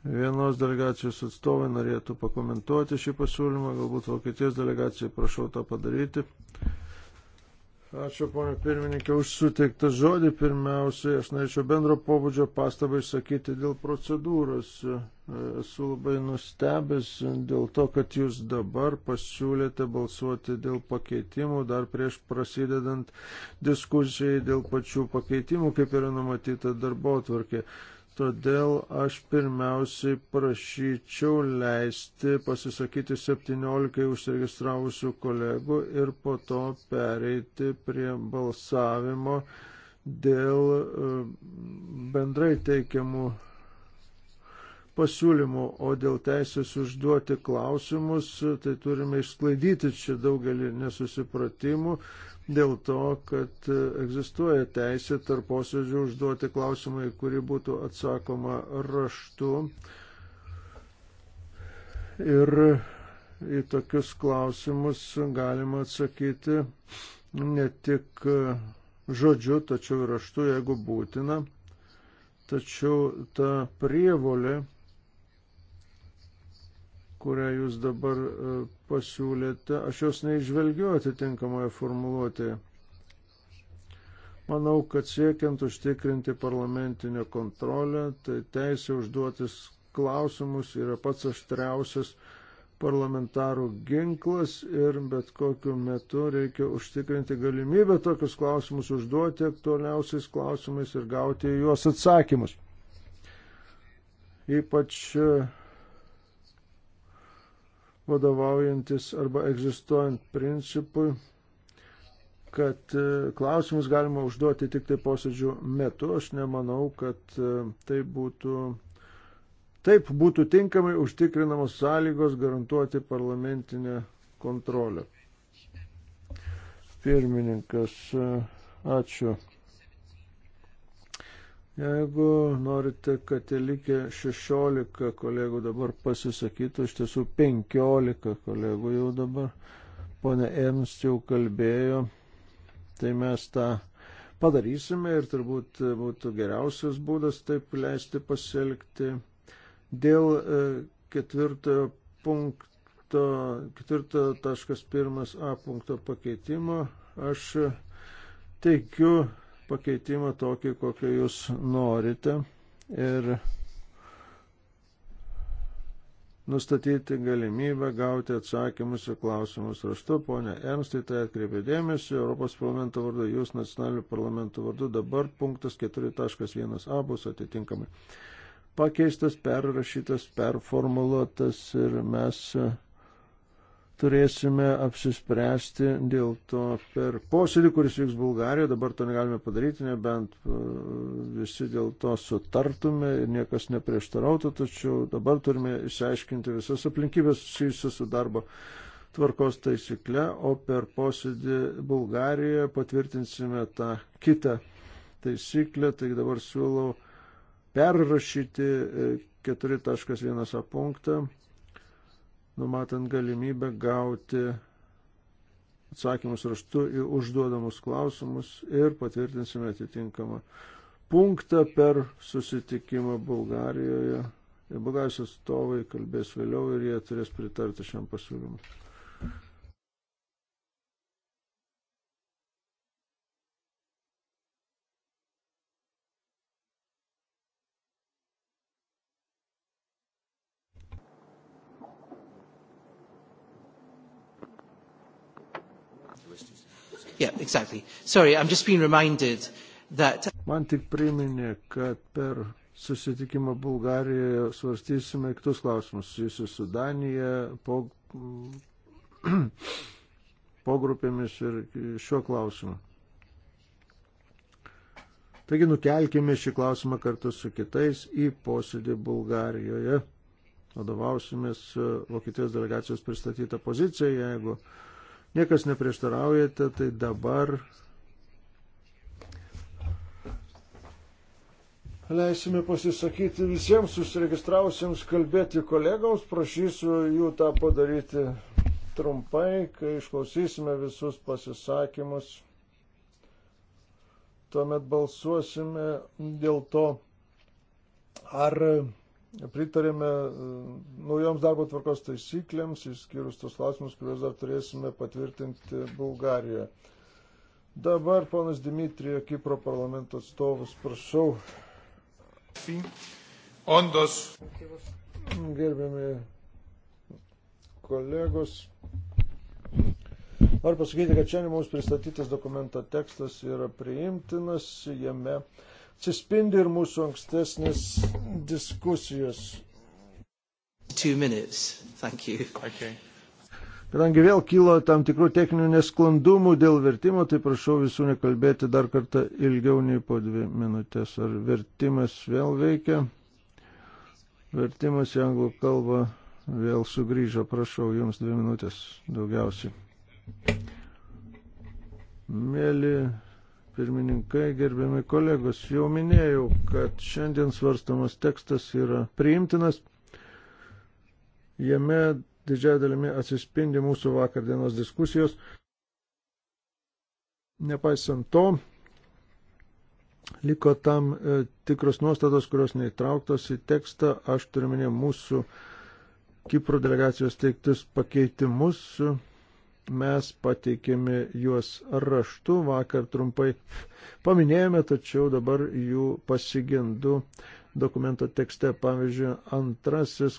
Vienos delegacijos atstovai norėtų pakomentuoti šį pasiūlymą, galbūt Vokietijos delegacija prašau tą padaryti. Ačiū, ponė pirmininkė, už suteiktą žodį. Pirmiausiai, aš norėčiau bendro pobūdžio pastabą išsakyti dėl procedūros. Esu labai nustebęs dėl to, kad jūs dabar pasiūlėte balsuoti dėl pakeitimų, dar prieš prasidedant diskusijai dėl pačių pakeitimų, kaip yra numatyta darbo atvarkė. Todėl aš pirmiausiai prašyčiau leisti pasisakyti 17 užsiregistravusių kolegų ir po to pereiti prie balsavimo dėl e, bendrai teikiamų pasiūlymų, o dėl teisės užduoti klausimus, tai turime išsklaidyti čia daugelį nesusipratimų dėl to, kad egzistuoja teisė tarp posėdžių užduoti klausimą, į kurį būtų atsakoma raštu. Ir į tokius klausimus galima atsakyti ne tik žodžiu, tačiau ir raštu, jeigu būtina. Tačiau ta prievolė kurią jūs dabar e, pasiūlėte, aš jos neižvelgiu atitinkamoje formuluotėje. Manau, kad siekiant užtikrinti parlamentinę kontrolę, tai teisė užduotis klausimus yra pats aštriausias parlamentarų ginklas ir bet kokiu metu reikia užtikrinti galimybę tokius klausimus užduoti aktualiausiais klausimais ir gauti juos atsakymus. Ypač e, vadovaujantis arba egzistuojant principui, kad e, klausimus galima užduoti tik tai posėdžių metu. Aš nemanau, kad e, tai būtų, taip būtų tinkamai užtikrinamos sąlygos garantuoti parlamentinę kontrolę. Pirmininkas, e, ačiū. Jeigu norite, kad likę 16 kolegų dabar pasisakytų, iš tiesų 15 kolegų jau dabar, ponė Ems jau kalbėjo, tai mes tą padarysime ir turbūt būtų geriausias būdas taip leisti pasielgti. Dėl e, ketvirtojo punkto, ketvirtojo taškas pirmas A punkto pakeitimo aš teikiu pakeitimą tokį, kokį jūs norite ir nustatyti galimybę gauti atsakymus ir klausimus raštu. Pone Ernstai, tai atkreipė dėmesį, Europos parlamento vardu, jūs nacionalinių parlamento vardu, dabar punktas 4.1a bus atitinkamai pakeistas, perrašytas, performuluotas ir mes turėsime apsispręsti dėl to per posėdį, kuris vyks Bulgarijoje, dabar to negalime padaryti, nebent uh, visi dėl to sutartume ir niekas neprieštarautų, tačiau dabar turime išsiaiškinti visas aplinkybės susijusias su darbo tvarkos taisykle, o per posėdį Bulgarijoje patvirtinsime tą kitą taisyklę, tai dabar siūlau perrašyti 4.1 uh, punktą numatant galimybę gauti atsakymus raštu į užduodamus klausimus ir patvirtinsime atitinkamą punktą per susitikimą Bulgarijoje. Bulgarijos atstovai kalbės vėliau ir jie turės pritarti šiam pasiūlymui. Yeah, exactly. Sorry, I'm just being reminded that... Uh, Man tik priminė, kad per susitikimą Bulgarijoje svarstysime kitus klausimus susijusius su Danija, po, pogrupėmis ir šiuo klausimu. Taigi nukelkime šį klausimą kartu su kitais į posėdį Bulgarijoje. Vadovausimės uh, Vokietijos delegacijos pristatytą poziciją, jeigu uh, niekas neprieštaraujate, tai dabar leisime pasisakyti visiems užsiregistravusiems kalbėti kolegoms, prašysiu jų tą padaryti trumpai, kai išklausysime visus pasisakymus. Tuomet balsuosime dėl to, ar pritarėme e, naujoms darbo tvarkos taisyklėms, išskyrus tos klausimus, kuriuos dar turėsime patvirtinti Bulgarijoje. Dabar ponas Dimitrija, Kipro parlamento atstovas, prašau. Ondos. Gerbiami kolegos. Noriu pasakyti, kad šiandien mums pristatytas dokumento tekstas yra priimtinas, jame atsispindi ir mūsų ankstesnės diskusijos. Okay. Kadangi vėl kilo tam tikrų techninių nesklandumų dėl vertimo, tai prašau visų nekalbėti dar kartą ilgiau nei po dvi minutės. Ar vertimas vėl veikia? Vertimas į anglų kalbą vėl sugrįžo. Prašau, jums dvi minutės daugiausiai. Mėly pirmininkai, gerbiami kolegos, jau minėjau, kad šiandien svarstamas tekstas yra priimtinas. Jame didžiai dalimi atsispindi mūsų vakardienos diskusijos. Nepaisant to, liko tam e, tikros nuostatos, kurios neįtrauktos į tekstą. Aš turiu minėti mūsų Kipro delegacijos teiktus pakeitimus mes pateikėme juos raštu, vakar trumpai paminėjome, tačiau dabar jų pasigendu dokumento tekste. Pavyzdžiui, antrasis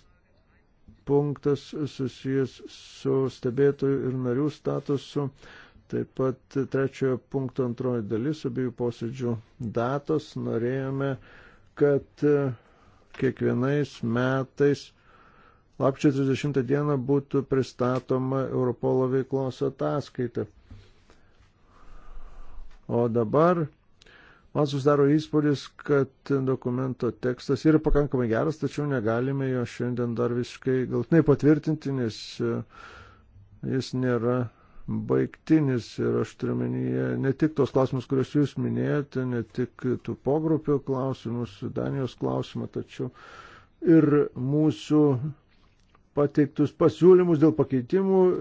punktas susijęs su stebėtojų ir narių statusu, taip pat trečiojo punkto antroji dalis abiejų posėdžių datos norėjome, kad kiekvienais metais lapčio 30 dieną būtų pristatoma Europolo veiklos ataskaita. O dabar man susidaro įspūdis, kad dokumento tekstas yra pakankamai geras, tačiau negalime jo šiandien dar visiškai galtinai patvirtinti, nes e, jis nėra baigtinis ir aš turiu menyje ne tik tos klausimus, kuriuos jūs minėjote, ne tik tų pogrupių klausimus, Danijos klausimą, tačiau ir mūsų pateiktus pasiūlymus dėl pakeitimų, e,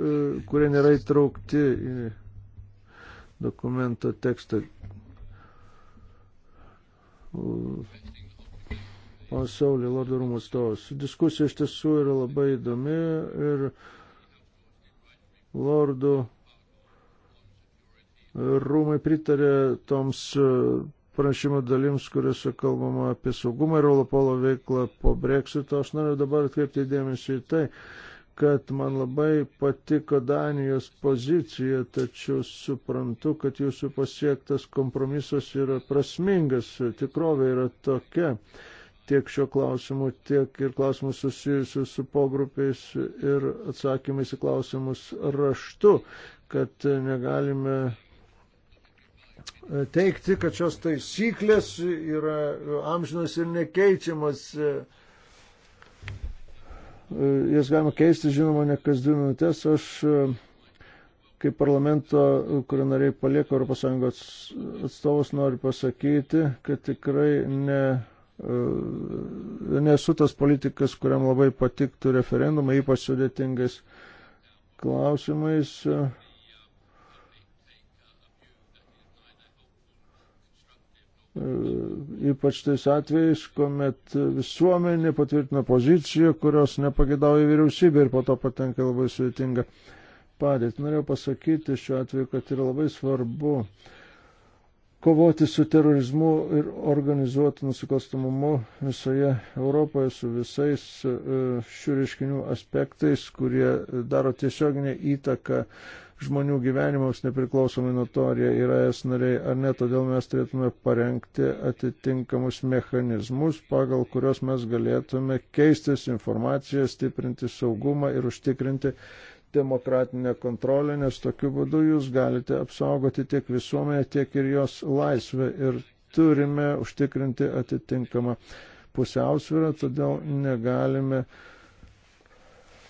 kurie nėra įtraukti į dokumento tekstą. O Saulė, Lordų rūmų atstovas. Diskusija iš tiesų yra labai įdomi ir Lordų rūmai pritarė toms e, pranešimo dalims, kuriuose kalbama apie saugumą ir Europolo veiklą po breksito. Aš noriu dabar atkreipti dėmesį į tai, kad man labai patiko Danijos pozicija, tačiau suprantu, kad jūsų pasiektas kompromisas yra prasmingas, tikrovė yra tokia tiek šio klausimu, tiek ir klausimų susijusių su pogrupiais ir atsakymais į klausimus raštu, kad negalime teikti, kad šios taisyklės yra amžinos ir nekeičiamas. Jas galima keisti, žinoma, ne kas dvi minutės. Aš kaip parlamento, kurio nariai palieka ES atstovus, noriu pasakyti, kad tikrai ne, nesu tas politikas, kuriam labai patiktų referendumai, ypač sudėtingais klausimais. Uh, E, ypač tais atvejais, kuomet visuomenė patvirtina poziciją, kurios nepagėdauja vyriausybė ir po to patenka labai sudėtinga padėtį. Norėjau pasakyti šiuo atveju, kad yra labai svarbu kovoti su terorizmu ir organizuotų nusikalstamumu visoje Europoje su visais e, šių reiškinių aspektais, kurie daro tiesioginę įtaką žmonių gyvenimams nepriklausomai nuo to, ar jie yra es nariai ar ne, todėl mes turėtume parengti atitinkamus mechanizmus, pagal kurios mes galėtume keistis informaciją, stiprinti saugumą ir užtikrinti demokratinę kontrolę, nes tokiu būdu jūs galite apsaugoti tiek visuomenę, tiek ir jos laisvę ir turime užtikrinti atitinkamą pusiausvyrą, todėl negalime uh,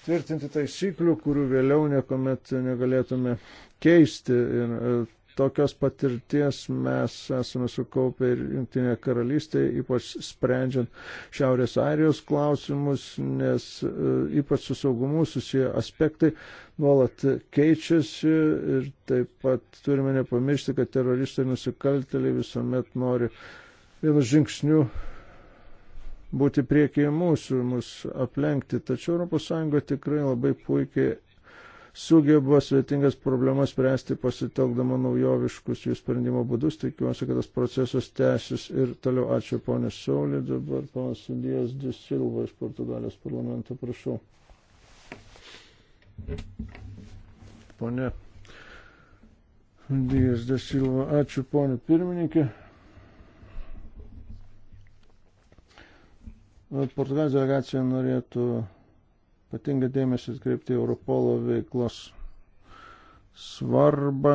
tvirtinti taisyklių, kurių vėliau niekuomet negalėtume keisti. Ir e, tokios patirties mes esame sukaupę ir Junktinėje karalystėje, ypač sprendžiant Šiaurės Airijos klausimus, nes e, ypač su saugumu susiję aspektai nuolat keičiasi ir taip pat turime nepamiršti, kad teroristai nusikalteliai visuomet nori vienu žingsniu būti priekyje mūsų, mus aplenkti. Tačiau ES tikrai labai puikiai sugeba svetingas problemas spręsti pasitelkdama naujoviškus jų sprendimo būdus. Tikiuosi, kad tas procesas tęsis ir toliau. Ačiū ponė Saulė, dabar ponas Sudijas Disilva iš Portugalijos parlamento, prašau. Pone Dijas Disilva, ačiū ponė pirmininkė. Nu, Portugalijos delegacija norėtų patingą dėmesį atkreipti Europolo veiklos svarbą.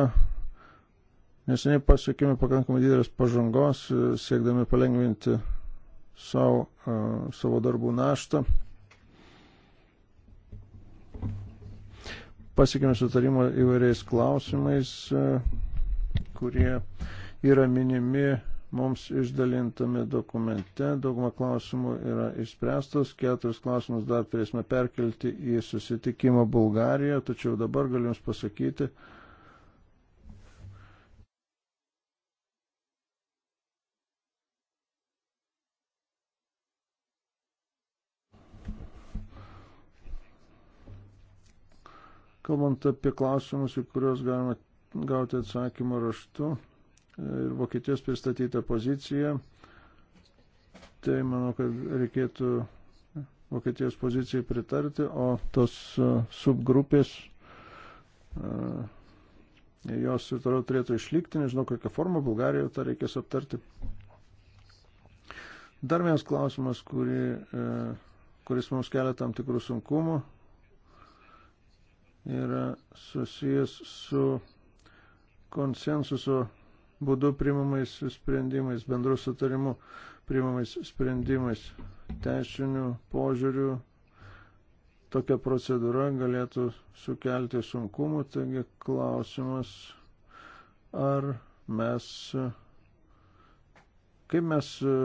Neseniai pasiekėme pakankamai didelės pažangos, e, siekdami palengvinti savo, e, savo darbų naštą. Pasiekėme sutarimą įvairiais klausimais, e, kurie yra minimi mums išdalintame dokumente. Dauguma klausimų yra išspręstos, keturis klausimus dar turėsime perkelti į susitikimą Bulgarijoje, tačiau dabar galiu Jums pasakyti, Kalbant apie klausimus, į kuriuos galima gauti atsakymą raštu, ir Vokietijos pristatytą poziciją. Tai manau, kad reikėtų Vokietijos pozicijai pritarti, o tos e, subgrupės, e, jos ir toliau turėtų išlikti, nežinau, kokią formą Bulgarijoje tą reikės aptarti. Dar vienas klausimas, kuri, e, kuris mums kelia tam tikrų sunkumų, yra susijęs su konsensuso būdu primamais sprendimais, bendru sutarimu primamais sprendimais, teisinių požiūrių. Tokia procedūra galėtų sukelti sunkumų, taigi klausimas, ar mes, kaip mes e,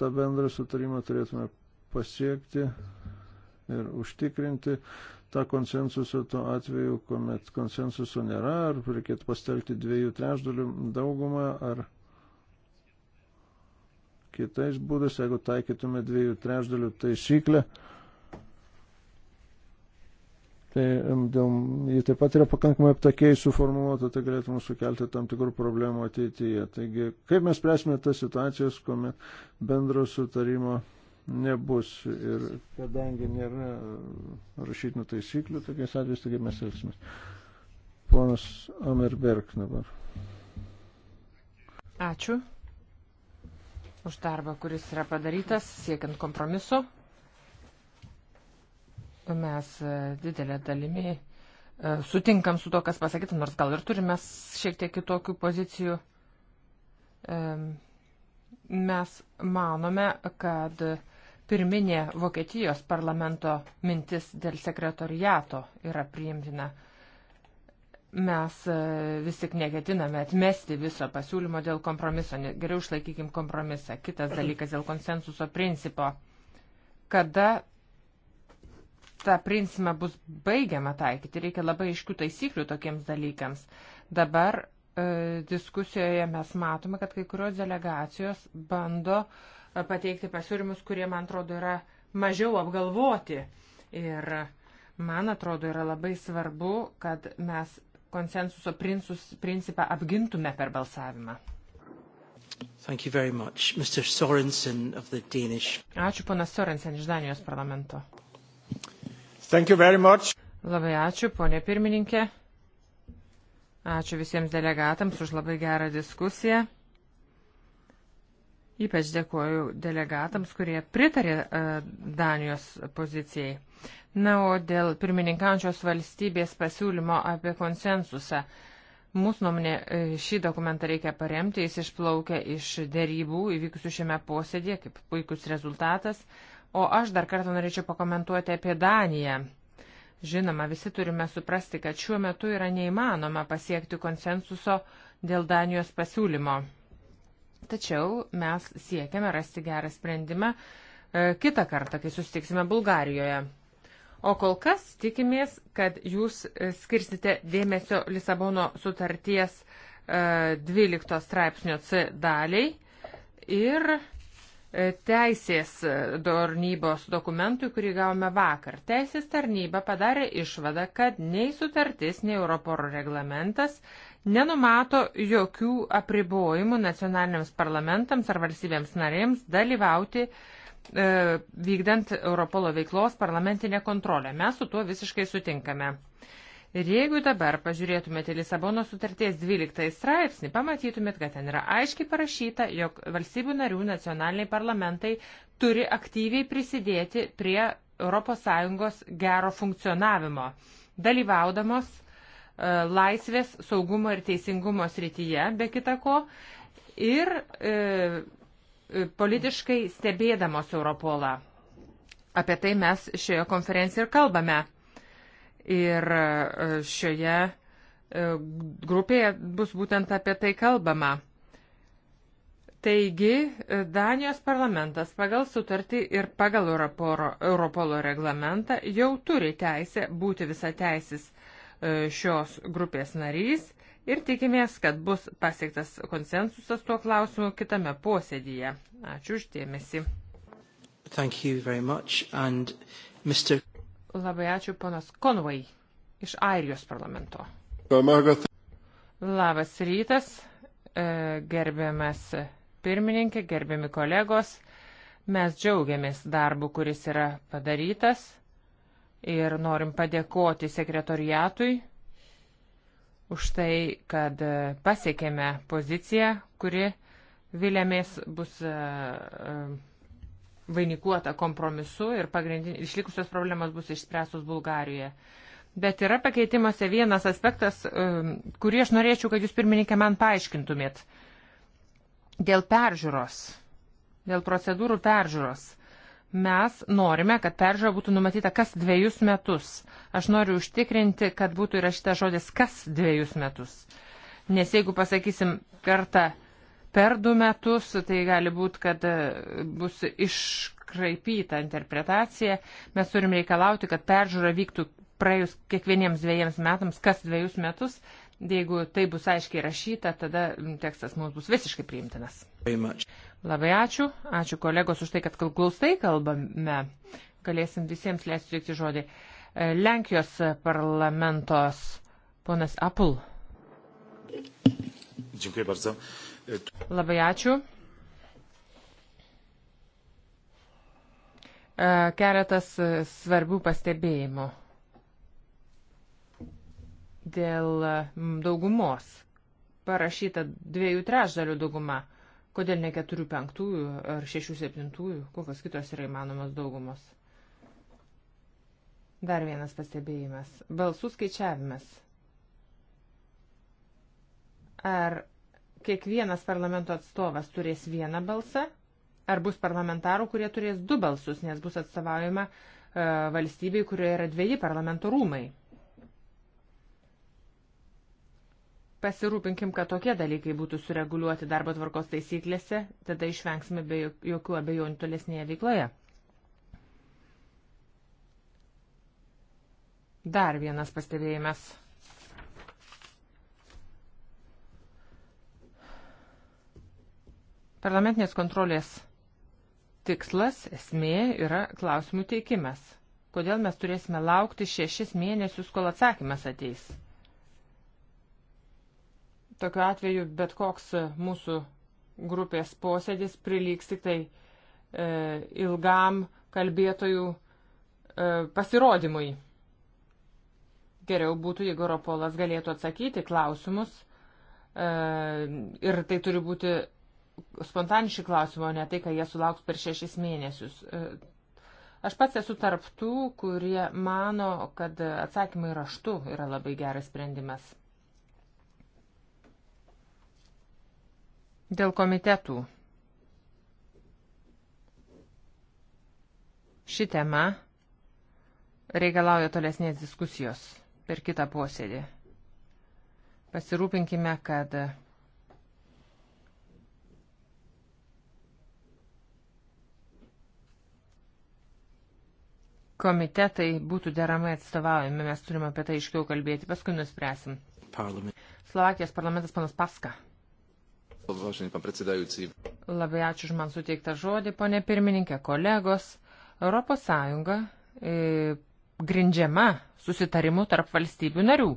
tą bendrą sutarimą turėtume pasiekti ir užtikrinti, tą konsensusą tuo atveju, kuomet konsensuso nėra, ar reikėtų pastelti dviejų trešdalių daugumą, ar kitais būdais, jeigu taikytume dviejų trešdalių taisyklę. Tai dėl, jį taip pat yra pakankamai aptakiai suformuoluota, tai galėtų mums sukelti tam tikrų problemų ateityje. Taigi, kaip mes spręsime tas situacijas, kuomet bendro sutarimo nebus. Ir kadangi nėra rašytinių taisyklių, tokiais atvejais taigi mes elgsimės. Ponas Amerberg dabar. Ačiū už darbą, kuris yra padarytas siekiant kompromiso. Mes e, didelę dalimi e, sutinkam su to, kas pasakyta, nors gal ir turime šiek tiek kitokių pozicijų mes manome, kad pirminė Vokietijos parlamento mintis dėl sekretoriato yra priimtina. Mes e, vis tik neketiname atmesti viso pasiūlymo dėl kompromiso. Geriau išlaikykim kompromisą. Kitas dalykas dėl konsensuso principo. Kada tą principą bus baigiama taikyti, reikia labai iškių taisyklių tokiems dalykams. Dabar e, diskusijoje mes matome, kad kai kurios delegacijos bando e, pateikti pasiūlymus, kurie, man atrodo, yra mažiau apgalvoti. Ir man atrodo, yra labai svarbu, kad mes konsensuso prinsus, principą apgintume per balsavimą. Thank you very much. Mr. Sorensen of the Danish. Ačiū ponas Sorensen iš Danijos parlamento. Thank you very much. Labai ačiū, ponė pirmininkė. Ačiū visiems delegatams už labai gerą diskusiją. Ypač dėkoju delegatams, kurie pritarė e, Danijos pozicijai. Na, o dėl pirmininkaujančios valstybės pasiūlymo apie konsensusą. Mūsų nuomonė e, šį dokumentą reikia paremti, jis išplaukia iš dėrybų įvykusių šiame posėdėje kaip puikus rezultatas. O aš dar kartą norėčiau pakomentuoti apie Daniją. Žinoma, visi turime suprasti, kad šiuo metu yra neįmanoma pasiekti konsensuso dėl Danijos pasiūlymo Tačiau mes siekiame rasti gerą sprendimą e, kitą kartą, kai susitiksime Bulgarijoje. O kol kas tikimės, kad jūs e, skirsite dėmesio Lisabono sutarties 12 e, straipsnio C daliai ir teisės tarnybos dokumentui, kurį gavome vakar. Teisės tarnyba padarė išvadą, kad nei sutartis, nei Europoro reglamentas nenumato jokių apribojimų nacionaliniams parlamentams ar valstybėms narėms dalyvauti e, vykdant Europolo veiklos parlamentinę kontrolę. Mes su tuo visiškai sutinkame. Ir jeigu dabar pažiūrėtumėte Lisabono sutarties 12 straipsnį, pamatytumėt, kad ten yra aiškiai parašyta, jog valstybių narių nacionaliniai parlamentai turi aktyviai prisidėti prie ES gero funkcionavimo, dalyvaudamos E, laisvės, saugumo ir teisingumo srityje, be kita ko, ir e, e, politiškai stebėdamos Europolą. Apie tai mes šioje konferencijoje ir kalbame. Ir e, šioje grupėje bus būtent apie tai kalbama. Taigi, Danijos parlamentas pagal sutartį ir pagal Europoro, Europolo reglamentą jau turi teisę būti visateisis E, šios grupės narys ir tikimės, kad bus pasiektas konsensusas tuo klausimu kitame posėdyje. Ačiū uždėmesi. Mr... Labai ačiū ponas Conway iš Airijos parlamento. Labas rytas, e, gerbiamas pirmininkė, gerbiami kolegos. Mes džiaugiamės darbu, kuris yra padarytas ir norim padėkoti sekretoriatui už tai, kad e, pasiekėme poziciją, kuri vilėmės bus e, e, vainikuota kompromisu ir išlikusios problemas bus išspręstos Bulgarijoje. Bet yra pakeitimuose vienas aspektas, kurį aš norėčiau, kad jūs pirmininkė man paaiškintumėt. Dėl peržiūros, dėl procedūrų peržiūros mes norime, kad peržiūra būtų numatyta kas dviejus metus. Aš noriu užtikrinti, kad būtų įrašyta žodis kas dviejus metus. Nes jeigu pasakysim kartą per du metus, tai gali būti, kad e, bus iškraipyta interpretacija. Mes turim reikalauti, kad peržiūra vyktų praėjus kiekvieniems dviejiems metams, kas dviejus metus. Jeigu tai bus aiškiai rašyta, tada tekstas mums bus visiškai priimtinas. Labai ačiū. Ačiū kolegos už tai, kad glaustai kalbame. Galėsim visiems leisti sutikti žodį. E, Lenkijos parlamentos ponas Apul. Dziękuję bardzo. E, Labai ačiū. E, keletas svarbių pastebėjimų dėl daugumos. Parašyta dviejų trešdalių dauguma. Kodėl ne 4-5 ar 6-7, kokios kitos yra įmanomos daugumos? Dar vienas pastebėjimas. Balsų skaičiavimas. Ar kiekvienas parlamento atstovas turės vieną balsą, ar bus parlamentarų, kurie turės du balsus, nes bus atstovaujama e, valstybei, kurioje yra dviejį parlamento rūmai. Pasirūpinkim, kad tokie dalykai būtų sureguliuoti darbo tvarkos taisyklėse, tada išvengsime be jokių abejonių tolesnėje veikloje. Dar vienas pastebėjimas. Parlamentinės kontrolės tikslas, esmė yra klausimų teikimas. Kodėl mes turėsime laukti šešis mėnesius, kol atsakymas ateis? Tokiu atveju bet koks mūsų grupės posėdis prilygs tik tai e, ilgam kalbėtojų e, pasirodymui. Geriau būtų, jeigu Europolas galėtų atsakyti klausimus e, ir tai turi būti spontaniški klausimai, o ne tai, ką jie sulauks per šešis mėnesius. E, aš pats esu tarptų, kurie mano, kad atsakymai raštu yra labai geras sprendimas. Dėl komitetų. Ši tema reikalauja tolesnės diskusijos per kitą posėdį. Pasirūpinkime, kad komitetai būtų deramai atstovaujami. Mes turime apie tai iškiau kalbėti, paskui nuspręsim. Parlament. Slovakijos parlamentas panas Paska. Labai ačiū už man suteiktą žodį, ponė pirmininkė, kolegos. ES e, grindžiama susitarimu tarp valstybių narių,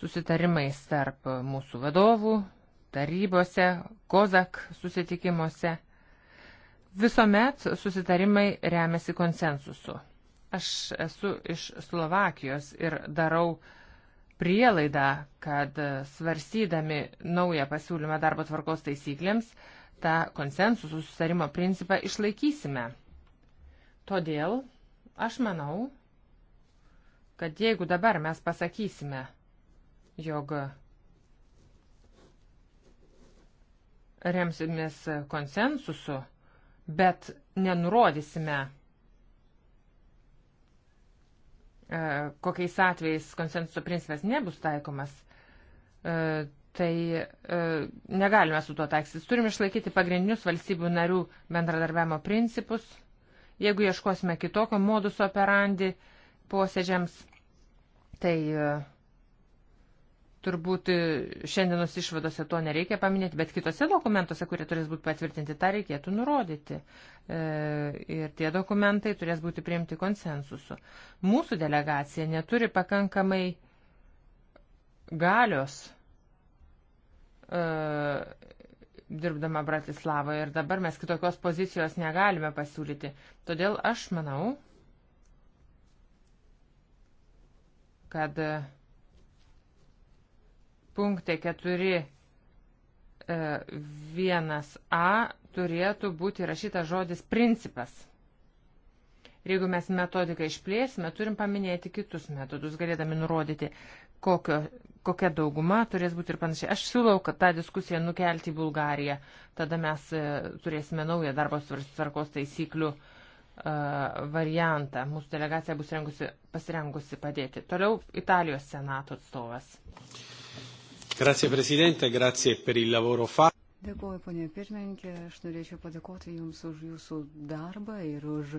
susitarimais tarp mūsų vadovų, tarybose, kozak susitikimuose. Visuomet susitarimai remiasi konsensusu. Aš esu iš Slovakijos ir darau uh, prielaidą, kad svarsydami naują pasiūlymą darbo tvarkos taisyklėms, tą konsensusų susitarimo principą išlaikysime. Todėl aš manau, kad jeigu dabar mes pasakysime, jog remsimės konsensusu, bet nenurodysime E, kokiais atvejais konsensuso principas nebus taikomas, e, tai e, negalime su tuo taiksis. Turime išlaikyti pagrindinius valstybių narių bendradarbiavimo principus. Jeigu ieškosime kitokio modus operandi posėdžiams, tai uh, Turbūt e, šiandienos išvadose to nereikia paminėti, bet kitose dokumentuose, kurie turės būti patvirtinti, tą reikėtų nurodyti. E, ir tie dokumentai turės būti priimti konsensusu. Mūsų delegacija neturi pakankamai galios e, dirbdama Bratislavoje ir dabar mes kitokios pozicijos negalime pasiūlyti. Todėl aš manau, kad punkte 4.1a turėtų būti rašytas žodis principas. Ir jeigu mes metodiką išplėsime, turim paminėti kitus metodus, galėdami nurodyti, kokio, kokia dauguma turės būti ir panašiai. Aš siūlau, kad tą diskusiją nukelti į Bulgariją. Tada mes e, turėsime naują darbo tvarkos taisyklių e, variantą. Mūsų delegacija bus rengusi, pasirengusi padėti. Toliau Italijos senato atstovas. Grazie, prezidente, grazie per il lavoro fatto. Dėkuoju, ponė pirmininkė, aš norėčiau padėkoti Jums už Jūsų darbą ir už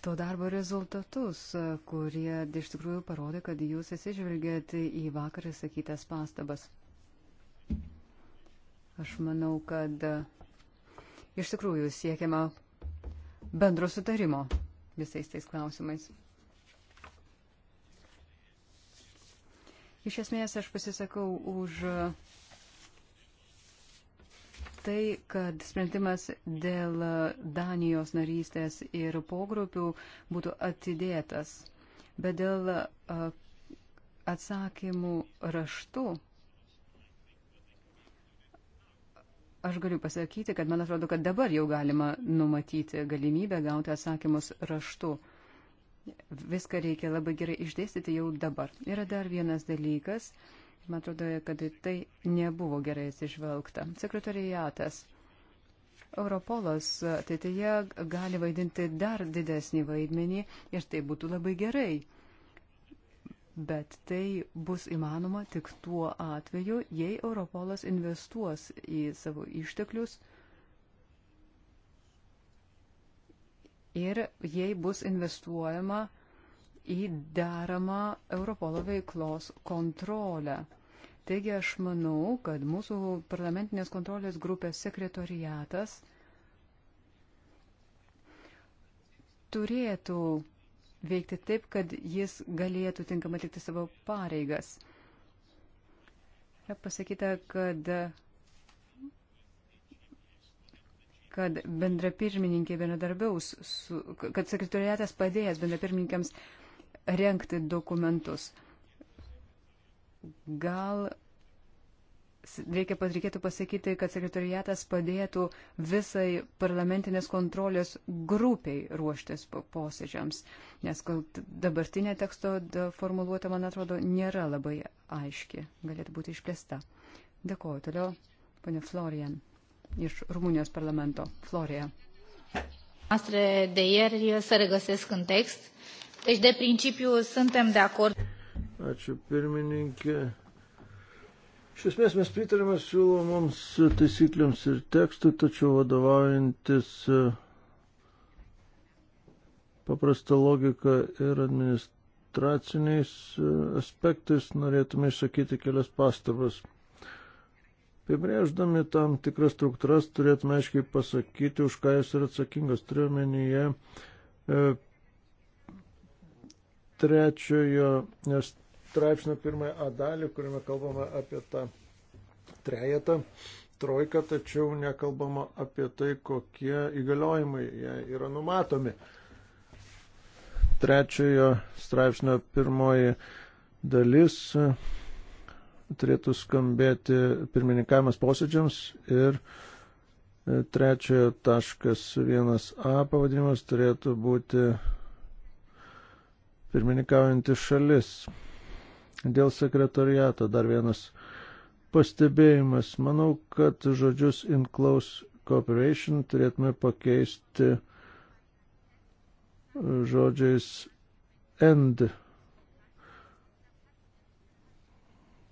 to darbo rezultatus, kurie iš tikrųjų parodė, kad Jūs atsižvelgėt į vakar sakytas pastabas. Aš manau, kad iš tikrųjų siekiama bendro sutarimo visais tais klausimais. Iš esmės aš pasisakau už tai, kad sprendimas dėl Danijos narystės ir pogrupių būtų atidėtas, bet dėl atsakymų raštų aš galiu pasakyti, kad man atrodo, kad dabar jau galima numatyti galimybę gauti atsakymus raštu. Viską reikia labai gerai išdėstyti jau dabar. Yra dar vienas dalykas, man atrodo, kad tai nebuvo gerai atsižvelgta. Sekretariatas. Europolas ateityje gali vaidinti dar didesnį vaidmenį ir tai būtų labai gerai. Bet tai bus įmanoma tik tuo atveju, jei Europolas investuos į savo išteklius ir jei bus investuojama į deramą Europolo veiklos kontrolę. Taigi aš manau, kad mūsų parlamentinės kontrolės grupės sekretoriatas turėtų veikti taip, kad jis galėtų tinkamai atlikti savo pareigas. Yra pasakyta, kad kad bendra pirmininkė bendradarbiaus, su, kad sekretoriatas padėjęs bendra pirmininkams renkti dokumentus. Gal reikia, reikėtų pasakyti, kad sekretoriatas padėtų visai parlamentinės kontrolės grupiai ruoštis posėdžiams, nes dabartinė teksto formuluota, man atrodo, nėra labai aiški, galėtų būti išplėsta. Dėkuoju, toliau, ponė Florian iš Rumunijos parlamento, Florija. Noastre de ieri se regăsesc în text, deci de principiu suntem de acord. Ačiū pirmininkė. Iš esmės mes pritarėme siūlomoms taisykliams ir tekstui, tačiau vadovaujantis e, paprasta logika ir administraciniais e, aspektais norėtume išsakyti kelias pastabas. Apibrėždami tam tikras struktūras turėtume aiškiai pasakyti, už ką jis yra atsakingas. Turiuomenyje e, trečiojo straipsnio pirmąją A dalį, kuriame kalbama apie tą trejetą, trojką, tačiau nekalbama apie tai, kokie įgaliojimai jai yra numatomi. Trečiojo straipsnio pirmoji dalis turėtų skambėti pirmininkavimas posėdžiams ir e, trečiojo taškas 1a pavadinimas turėtų būti pirmininkaujanti šalis. Dėl sekretariato dar vienas pastebėjimas. Manau, kad žodžius in close cooperation turėtume pakeisti žodžiais end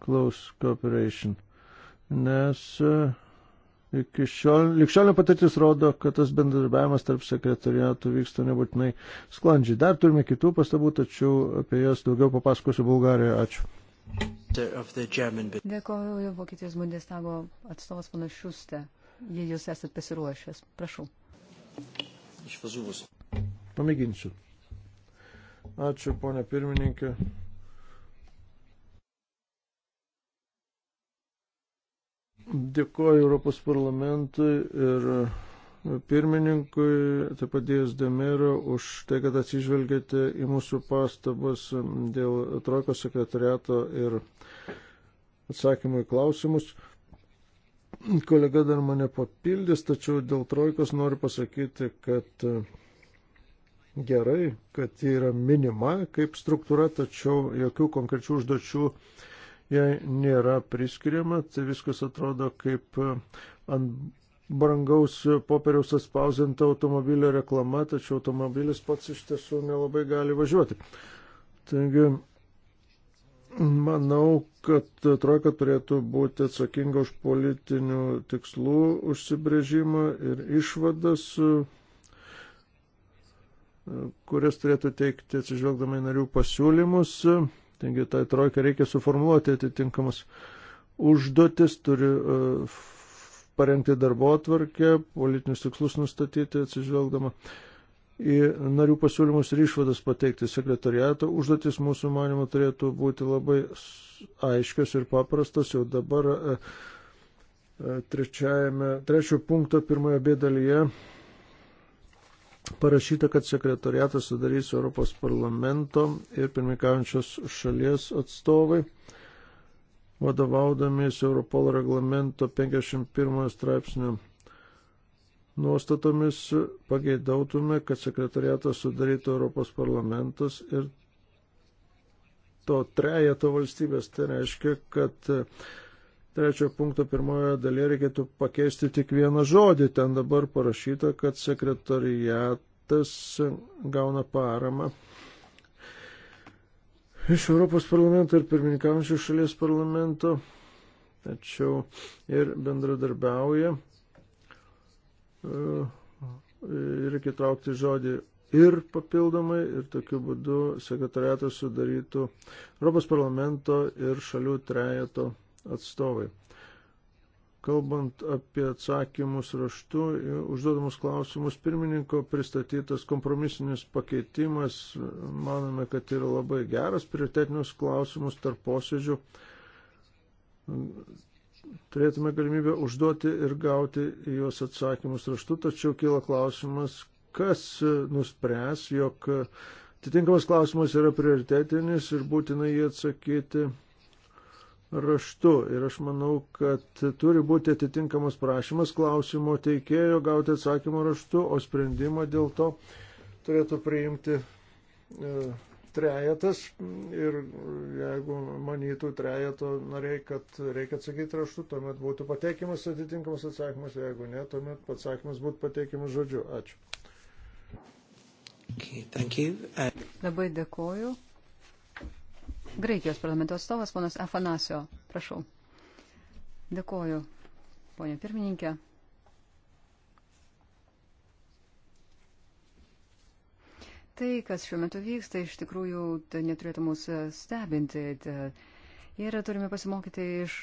close cooperation. Nes e, iki šiol, likščionė patirtis rodo, kad tas bendradarbiavimas tarp sekretariatų vyksta nebūtinai sklandžiai. Dar turime kitų pastabų, tačiau apie jas daugiau papasakosiu Bulgarijoje. Ačiū. Dėkoju Vokietijos Bundestago atstovas panašiuste, jei jūs esat pasiruošęs. Prašau. Pamėginsiu. Ačiū, ponia pirmininkė. Dėkuoju Europos parlamentui ir e, pirmininkui, taip pat Dėjus Demiro, už tai, kad atsižvelgėte į mūsų pastabas dėl trojkos sekretariato ir atsakymų į klausimus. Kolega dar mane papildys, tačiau dėl trojkos noriu pasakyti, kad e, gerai, kad ji yra minima kaip struktūra, tačiau jokių konkrečių užduočių jai nėra priskiriama, tai viskas atrodo kaip e, ant brangaus popieriaus atspausinta automobilio reklama, tačiau automobilis pats iš tiesų nelabai gali važiuoti. Taigi, manau, kad trojka turėtų būti atsakinga už politinių tikslų užsibrėžimą ir išvadas, e, kurias turėtų teikti atsižvelgdamai narių pasiūlymus. Taigi tai trojka reikia suformuoluoti atitinkamas užduotis, turi uh, parengti darbo atvarkę, politinius tikslus nustatyti atsižvelgdama į narių pasiūlymus ir išvadas pateikti sekretariato. Užduotis mūsų manimo turėtų būti labai aiškios ir paprastos. Jau dabar e, e, trečiajame, trečio punkto pirmoje bėdalyje parašyta, kad sekretariatas sudarys Europos parlamento ir pirmikaujančios šalies atstovai, vadovaudamies Europol reglamento 51 straipsnio nuostatomis pageidautume, kad sekretariatą sudarytų Europos parlamentas ir to trejato valstybės. Tai reiškia, kad trečio punkto pirmojo dalyje reikėtų pakeisti tik vieną žodį. Ten dabar parašyta, kad sekretariatas gauna paramą iš Europos parlamento ir pirmininkaujančio šalies parlamento, tačiau ir bendradarbiauja. Reikia traukti žodį ir papildomai, ir tokiu būdu sekretariatas sudarytų Europos parlamento ir šalių trejato atstovai. Kalbant apie atsakymus raštu, užduodamus klausimus, pirmininko pristatytas kompromisinis pakeitimas, manome, kad yra labai geras, prioritetinius klausimus tarp posėdžių turėtume galimybę užduoti ir gauti juos atsakymus raštu, tačiau kyla klausimas, kas nuspręs, jog atitinkamas klausimas yra prioritetinis ir būtina jį atsakyti raštu. Ir aš manau, kad turi būti atitinkamas prašymas klausimo teikėjo gauti atsakymą raštu, o sprendimą dėl to turėtų priimti e, trejetas. Ir jeigu manytų trejeto nariai, kad reikia atsakyti raštu, tuomet būtų pateikimas atitinkamas atsakymas, jeigu ne, tuomet atsakymas būtų pateikimas žodžiu. Ačiū. Okay, Labai dėkoju. Graikijos parlamento atstovas ponas Afanasio. Prašau. Dėkoju, ponė pirmininkė. Tai, kas šiuo metu vyksta, iš tikrųjų tai neturėtų mūsų stebinti. Tai, ir turime pasimokyti iš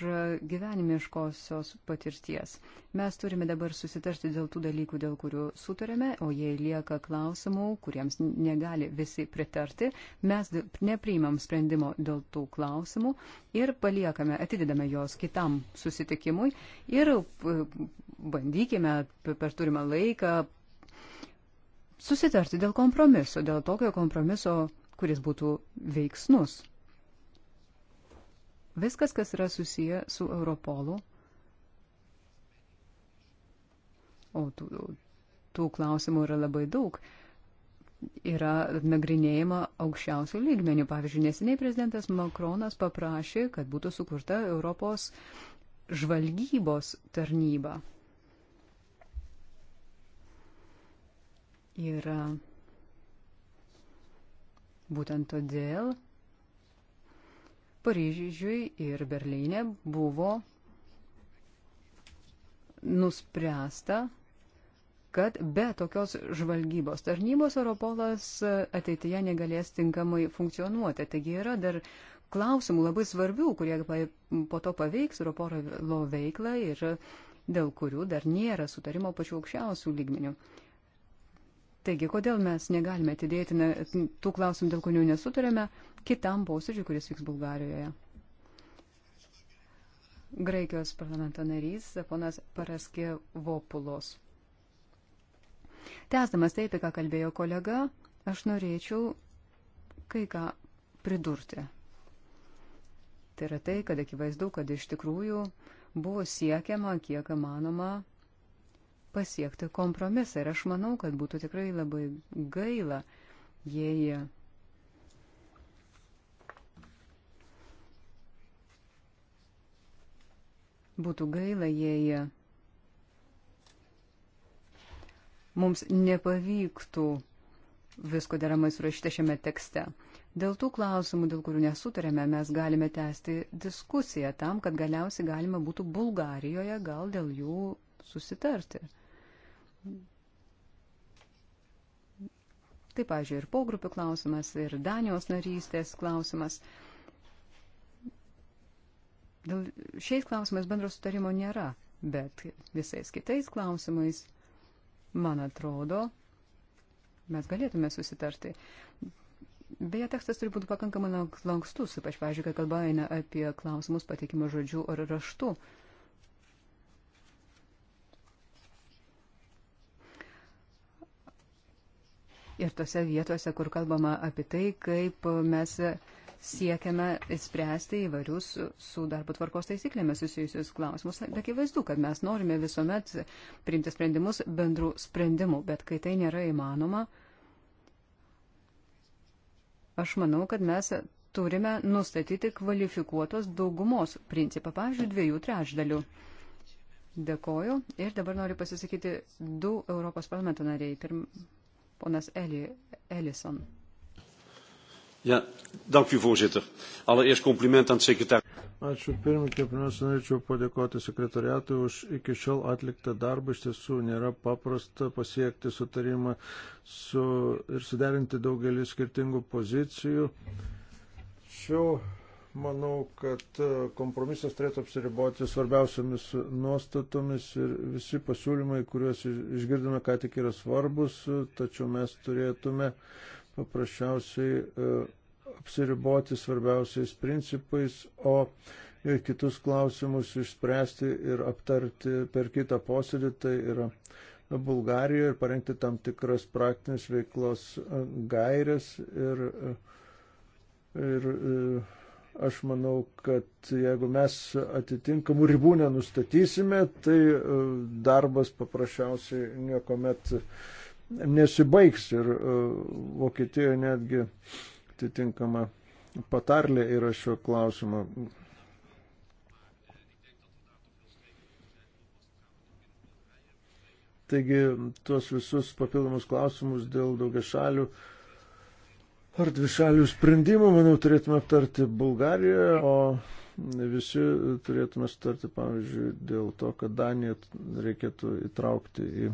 gyvenimiškosios patirties. Mes turime dabar susitarti dėl tų dalykų, dėl kurių sutarėme, o jei lieka klausimų, kuriems negali visi pritarti, mes nepriimam sprendimo dėl tų klausimų ir paliekame, atidedame jos kitam susitikimui ir bandykime per turimą laiką susitarti dėl kompromiso, dėl tokio kompromiso, kuris būtų veiksnus. Viskas, kas yra susiję su Europolu, o tų, tų klausimų yra labai daug, yra nagrinėjama aukščiausių lygmenių. Pavyzdžiui, neseniai prezidentas Makronas paprašė, kad būtų sukurta Europos žvalgybos tarnyba. Ir būtent todėl Paryžiui ir Berlyne buvo nuspręsta, kad be tokios žvalgybos tarnybos Europolas ateityje negalės tinkamai funkcionuoti. Taigi yra dar klausimų labai svarbių, kurie po to paveiks Europolo veiklą ir dėl kurių dar nėra sutarimo pačiu aukščiausių lygmenių. Taigi, kodėl mes negalime atidėti ne, tų klausimų, dėl kurių nesutarėme, kitam posėdžiui, kuris vyks Bulgarijoje. Graikijos parlamento narys, ponas Paraskė Vopulos. Tęsdamas taip, ką kalbėjo kolega, aš norėčiau kai ką pridurti. Tai yra tai, kad akivaizdu, kad iš tikrųjų buvo siekiama, kiek manoma, pasiekti kompromisą. Ir aš manau, kad būtų tikrai labai gaila, jei būtų gaila, jei mums nepavyktų visko deramai surašyta šiame tekste. Dėl tų klausimų, dėl kurių nesutarėme, mes galime tęsti diskusiją tam, kad galiausiai galima būtų Bulgarijoje gal dėl jų susitarti. Taip, pažiūrėjau, ir pogrupių klausimas, ir Danijos narystės klausimas. Dėl šiais klausimais bendro sutarimo nėra, bet visais kitais klausimais, man atrodo, mes galėtume susitarti. Beje, tekstas turi būti pakankamai lankstus, ypač, pažiūrėjau, kai kalba eina apie klausimus pateikimo žodžių ar raštų. Uh, ir tose vietose, kur kalbama apie tai, kaip mes siekiame spręsti įvairius su darbo tvarkos taisyklėmis susijusius klausimus. Akivaizdu, kad mes norime visuomet priimti sprendimus bendrų sprendimų, bet kai tai nėra įmanoma, aš manau, kad mes turime nustatyti kvalifikuotos daugumos principą, pavyzdžiui, dviejų trečdalių. Dėkoju ir dabar noriu pasisakyti du Europos parlamento nariai. Pirm, ponas Eli, Ellison. Ja, dank u voorzitter. Allereerst compliment aan het secretaris. Ačiū pirmininkė, pirmiausia, norėčiau padėkoti sekretariatui už iki šiol atliktą darbą. Iš tiesų nėra paprasta pasiekti sutarimą su, ir suderinti daugelį skirtingų pozicijų. Šiuo manau, kad e, kompromisas turėtų apsiriboti svarbiausiamis nuostatomis ir visi pasiūlymai, kuriuos išgirdome, ką tik yra svarbus, e, tačiau mes turėtume paprasčiausiai e, apsiriboti svarbiausiais principais, o kitus klausimus išspręsti ir aptarti per kitą posėdį, tai yra Bulgarijoje ir parengti tam tikras praktinės veiklos gairias ir, ir, ir Aš manau, kad jeigu mes atitinkamų ribų nenustatysime, tai e, darbas paprasčiausiai niekuomet nesibaigs ir e, Vokietijoje netgi atitinkama patarlė yra šio klausimo. Taigi tuos visus papildomus klausimus dėl daugia šalių ar dvišalių sprendimų, manau, turėtume aptarti Bulgarijoje, o visi turėtume starti, pavyzdžiui, dėl to, kad Daniją reikėtų įtraukti į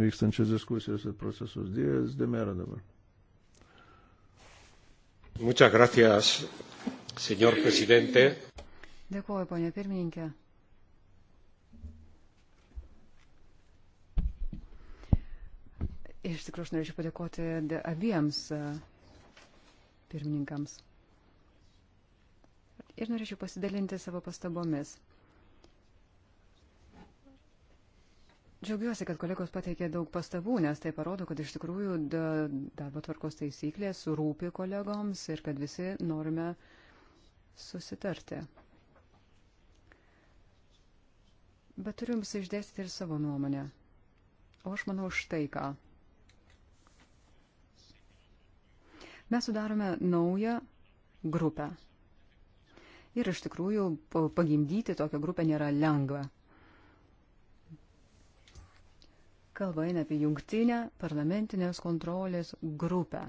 vykstančias diskusijas ir procesus. Dievas demera dabar. Muchas gracias, señor presidente. Dėkuoju, ponia pirmininkė. Iš tikrųjų, aš norėčiau padėkoti abiems pirmininkams. Ir norėčiau pasidalinti savo pastabomis. Džiaugiuosi, kad kolegos pateikė daug pastabų, nes tai parodo, kad iš tikrųjų darbo tvarkos taisyklės rūpi kolegoms ir kad visi norime susitarti. Bet turiu jums išdėstyti ir savo nuomonę. O aš manau štai ką. Mes sudarome naują grupę. Ir iš tikrųjų pagimdyti tokią grupę nėra lengva. Kalba eina apie jungtinę parlamentinės kontrolės grupę.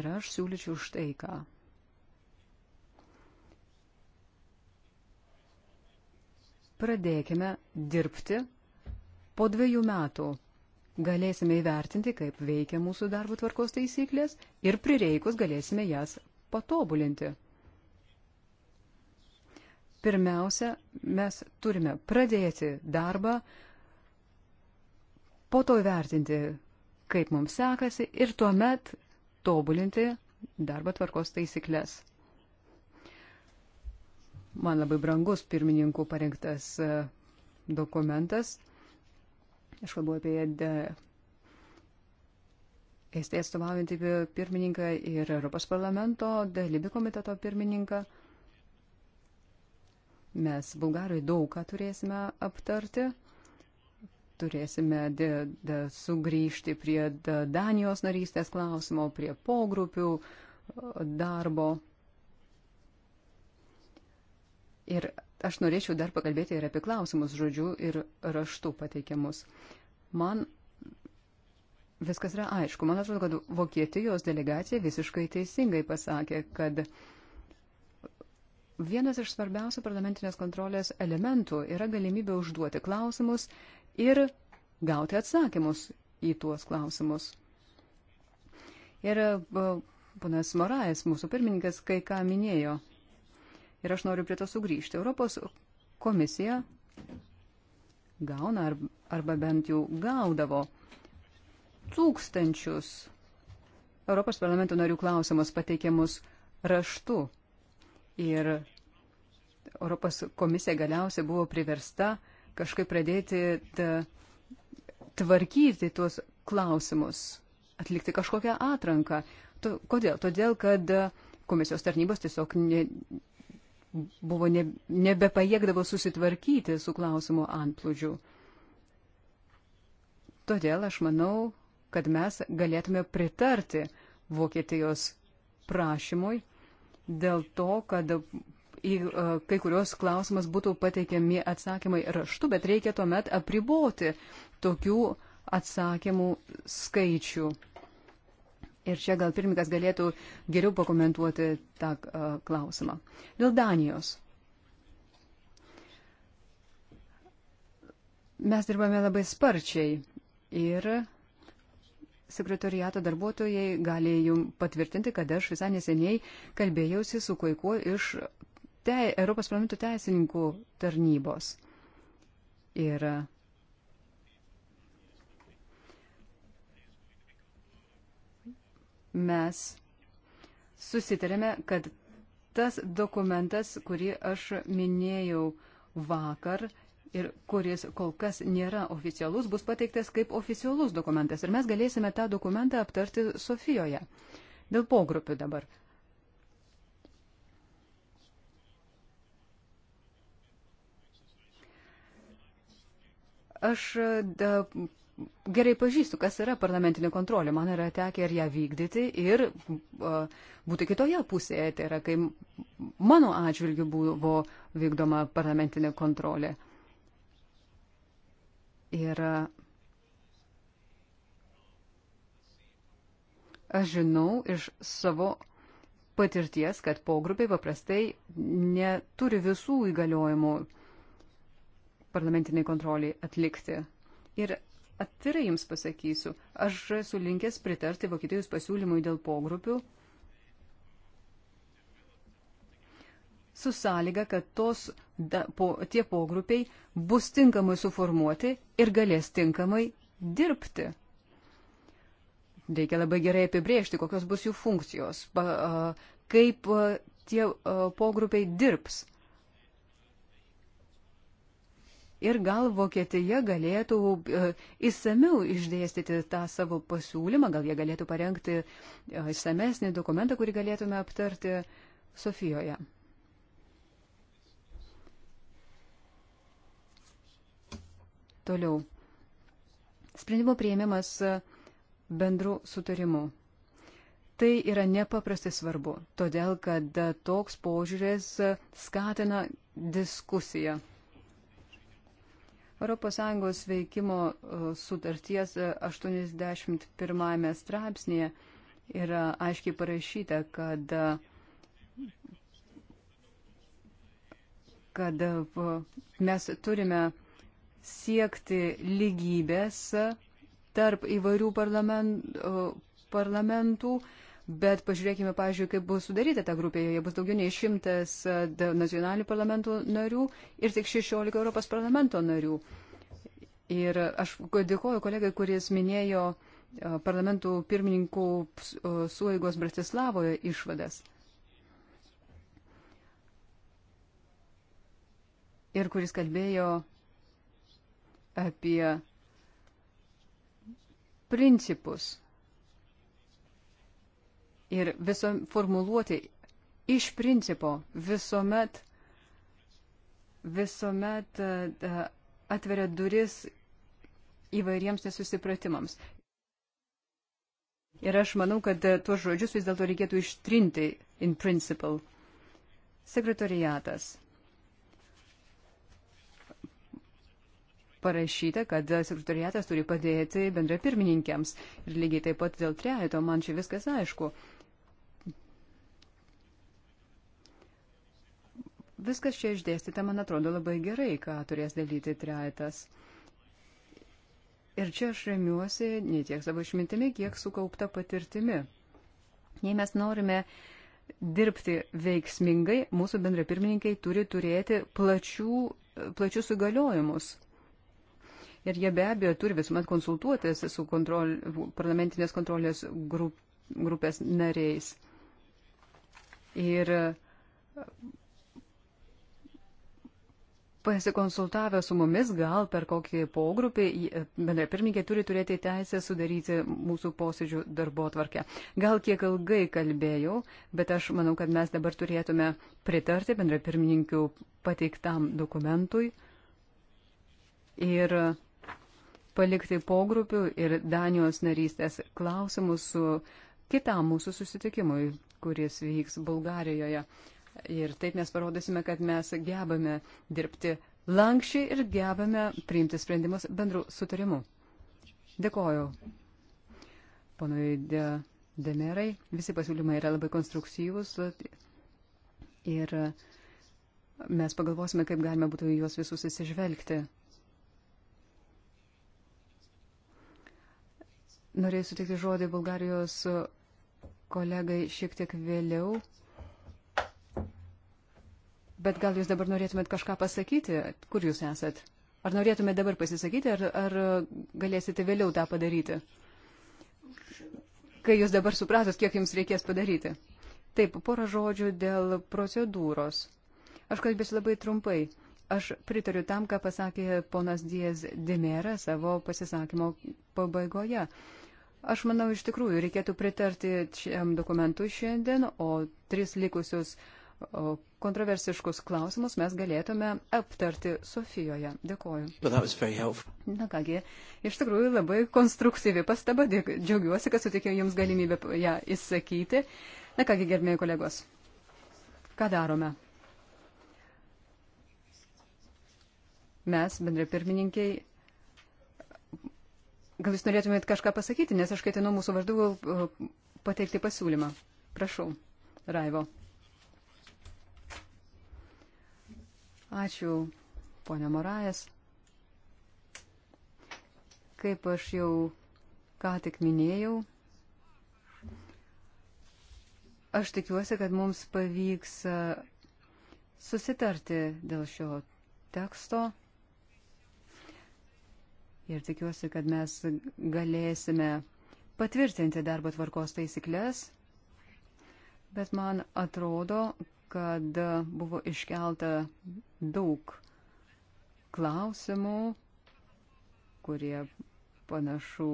Ir aš siūlyčiau štai ką. Pradėkime dirbti po dviejų metų galėsime įvertinti, kaip veikia mūsų darbo tvarkos taisyklės ir prireikus galėsime jas patobulinti. Pirmiausia, mes turime pradėti darbą, po to įvertinti, kaip mums sekasi ir tuomet tobulinti darbo tvarkos taisyklės. Man labai brangus pirmininkų parengtas e, dokumentas – Aš kalbu apie e, Estiją atstovaujantį pirmininką ir Europos parlamento dalybi komiteto pirmininką. Mes Bulgarijai daug ką turėsime aptarti. Turėsime de, de sugrįžti prie de Danijos narystės klausimo, prie pogrupių e, darbo. Ir aš norėčiau dar pakalbėti ir apie klausimus žodžių ir raštų pateikiamus. Man viskas yra aišku. Man atrodo, kad Vokietijos delegacija visiškai teisingai pasakė, kad vienas iš svarbiausių parlamentinės kontrolės elementų yra galimybė užduoti klausimus ir gauti atsakymus į tuos klausimus. Ir e, ponas Morais, mūsų pirmininkas, kai ką minėjo. Ir aš noriu prie to sugrįžti. Europos komisija gauna arba bent jau gaudavo tūkstančius Europos parlamento narių klausimus pateikiamus raštu. Ir Europos komisija galiausiai buvo priversta kažkaip pradėti tvarkyti tuos klausimus, atlikti kažkokią atranką. Kodėl? Todėl, kad komisijos tarnybos tiesiog ne, buvo ne, nebepajėgdavo susitvarkyti su klausimo antplūdžiu. Todėl aš manau, kad mes galėtume pritarti Vokietijos prašymui dėl to, kad į e, kai kurios klausimas būtų pateikiami atsakymai raštu, bet reikia tuomet apriboti tokių atsakymų skaičių. Ir čia gal pirmininkas galėtų geriau pakomentuoti tą uh, klausimą. Dėl Danijos. Mes dirbame labai sparčiai ir sekretoriato darbuotojai gali jums patvirtinti, kad aš visai neseniai kalbėjausi su kai kuo iš te, Europos parlamento teisininkų tarnybos. Ir uh, mes susitarėme, kad tas dokumentas, kurį aš minėjau vakar ir kuris kol kas nėra oficialus, bus pateiktas kaip oficialus dokumentas ir mes galėsime tą dokumentą aptarti Sofijoje. Dėl pogrupių dabar. Aš da, gerai pažįstu, kas yra parlamentinė kontrolė. Man yra tekę ir ją vykdyti ir būti kitoje pusėje. Tai yra, kai mano atžvilgiu buvo vykdoma parlamentinė kontrolė. Ir aš žinau iš savo patirties, kad pogrupiai paprastai neturi visų įgaliojimų parlamentiniai kontroliai atlikti. Ir atvirai jums pasakysiu, aš esu linkęs pritarti Vokietijos pasiūlymui dėl pogrupių su sąlyga, kad tos, da, po, tie pogrupiai bus tinkamai suformuoti ir galės tinkamai dirbti. Reikia labai gerai apibriežti, kokios bus jų funkcijos, pa, a, kaip a, tie a, pogrupiai dirbs. ir gal Vokietija galėtų e, įsamiau išdėstyti tą savo pasiūlymą, gal jie galėtų parengti įsamesnį e, dokumentą, kurį galėtume aptarti Sofijoje. Toliau. Sprendimo prieimimas bendru sutarimu. Tai yra nepaprastai svarbu, todėl kad toks požiūris skatina diskusiją. ES veikimo e, sutarties 81 e, straipsnėje yra aiškiai parašyta, kad, e, kad mes turime siekti lygybės tarp įvairių parlamentų, parlamentų Bet pažiūrėkime, pažiūrėjau, kaip bus sudaryta ta grupė. Joje bus daugiau nei šimtas e, nacionalinių parlamentų narių ir tik šešiolika Europos parlamento narių. Ir aš dėkoju kolegai, kuris minėjo e, parlamentų pirmininkų e, sueigos Bratislavoje išvadas. ir kuris kalbėjo apie principus, ir viso, formuluoti iš principo visuomet, visuomet e, atveria duris įvairiems nesusipratimams. Ir aš manau, kad e, tuos žodžius vis dėlto reikėtų ištrinti in principle. Sekretariatas. Parašyta, kad e, sekretariatas turi padėti bendra pirmininkiams. Ir lygiai taip pat dėl trejato, man čia viskas aišku. Uh, Viskas čia išdėstyta, man atrodo, labai gerai, ką turės dalyti trejetas. Ir čia aš remiuosi ne tiek savo išmintimi, kiek sukaupta patirtimi. Jei mes norime dirbti veiksmingai, mūsų bendrapirmininkai turi turėti plačių, plačius įgaliojimus. Ir jie be abejo turi visuomet konsultuotis su kontrol, parlamentinės kontrolės grup, grupės nariais. Ir pasikonsultavę su mumis, gal per kokį pogrupį, e, bendra pirmininkė turi turėti teisę sudaryti mūsų posėdžių darbo tvarkę. Gal kiek ilgai kalbėjau, bet aš manau, kad mes dabar turėtume pritarti bendra pirmininkių pateiktam dokumentui ir palikti pogrupių ir Danijos narystės klausimus su kitam mūsų susitikimui, kuris vyks Bulgarijoje. Ir taip mes parodysime, kad mes gebame dirbti lankščiai ir gebame priimti sprendimus bendrų sutarimu. Dėkoju. Ponui de, Demerai, visi pasiūlymai yra labai konstruktyvūs ir mes pagalvosime, kaip galime būtų juos visus įsižvelgti. Norėjau sutikti žodį Bulgarijos kolegai šiek tiek vėliau. Bet gal jūs dabar norėtumėt kažką pasakyti, kur jūs esat? Ar norėtumėt dabar pasisakyti, ar, ar galėsite vėliau tą padaryti? Kai jūs dabar supratot, kiek jums reikės padaryti. Taip, porą žodžių dėl procedūros. Aš kalbėsiu labai trumpai. Aš pritariu tam, ką pasakė ponas Diez Demera savo pasisakymo pabaigoje. Aš manau, iš tikrųjų reikėtų pritarti šiam dokumentui šiandien, o tris likusius uh, kontroversiškus klausimus mes galėtume aptarti Sofijoje. Dėkoju. Na kągi, iš tikrųjų labai konstruktyvi pastaba, džiaugiuosi, kad sutikėjau Jums galimybę ją įsakyti. Na kągi, gerbėjai kolegos, ką darome? Mes, bendrai pirmininkiai, gal Jūs norėtumėt kažką pasakyti, nes aš ketinu mūsų vardu pateikti pasiūlymą. Prašau, Raivo. Ačiū, ponia Morajas. Kaip aš jau ką tik minėjau, aš tikiuosi, kad mums pavyks e, susitarti dėl šio teksto. Ir tikiuosi, kad mes galėsime patvirtinti darbo tvarkos taisyklės, bet man atrodo, kad buvo iškelta daug klausimų, kurie panašu,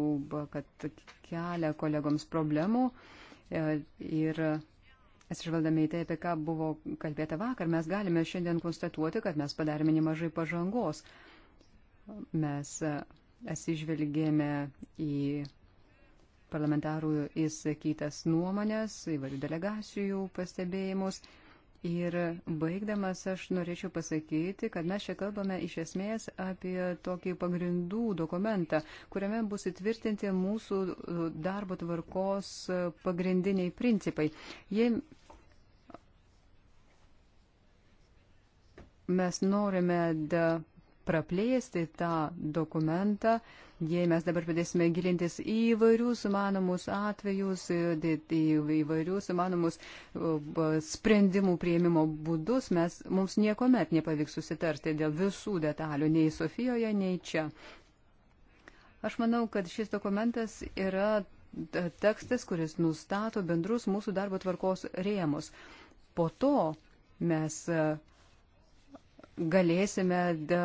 kad kelia kolegoms problemų. Ir atsižvelgdami į tai, apie ką buvo kalbėta vakar, mes galime šiandien konstatuoti, kad mes padarėme nemažai pažangos. Mes atsižvelgėme į parlamentarų įsakytas nuomonės, įvairių delegacijų pastebėjimus. Ir baigdamas aš norėčiau pasakyti, kad mes čia kalbame iš esmės apie tokį pagrindų dokumentą, kuriame bus įtvirtinti mūsų e, darbo tvarkos e, pagrindiniai principai. Jei mes norime praplėsti tą dokumentą, jei mes dabar pradėsime gilintis į įvairius manomus atvejus, į įvairius manomus sprendimų prieimimo būdus, mes, mums nieko met nepavyks susitarti dėl visų detalių, nei Sofijoje, nei čia. Aš manau, kad šis dokumentas yra tekstas, kuris nustato bendrus mūsų darbo tvarkos rėmus. Po to mes galėsime da,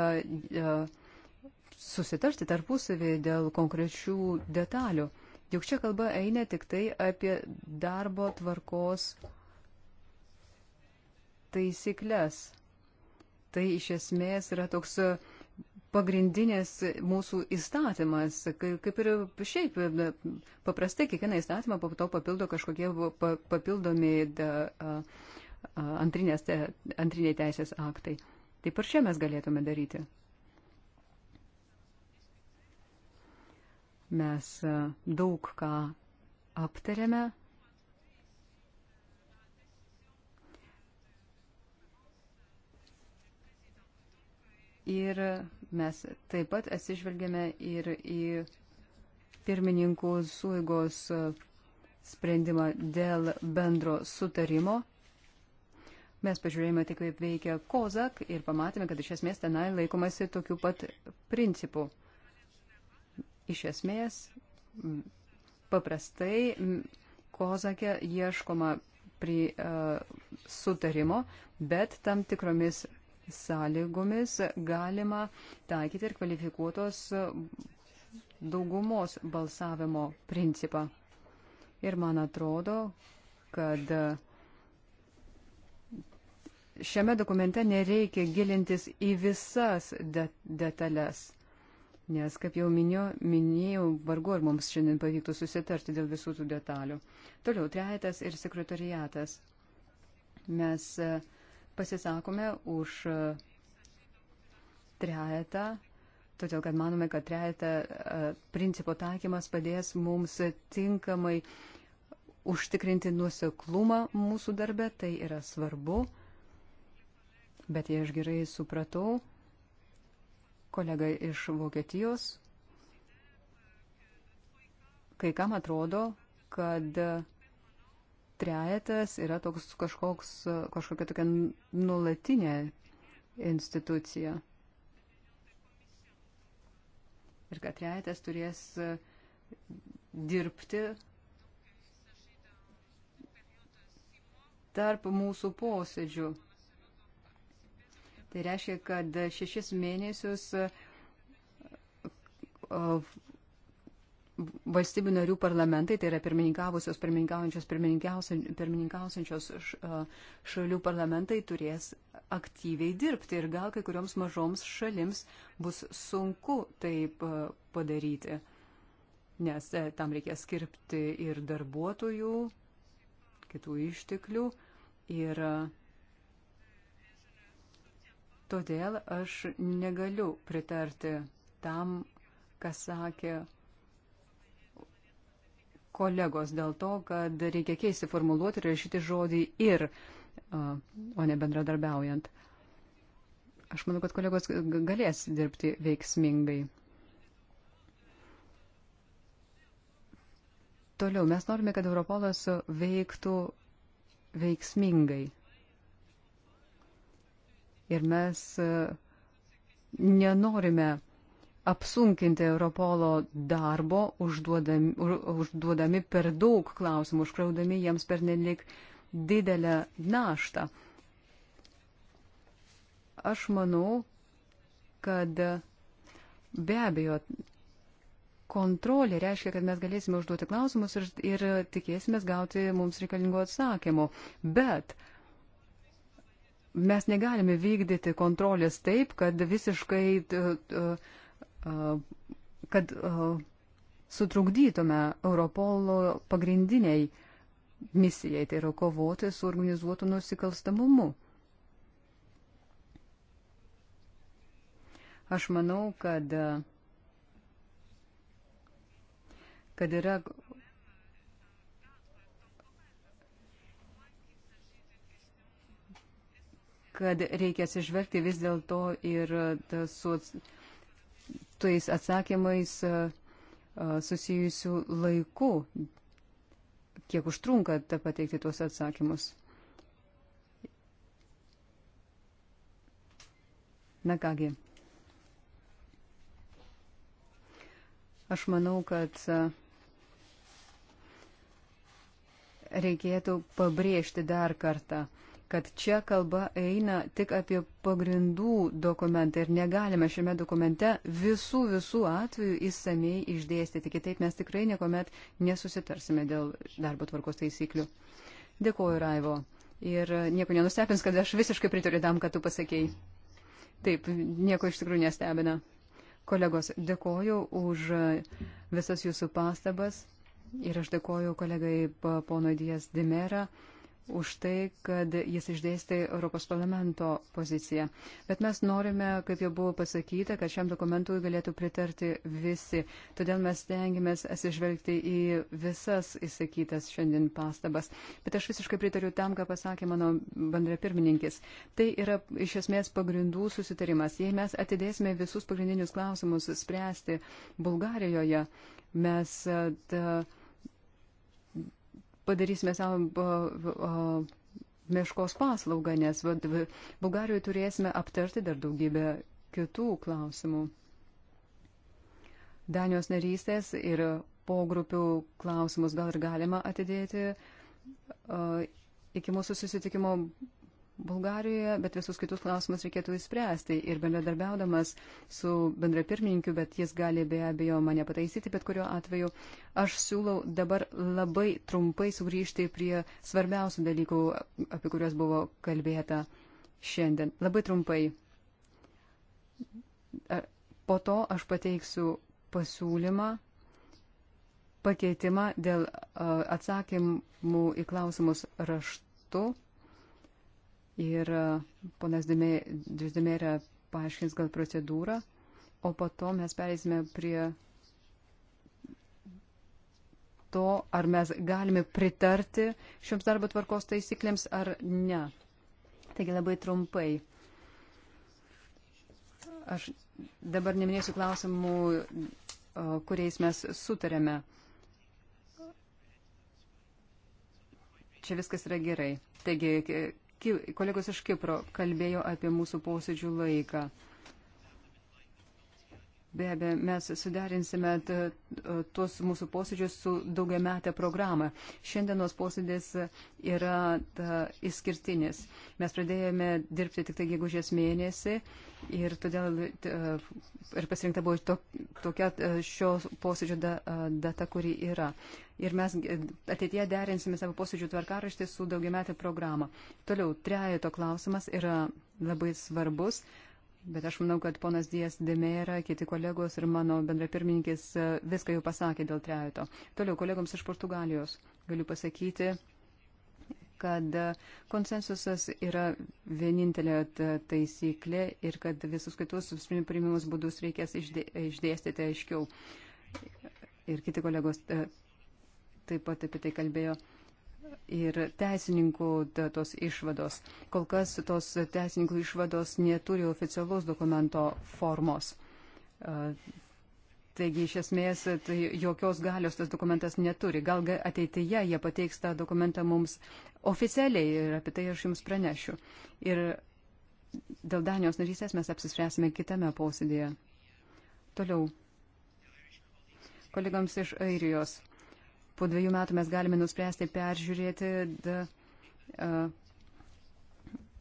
da, susitarti tarpusavį dėl konkrečių detalių. Juk čia kalba eina tik tai apie darbo tvarkos taisyklės. Tai iš esmės yra toks pagrindinis mūsų įstatymas, kaip ir šiaip paprastai kiekvieną įstatymą po to papildo kažkokie papildomi da, antrinės, antriniai teisės aktai. Taip ir čia mes galėtume daryti. Mes e, daug ką aptarėme. Ir mes taip pat atsižvelgėme ir į pirmininkų suigos e, sprendimą dėl bendro sutarimo Mes pažiūrėjome tik, kaip veikia Kozak ir pamatėme, kad iš esmės tenai laikomasi tokių pat principų. Iš esmės, paprastai Kozakė ieškoma pri, uh, sutarimo, bet tam tikromis sąlygomis galima taikyti ir kvalifikuotos daugumos balsavimo principą. Ir man atrodo, kad uh, šiame dokumente nereikia gilintis į visas de detalės, nes, kaip jau minėjau, minėjau vargu ar mums šiandien pavyktų susitarti dėl visų tų detalių. Toliau, trejetas ir sekretariatas. Mes e, pasisakome už e, trejetą, todėl kad manome, kad trejetą e, principo taikymas padės mums tinkamai užtikrinti nuoseklumą mūsų darbe, tai yra svarbu. Bet jei aš gerai supratau, kolega iš Vokietijos, kai kam atrodo, kad trejetas yra toks kažkoks, kažkokia tokia nulatinė institucija. Ir kad trejetas turės dirbti tarp mūsų posėdžių. Tai reiškia, kad šešis mėnesius valstybių narių parlamentai, tai yra pirmininkavusios, pirmininkaujančios, pirmininkausiančios šalių parlamentai turės aktyviai dirbti ir gal kai kurioms mažoms šalims bus sunku taip padaryti, nes e, tam reikės skirpti ir darbuotojų, kitų išteklių ir uh, Todėl aš negaliu pritarti tam, kas sakė kolegos dėl to, kad reikia keisti formuluoti ir rašyti žodį ir, o ne bendradarbiaujant. Aš manau, kad kolegos galės dirbti veiksmingai. Toliau mes norime, kad Europolas veiktų veiksmingai ir mes e, nenorime apsunkinti Europolo darbo, užduodami, užduodami per daug klausimų, užkraudami jiems per nelik didelę naštą. Aš manau, kad be abejo kontrolė reiškia, kad mes galėsime užduoti klausimus ir, ir tikėsimės gauti mums reikalingų atsakymų. Bet uh, mes negalime vykdyti kontrolės taip, kad visiškai, kad sutrukdytume Europolo pagrindiniai misijai, tai yra kovoti su organizuotu nusikalstamumu. Aš manau, kad, kad yra kad reikia atsižvelgti vis dėlto ir su tais atsakymais susijusių laikų, kiek užtrunka pateikti tuos atsakymus. Na kągi. Aš manau, kad reikėtų pabrėžti dar kartą, kad čia kalba eina tik apie pagrindų dokumentą ir negalime šiame dokumente visų, visų atvejų įsamei išdėstyti. Kitaip mes tikrai niekuomet nesusitarsime dėl darbo tvarkos taisyklių. Dėkuoju, Raivo. Ir nieko nenustebins, kad aš visiškai pritariu tam, kad tu pasakėjai. Taip, nieko iš tikrųjų nestebina. Kolegos, dėkoju už visas jūsų pastabas ir aš dėkoju kolegai ponui Dijas Dimera už tai, kad jis išdėstė Europos parlamento poziciją. Bet mes norime, kaip jau buvo pasakyta, kad šiam dokumentui galėtų pritarti visi. Todėl mes tengiamės atsižvelgti į visas įsakytas šiandien pastabas. Bet aš visiškai pritariu tam, ką pasakė mano bendra pirmininkis. Tai yra iš esmės pagrindų susitarimas. Jei mes atidėsime visus pagrindinius klausimus spręsti Bulgarijoje, mes. E, ta, padarysime savo meškos paslaugą, nes Bulgarijoje turėsime aptarti dar daugybę kitų klausimų. Danijos narystės ir pogrupių klausimus gal ir galima atidėti iki mūsų susitikimo Bulgarijoje, bet visus kitus klausimus reikėtų įspręsti. Ir bendradarbiaudamas su bendrapirmininku, bet jis gali be abejo mane pataisyti, bet kuriuo atveju aš siūlau dabar labai trumpai sugrįžti prie svarbiausių dalykų, apie kuriuos buvo kalbėta šiandien. Labai trumpai. Po to aš pateiksiu pasiūlymą pakeitimą dėl atsakymų į klausimus raštu ir e, ponas Dždemėra paaiškins gal procedūrą, o po to mes perėsime prie to, ar mes galime pritarti šioms darbo tvarkos taisyklėms ar ne. Taigi labai trumpai. Aš dabar neminėsiu klausimų, e, kuriais mes sutarėme. Čia viskas yra gerai. Taigi, kolegos iš Kipro kalbėjo apie mūsų posėdžių laiką. Be abejo, mes sudarinsime tuos mūsų posėdžius su daugiametę programą. Šiandienos posėdis yra ta, išskirtinis. Mes pradėjome dirbti tik tai gegužės mėnesį ir todėl ta, ir pasirinkta buvo to, tokia šio posėdžio da, data, kuri yra. Ir mes e, ateityje derinsime savo posėdžių tvarkaraštį su daugiametę programą. Toliau, trejato klausimas yra labai svarbus. Bet aš manau, kad ponas Dijas Demėra, kiti kolegos ir mano bendrapirmininkis e, viską jau pasakė dėl trejato. Toliau kolegoms iš Portugalijos galiu pasakyti, kad e, konsensusas yra vienintelė taisyklė ir kad visus kitus priimimus būdus reikės išdė, išdėstyti aiškiau. Ir kiti kolegos e, taip pat apie tai kalbėjo ir teisininkų tos išvados. Kol kas tos teisininkų išvados neturi oficialaus dokumento formos. Taigi, iš esmės, tai jokios galios tas dokumentas neturi. Gal ateityje jie pateiks tą dokumentą mums oficialiai ir apie tai aš jums pranešiu. Ir dėl Danijos narysės mes apsispręsime kitame posėdėje. Toliau. Kolegams iš Airijos po dviejų metų mes galime nuspręsti peržiūrėti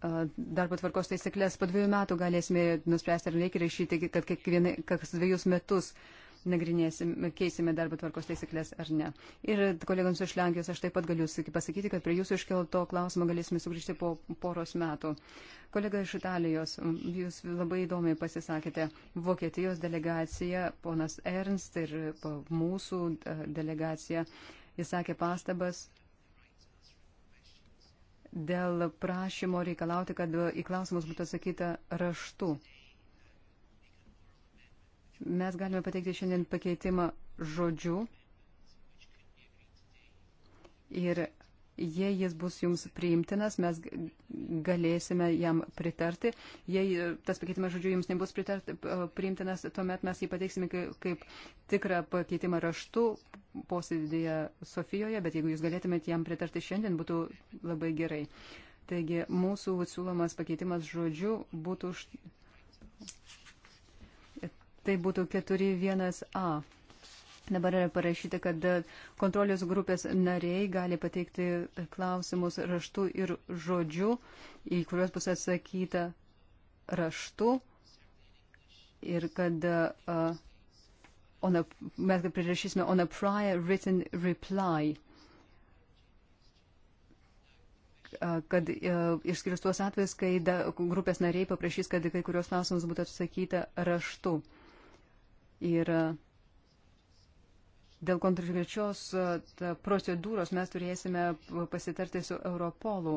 darbo tvarkos taisyklės. Po dviejų metų galėsime nuspręsti, ar reikia rašyti, kad kiekvieną, kas dviejus metus uh, keisime darbo tvarkos teisiklės ar ne. Ir kolegams iš Lenkijos aš taip pat galiu pasakyti, kad prie jūsų iškelto klausimo galėsime sugrįžti po poros metų. Kolega iš Italijos, jūs labai įdomiai pasisakėte. Vokietijos delegacija, ponas Ernst ir mūsų e, delegacija įsakė pastabas dėl prašymo reikalauti, kad į klausimus būtų atsakyta raštu. Mes galime pateikti šiandien pakeitimą žodžiu ir jei jis bus jums priimtinas, mes galėsime jam pritarti. Jei e, tas pakeitimas žodžiu jums nebus pritart, e, priimtinas, tuomet mes jį pateiksime kaip tikrą pakeitimą raštu posėdėje Sofijoje, bet jeigu jūs galėtumėte jam pritarti šiandien, būtų labai gerai. Taigi mūsų siūlomas pakeitimas žodžiu būtų Tai būtų 4.1a. Dabar yra parašyta, kad kontrolės grupės nariai gali pateikti klausimus raštu ir žodžiu, į kuriuos bus atsakyta raštu. Ir kad uh, on a, mes prirašysime on a prior written reply kad išskirius tuos atvejus, kai da, grupės nariai paprašys, kad kai kurios klausimus būtų atsakyta raštu. Ir e, dėl kontroliečios e, procedūros mes turėsime pasitarti su Europolu.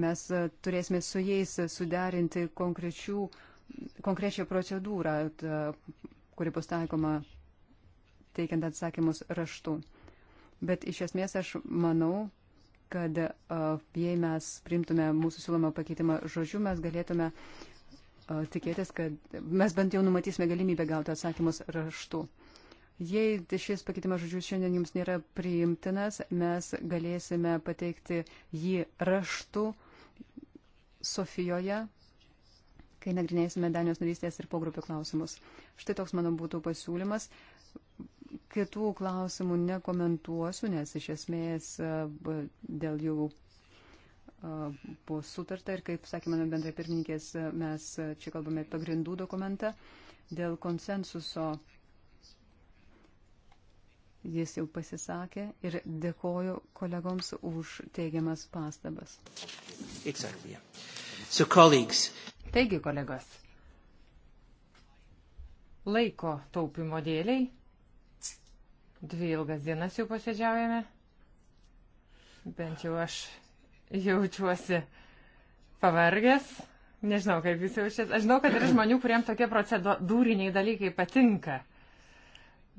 Mes e, turėsime su jais suderinti konkrečią procedūrą, ta, kuri bus taikoma teikiant atsakymus raštu. Bet iš esmės aš manau, kad jei mes primtume mūsų siūlomą pakeitimą žodžiu, mes galėtume uh, tikėtis, kad mes bent jau numatysime galimybę gauti atsakymus raštu. Jei šis pakeitimas žodžių šiandien jums nėra priimtinas, mes galėsime pateikti jį raštu Sofijoje, kai nagrinėsime Danijos narystės ir pogrupio klausimus. Štai toks mano būtų pasiūlymas. Kitų klausimų nekomentuosiu, nes iš esmės dėl jų buvo sutarta ir, kaip sakė mano bendra pirmininkės, mes čia kalbame pagrindų dokumentą dėl konsensuso. Jis jau pasisakė ir dėkoju kolegoms už teigiamas pastabas. Exactly. So, colleagues. Taigi, kolegos, laiko taupimo dėliai, dvi ilgas dienas jau posėdžiaujame, bent jau aš jaučiuosi pavargęs. Nežinau, kaip jūs jaučiatės. Aš žinau, kad yra žmonių, kuriems tokie procedūriniai dalykai patinka.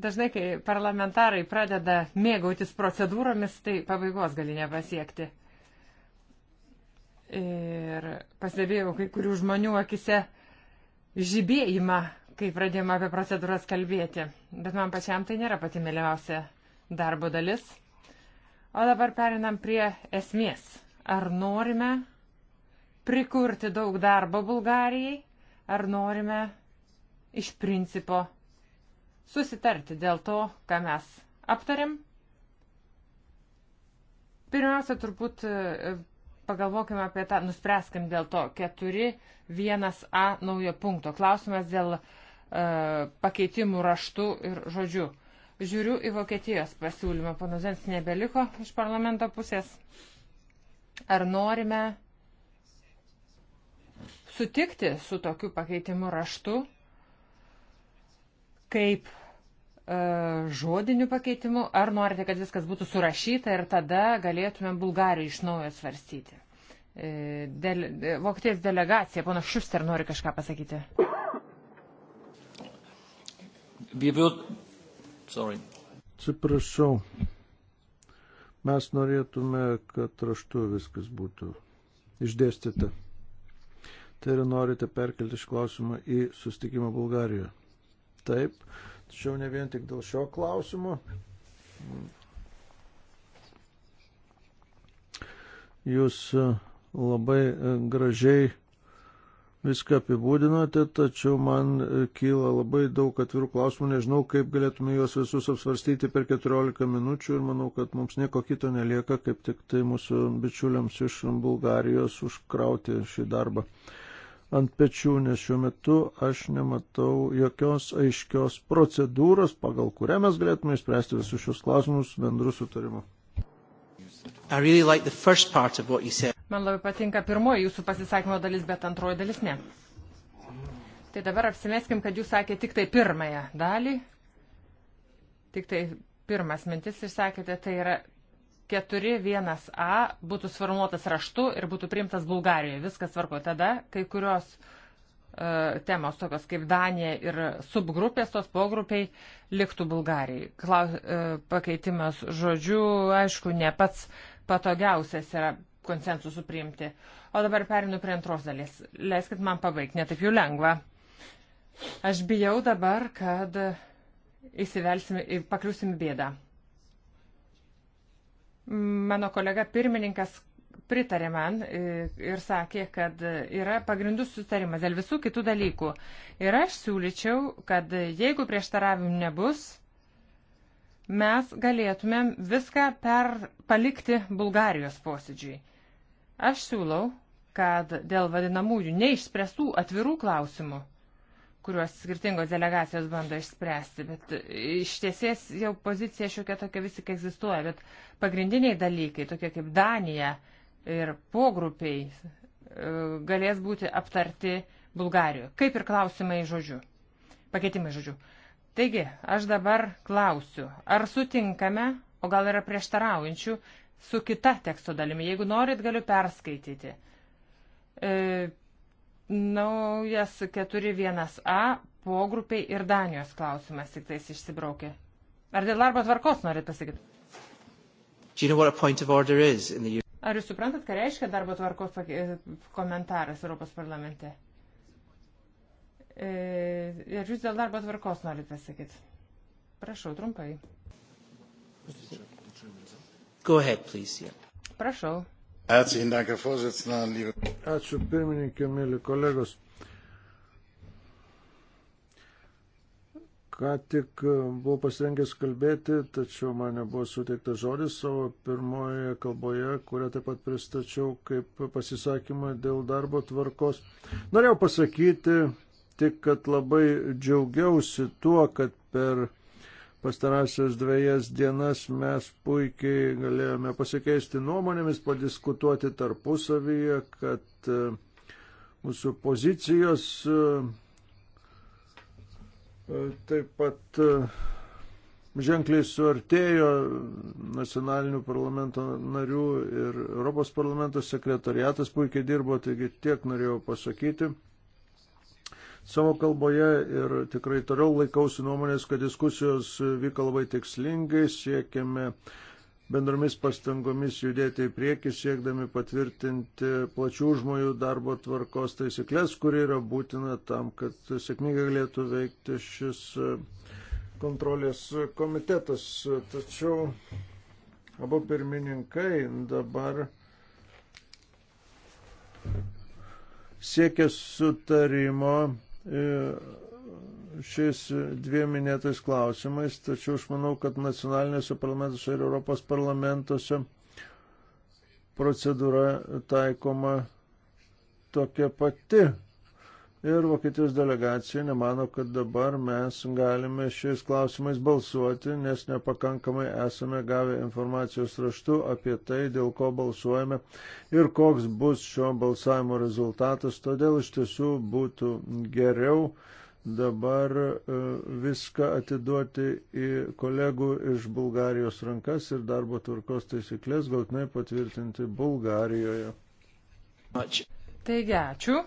Dažnai, kai parlamentarai pradeda mėgautis procedūromis, tai pabaigos gali nepasiekti. Ir pastebėjau kai kurių žmonių akise žibėjimą, kai pradėjome apie procedūras kalbėti. Bet man pačiam tai nėra pati mėliausia darbo dalis. O dabar perinam prie esmės Ar norime prikurti daug darbo Bulgarijai, ar norime iš principo susitarti dėl to, ką mes aptarėm. Pirmiausia, turbūt e, pagalvokime apie tą, nuspręskim dėl to 4.1a naujo punkto. Klausimas dėl e, pakeitimų raštų ir žodžių. Žiūriu į Vokietijos pasiūlymą, ponas Zens nebeliko iš parlamento pusės. Ar norime sutikti su tokiu pakeitimu raštu, kaip e, žodiniu pakeitimu, ar norite, kad viskas būtų surašyta ir tada galėtumėm Bulgarijai iš naujo svarstyti. E, Dele, Vokietijos delegacija, ponas Šuster, nori kažką pasakyti. Atsiprašau. Mes norėtume, kad raštu viskas būtų išdėstyta. Tai yra norite perkelti šį klausimą į sustikimą Bulgarijoje. Taip, tačiau ne vien tik dėl šio klausimo. Jūs labai gražiai viską apibūdinote, tačiau man kyla labai daug atvirų klausimų, nežinau, kaip galėtume juos visus apsvarstyti per 14 minučių ir manau, kad mums nieko kito nelieka, kaip tik tai mūsų bičiuliams iš Bulgarijos užkrauti šį darbą ant pečių, nes šiuo metu aš nematau jokios aiškios procedūros, pagal kurią mes galėtume išspręsti visus šios klausimus bendru sutarimu. I really like the first part of what you said. Man labai patinka pirmoji jūsų pasisakymo dalis, bet antroji dalis ne. Tai dabar apsimeskim, kad jūs sakėte tik tai pirmąją dalį. Tik tai pirmas mintis išsakėte, tai yra 4.1a būtų sformuotas raštu ir būtų priimtas Bulgarijoje. Viskas svarbu. Tada kai kurios uh, temos, tokios kaip Danija ir subgrupės, tos pogrupiai, liktų Bulgarijai. Klaus, uh, e, pakeitimas žodžių, aišku, ne pats patogiausias yra konsensusų priimti. O dabar perinu prie antros dalies. Leiskit man pabaigti, netaip jau lengva. Aš bijau dabar, kad įsivelsime ir pakliusime bėdą. Mano kolega pirmininkas pritarė man e, ir sakė, kad yra pagrindus sutarimas dėl visų kitų dalykų. Ir aš siūlyčiau, kad jeigu prieštaravimų nebus, mes galėtumėm viską per palikti Bulgarijos posėdžiui. Aš siūlau, kad dėl vadinamųjų neišspręstų atvirų klausimų, kuriuos skirtingos delegacijos bando išspręsti, bet iš tiesies jau pozicija šiokia tokia vis tik egzistuoja, bet pagrindiniai dalykai, tokie kaip Danija ir pogrupiai, e, galės būti aptarti Bulgarijoje. Kaip ir klausimai žodžiu. Pakeitimai žodžiu. Taigi, aš dabar klausiu, ar sutinkame, o gal yra prieštaraujančių, su kita teksto dalimi. Jeigu norit, galiu perskaityti. E, naujas 4.1a pogrupiai ir Danijos klausimas tik tais išsibraukė. Ar dėl darbo tvarkos norit pasakyti? You know the... Ar jūs suprantat, ką reiškia darbo tvarkos e, komentaras Europos parlamente? E, ar jūs dėl darbo tvarkos norit pasakyti? Prašau, trumpai. Pasičiūrėjau. Go ahead, please. Yeah. Prašau. Ačiū pirmininkė, mėly kolegos. Ką tik e, buvau pasirengęs kalbėti, tačiau man nebuvo suteiktas žodis savo pirmoje kalboje, kurią taip pat pristačiau kaip pasisakymą dėl darbo tvarkos. Norėjau pasakyti tik, kad labai džiaugiausi tuo, kad per pastarąsias dviejas dienas mes puikiai galėjome pasikeisti nuomonėmis, padiskutuoti tarpusavyje, kad e, mūsų pozicijos e, e, taip pat ženkliai suartėjo nacionalinių parlamento narių ir Europos parlamento sekretariatas puikiai dirbo, taigi tiek norėjau pasakyti savo kalboje ir tikrai toliau laikausi nuomonės, kad diskusijos vyko labai tikslingai, siekėme bendromis pastangomis judėti į priekį, siekdami patvirtinti plačių žmonių darbo tvarkos taisyklės, kuri yra būtina tam, kad sėkmingai galėtų veikti šis kontrolės komitetas. Tačiau abu pirmininkai dabar siekia sutarimo E, šiais dviem minėtais klausimais, tačiau aš manau, kad nacionalinėse parlamentuose ir Europos parlamentuose procedūra taikoma tokia pati ir Vokietijos delegacija nemano, kad dabar mes galime šiais klausimais balsuoti, nes nepakankamai esame gavę informacijos raštu apie tai, dėl ko balsuojame ir koks bus šio balsavimo rezultatas. Todėl iš tiesų būtų geriau dabar e, viską atiduoti į kolegų iš Bulgarijos rankas ir darbo tvarkos taisyklės galtinai patvirtinti Bulgarijoje. Ačiū. Taigi, ačiū.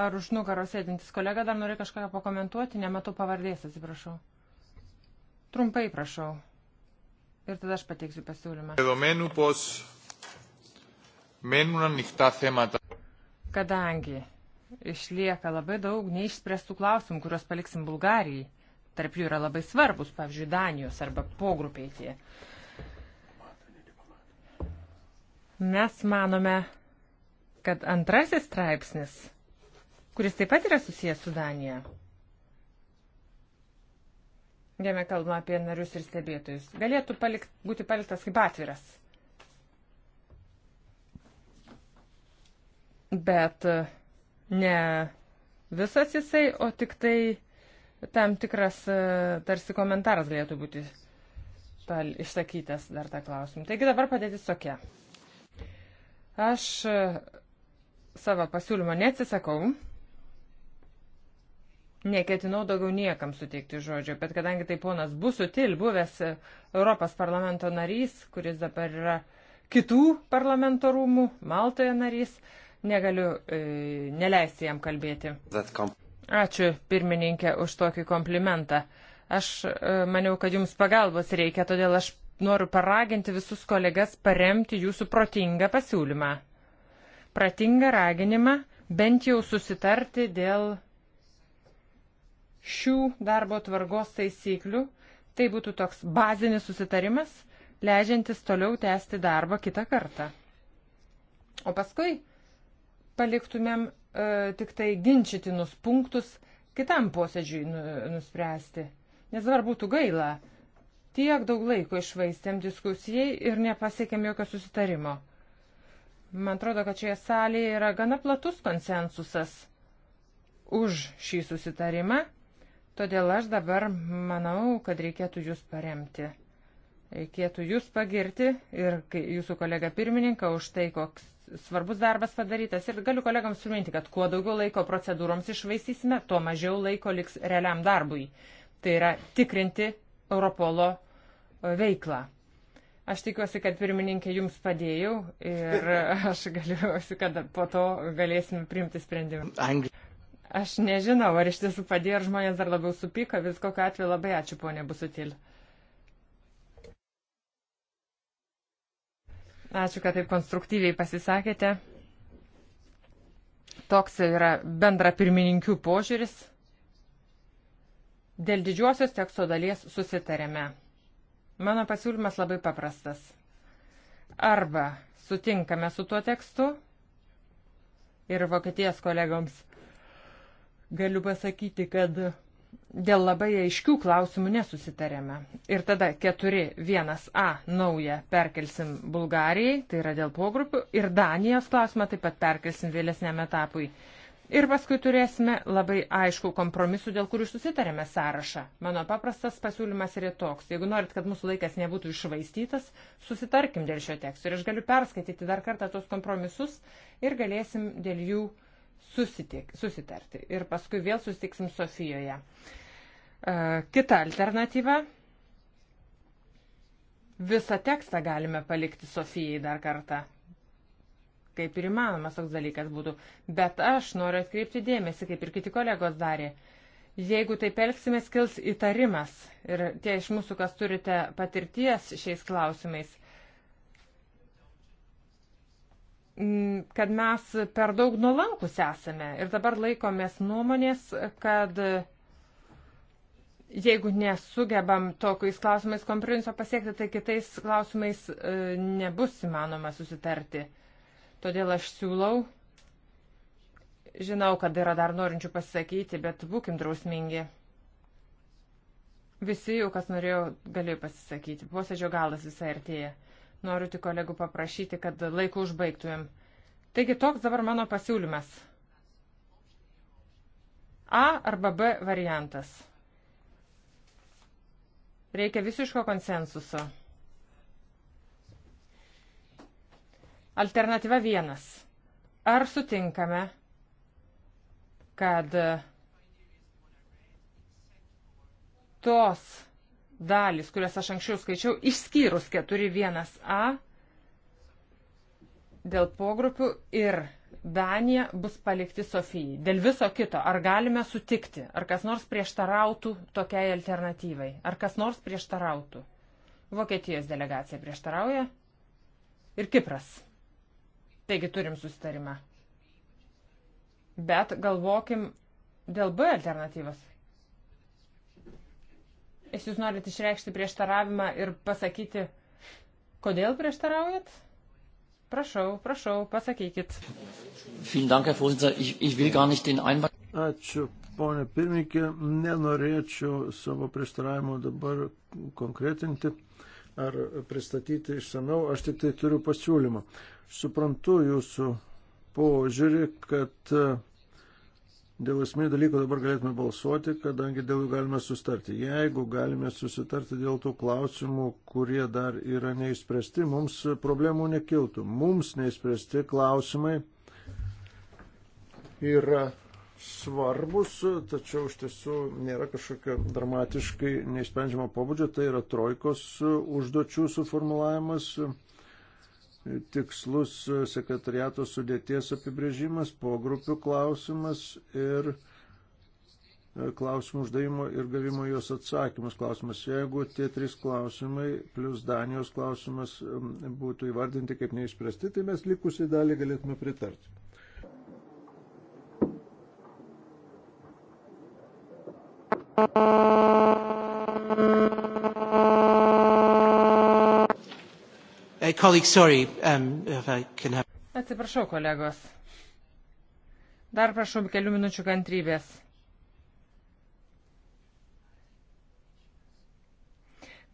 Ar už nugaros sėdintis kolega dar nori kažką pakomentuoti? Nematau pavardės, atsiprašau. Trumpai prašau. Ir tada aš pateiksiu pasiūlymą. Kadangi išlieka labai daug neišspręstų klausimų, kuriuos paliksim Bulgarijai, tarp jų yra labai svarbus, pavyzdžiui, Danijos arba pogrupiai tie. Mes manome, kad antrasis straipsnis kuris taip pat yra susijęs su Danija. Jame kalbama apie narius ir stebėtojus. Galėtų palikt, būti paliktas kaip atviras. Bet e, ne visas jisai, o tik tai tam tikras e, tarsi komentaras galėtų būti pal, išsakytas dar tą klausimą. Taigi dabar padėtis tokia. Aš e, savo pasiūlymą neatsisakau. Neketinau daugiau niekam suteikti žodžio, bet kadangi tai ponas Busutil, buvęs e, Europos parlamento narys, kuris dabar yra kitų parlamento rūmų, Maltoje narys, negaliu e, neleisti jam kalbėti. Ačiū pirmininkė už tokį komplimentą. Aš e, maniau, kad jums pagalbos reikia, todėl aš noriu paraginti visus kolegas paremti jūsų protingą pasiūlymą. Pratingą raginimą bent jau susitarti dėl šių darbo tvarkos taisyklių, tai būtų toks bazinis susitarimas, leidžiantis toliau tęsti darbą kitą kartą. O paskui paliktumėm e, tik tai ginčytinus punktus kitam posėdžiui nu, nuspręsti. Nes dabar būtų gaila, tiek daug laiko išvaistėm diskusijai ir nepasiekėm jokio susitarimo. Man atrodo, kad šioje salėje yra gana platus konsensusas už šį susitarimą Todėl aš dabar manau, kad reikėtų jūs paremti. Reikėtų jūs pagirti ir jūsų kolega pirmininką už tai, koks svarbus darbas padarytas. Ir galiu kolegams priminti, kad kuo daugiau laiko procedūroms išvaisysime, tuo mažiau laiko liks realiam darbui. Tai yra tikrinti Europolo e, veiklą. Aš tikiuosi, kad pirmininkė jums padėjau ir aš galiuosi, kad po to galėsime priimti sprendimą. Angli... Aš nežinau, ar iš tiesų padėjo, ar žmonės dar labiau supyka, vis kokiu atveju labai ačiū, ponė Busutil. Ačiū, kad taip konstruktyviai pasisakėte. Toks yra bendra pirmininkių požiūris. Dėl didžiosios teksto dalies susitarėme. Mano pasiūlymas labai paprastas. Arba sutinkame su tuo tekstu ir Vokietijos kolegoms galiu pasakyti, kad dėl labai aiškių klausimų nesusitarėme. Ir tada 4.1a naują perkelsim Bulgarijai, tai yra dėl pogrupių, ir Danijos klausimą taip pat perkelsim vėlesniam etapui. Ir paskui turėsime labai aišku kompromisų, dėl kurių susitarėme sąrašą. Mano paprastas pasiūlymas yra toks. Jeigu norit, kad mūsų laikas nebūtų išvaistytas, susitarkim dėl šio teksto. Ir aš galiu perskaityti dar kartą tos kompromisus ir galėsim dėl jų uh, susitik, susitarti. Ir paskui vėl susitiksim Sofijoje. E, kita alternatyva. Visą tekstą galime palikti Sofijai dar kartą. Kaip ir įmanomas toks dalykas būtų. Bet aš noriu atkreipti dėmesį, kaip ir kiti kolegos darė. Jeigu taip elgsimės, kils įtarimas. Ir tie iš mūsų, kas turite patirties šiais klausimais, uh, kad mes per daug nuolankus esame ir dabar laikomės nuomonės, kad jeigu nesugebam tokiais klausimais kompromiso pasiekti, tai kitais klausimais e, nebus įmanoma susitarti. Todėl aš siūlau, žinau, kad yra dar norinčių pasisakyti, bet būkim drausmingi. Visi jau, kas norėjo, galėjo pasisakyti. Posėdžio galas visai artėja. Noriu tik kolegų paprašyti, kad laiku užbaigtumėm. Taigi toks dabar mano pasiūlymas. A arba B variantas. Reikia visiško konsensuso. Alternatyva vienas. Ar sutinkame, kad tos dalys, kurias aš anksčiau skaičiau, išskyrus 4.1a dėl pogrupių ir Danija bus palikti Sofijai. Dėl viso kito, ar galime sutikti, ar kas nors prieštarautų tokiai alternatyvai, ar kas nors prieštarautų. Vokietijos delegacija prieštarauja ir Kipras. Taigi turim susitarimą. Bet galvokim dėl B alternatyvos. Jei jūs norit išreikšti prieštaravimą ir pasakyti, kodėl prieštaraujat? Prašau, prašau, pasakykit. Ačiū, ponė pirmininkė, nenorėčiau savo prieštaravimo dabar konkretinti ar pristatyti išsameu, aš tik tai turiu pasiūlymą. Suprantu jūsų požiūrį, kad Dėl esminių dalykų dabar galėtume balsuoti, kadangi dėl jų galime sustarti. Jeigu galime susitarti dėl tų klausimų, kurie dar yra neįspręsti, mums problemų nekiltų. Mums neįspręsti klausimai yra svarbus, tačiau iš tiesų nėra kažkokio dramatiškai neišsprendžiamo pobūdžio, tai yra trojkos užduočių suformulavimas, tikslus e, sekretariato sudėties apibrėžimas, pogrupių klausimas ir e, klausimų uždavimo ir gavimo jos atsakymus klausimas. Jeigu tie trys klausimai plus Danijos klausimas būtų įvardinti kaip neišspręsti, tai mes likusiai dalį galėtume pritarti. Thank you. Uh, um, Atsiprašau, kolegos. Dar prašau kelių minučių kantrybės.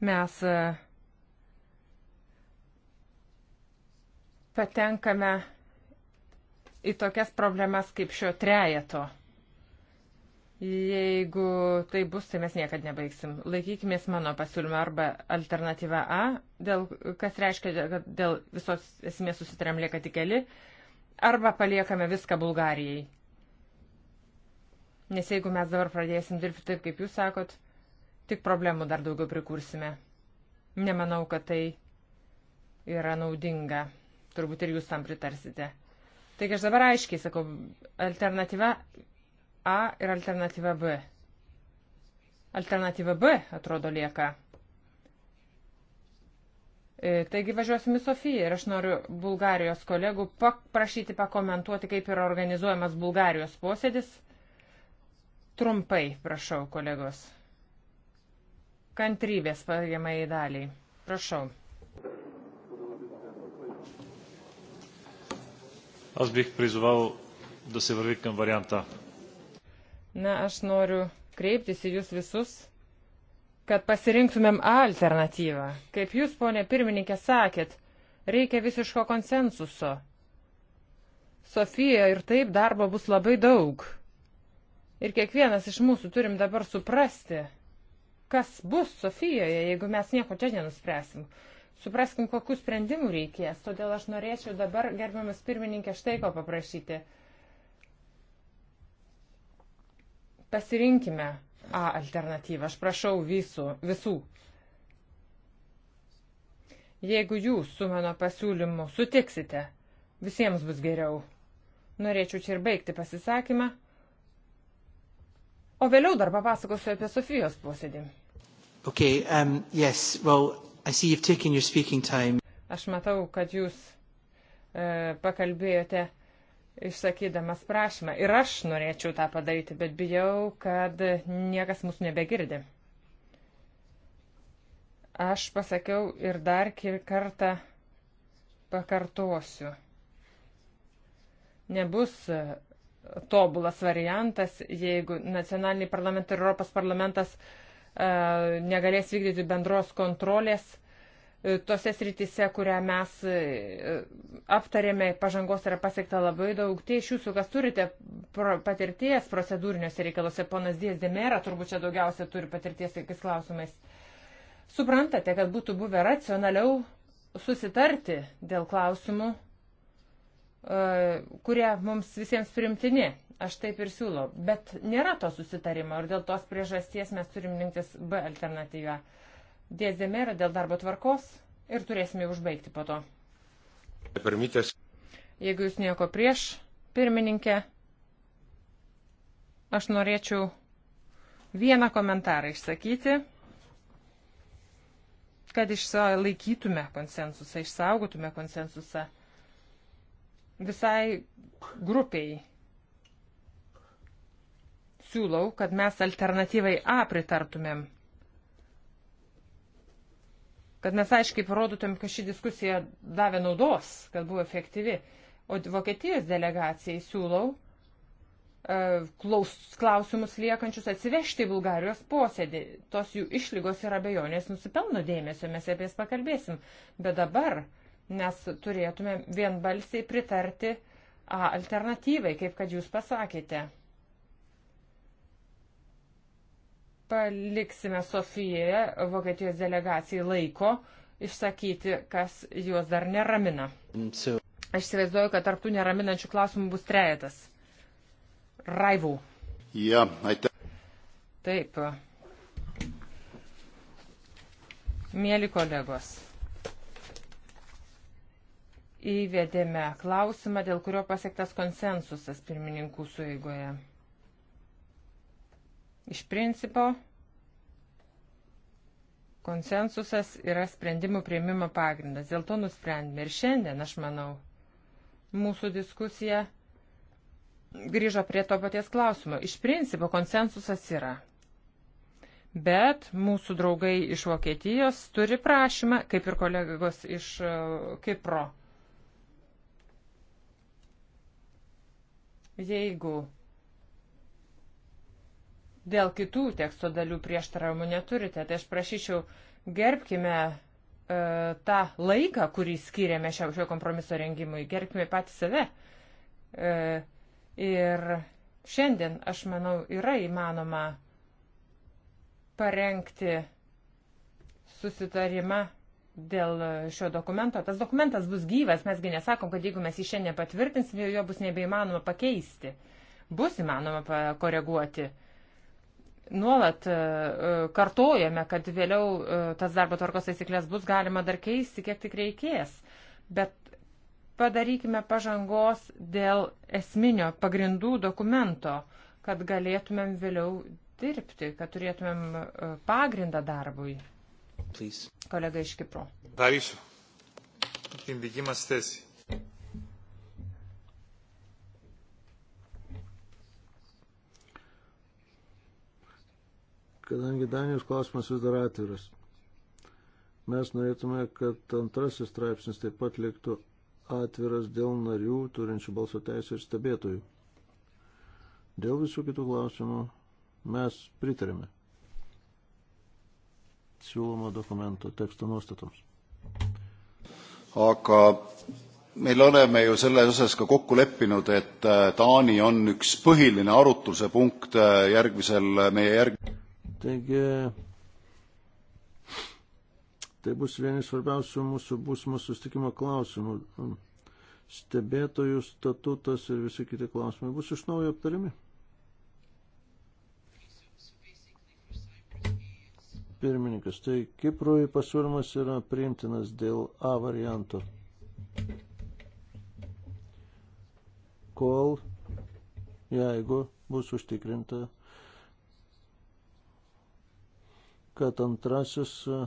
Mes uh, patenkame į tokias problemas kaip šio trejeto. Jeigu tai bus, tai mes niekad nebaigsim. Laikykimės mano pasiūlymą arba alternatyva A, dėl, kas reiškia, kad dėl visos esmės susitarėm lieka tik keli, arba paliekame viską Bulgarijai. Nes jeigu mes dabar pradėsim dirbti taip, kaip jūs sakot, tik problemų dar daugiau prikursime. Nemanau, kad tai yra naudinga. Turbūt ir jūs tam pritarsite. Taigi aš dabar aiškiai sakau, alternatyva A ir alternatyva B. Alternatyva B atrodo lieka. E, taigi važiuosim į Sofiją ir aš noriu Bulgarijos kolegų paprašyti pakomentuoti, kaip yra organizuojamas Bulgarijos posėdis. Trumpai, prašau, kolegos. Kantrybės pagiamai daliai. Prašau. Аз бих призвал да се върви към варианта Na, aš noriu kreiptis į jūs visus, kad pasirinktumėm alternatyvą. Kaip jūs, ponė pirmininkė, sakėt, reikia visiško konsensuso. Sofija ir taip darbo bus labai daug. Ir kiekvienas iš mūsų turim dabar suprasti, kas bus Sofijoje, jeigu mes nieko čia nenuspręsim. Supraskim, kokius sprendimų reikės. Todėl aš norėčiau dabar, gerbiamas pirmininkė, štai ko paprašyti. Pasirinkime A alternatyvą. Aš prašau visų. visų. Jeigu jūs su mano pasiūlymu sutiksite, visiems bus geriau. Norėčiau čia ir baigti pasisakymą. O vėliau dar papasakosiu apie Sofijos posėdį. Okay, um, yes, well, I see you've taken your speaking time. Aš matau, kad jūs e, pakalbėjote išsakydamas prašymą. Ir aš norėčiau tą padaryti, bet bijau, kad niekas mūsų nebegirdi. Aš pasakiau ir dar kartą pakartosiu. Nebus tobulas variantas, jeigu nacionaliniai parlamentai ir Europos parlamentas e, negalės vykdyti bendros kontrolės E, tose sritise, kurią mes e, aptarėme, pažangos yra pasiekta labai daug. Tai iš jūsų, kas turite patirties procedūriniuose reikaluose, ponas Dijas Demera turbūt čia daugiausia turi patirties tokiais klausimais. Suprantate, kad būtų buvę racionaliau susitarti dėl klausimų, e, kurie mums visiems primtini. Aš taip ir siūlau. Bet nėra to susitarimo ir dėl tos priežasties mes turim rinktis B alternatyvą. Dėzemera dėl darbo tvarkos ir turėsime užbaigti po to. Permitės. Jeigu jūs nieko prieš, pirmininkė, aš norėčiau vieną komentarą išsakyti, kad išlaikytume konsensusą, išsaugotume konsensusą visai grupiai. Siūlau, kad mes alternatyvai A pritartumėm kad mes aiškiai parodytum, kad ši diskusija davė naudos, kad buvo efektyvi. O Vokietijos delegacijai siūlau e, klaus, klausimus liekančius atsivežti į Bulgarijos posėdį. Tos jų išlygos ir abejonės nusipelno dėmesio, mes apie jas pakalbėsim. Bet dabar mes turėtume vienbalsiai pritarti A alternatyvai, kaip kad jūs pasakėte. Paliksime Sofijoje Vokietijos delegacijai laiko išsakyti, kas juos dar neramina. Aš įsivaizduoju, kad tarptų neraminančių klausimų bus trejetas. Raivų. Yeah, Taip. Mėly kolegos, įvedėme klausimą, dėl kurio pasiektas konsensusas pirmininkų sueigoje. Iš principo, konsensusas yra sprendimų prieimimo pagrindas. Dėl to nusprendėme. Ir šiandien, aš manau, mūsų diskusija grįžo prie to paties klausimo. Iš principo, konsensusas yra. Bet mūsų draugai iš Vokietijos turi prašymą, kaip ir kolegos iš e, Kipro. Jeigu Dėl kitų teksto dalių prieštaravimų neturite, tai aš prašyčiau, gerbkime e, tą laiką, kurį skiriame šio, šio kompromiso rengimui, gerbkime patį save. E, ir šiandien, aš manau, yra įmanoma parengti susitarimą dėl šio dokumento. Tas dokumentas bus gyvas, mesgi nesakom, kad jeigu mes jį šiandien patvirtinsime, jo bus nebeįmanoma pakeisti. Bus įmanoma pakoreguoti nuolat e, e, kartojame, kad vėliau e, tas darbo tvarkos taisyklės bus galima dar keisti, kiek tik reikės. Bet padarykime pažangos dėl esminio pagrindų dokumento, kad galėtumėm vėliau dirbti, kad turėtumėm pagrindą darbui. Please. Kolega iš Kipro. Darysiu. Gimdykimas tesi. Kadangi Danijos klausimas vis dar atviras, mes norėtume, kad antrasis straipsnis taip pat liktų atviras dėl narių turinčių balso teisę ir stebėtojų. Dėl visų kitų klausimų mes pritarėme siūlomo dokumento teksto nuostatoms. Aga meil oleme ju selles osas ka kokku leppinud, et Taani on üks põhiline arutluse punkt järgmisel meie järg-. Taigi, tai bus vienas svarbiausių mūsų būsimo sustikimo klausimų. Stebėtojų statutas ir visi kiti klausimai bus iš naujo aptarimi. Pirmininkas, tai Kiprui pasiūlymas yra priimtinas dėl A varianto. Kol, jeigu bus užtikrinta kad antrasis e,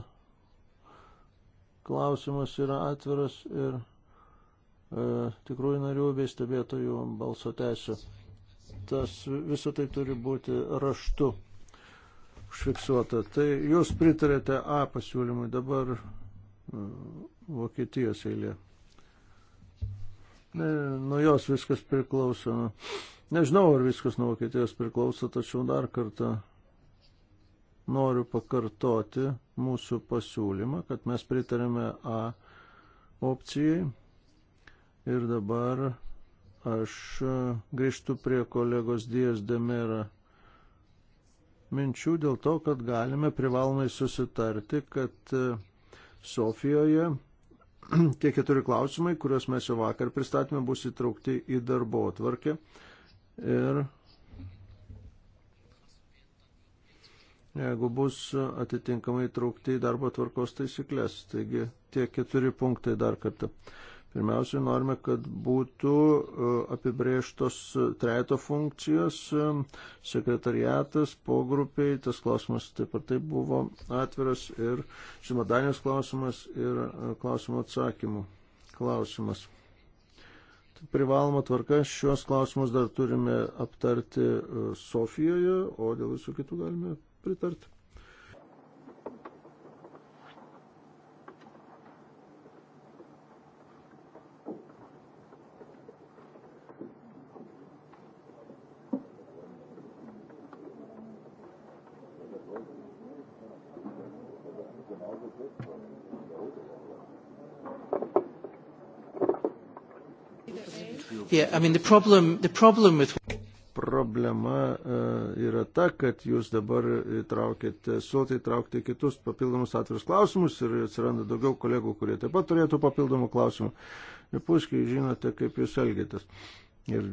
klausimas yra atviras ir e, tikrųjų narių bei stebėtojų balso teisė. Tas visą tai turi būti raštu užfiksuota. Tai jūs pritarėte A pasiūlymui, dabar e, Vokietijos eilė. Ne, nuo jos viskas priklauso. Nežinau, ar viskas nuo Vokietijos priklauso, tačiau dar kartą noriu pakartoti mūsų pasiūlymą, kad mes pritarėme A opcijai ir dabar aš grįžtu prie kolegos Dijas Demera minčių dėl to, kad galime privalomai susitarti, kad e, Sofijoje tie keturi klausimai, kuriuos mes jau vakar pristatėme, bus įtraukti į darbo atvarkę ir jeigu bus atitinkamai traukti į darbo tvarkos taisyklės. Taigi tie keturi punktai dar kartą. Pirmiausia, norime, kad būtų e, apibrėžtos trejato funkcijos, e, sekretariatas, pogrupiai, tas klausimas taip pat taip buvo atviras ir žinoma, Danijos klausimas ir e, klausimo atsakymų klausimas. Tai privaloma tvarka, šios klausimus dar turime aptarti Sofijoje, o dėl visų kitų galime pritarti. Yeah, I mean the problem the problem with ta, kad jūs dabar traukite, suotai traukti kitus papildomus atvirus klausimus ir atsiranda daugiau kolegų, kurie taip pat turėtų papildomų klausimų. Ir puškiai žinote, kaip jūs elgėtės. Ir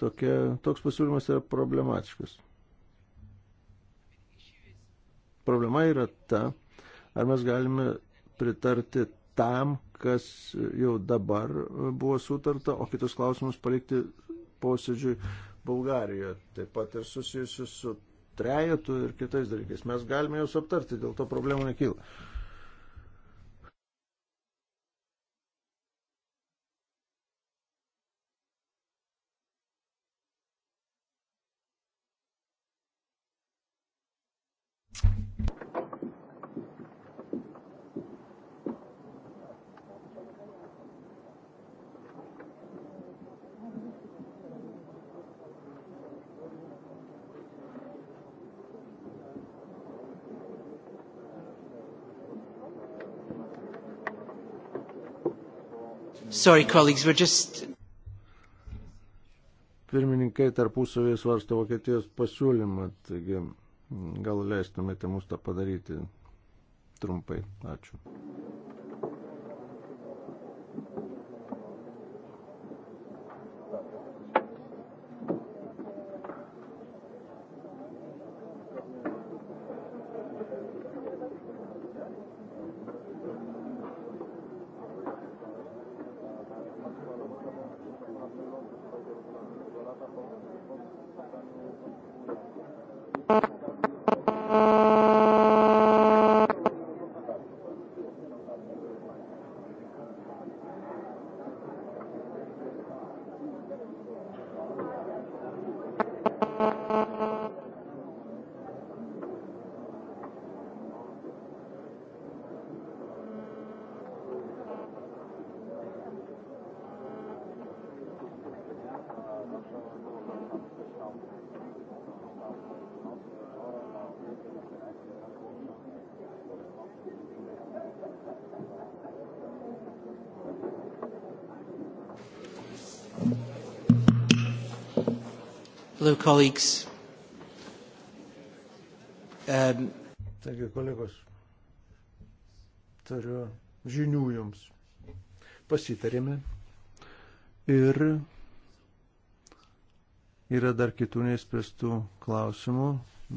tokia, toks pasiūlymas yra problematiškas. Problema yra ta, ar mes galime pritarti tam, kas jau dabar buvo sutarta, o kitus klausimus palikti posėdžiui Bulgarijoje, taip pat ir susijusius su trejetu ir kitais dalykais. Mes galime juos aptarti, dėl to problemų nekyla. Sorry, colleagues, we're just... Pirmininkai tarpusavėje svarsto Vokietijos pasiūlymą, taigi gal leistumėte mums tą padaryti trumpai. Ačiū. colleagues. Um, Taigi, kolegos, turiu žinių jums. Pasitarėme ir yra dar kitų neįspręstų klausimų.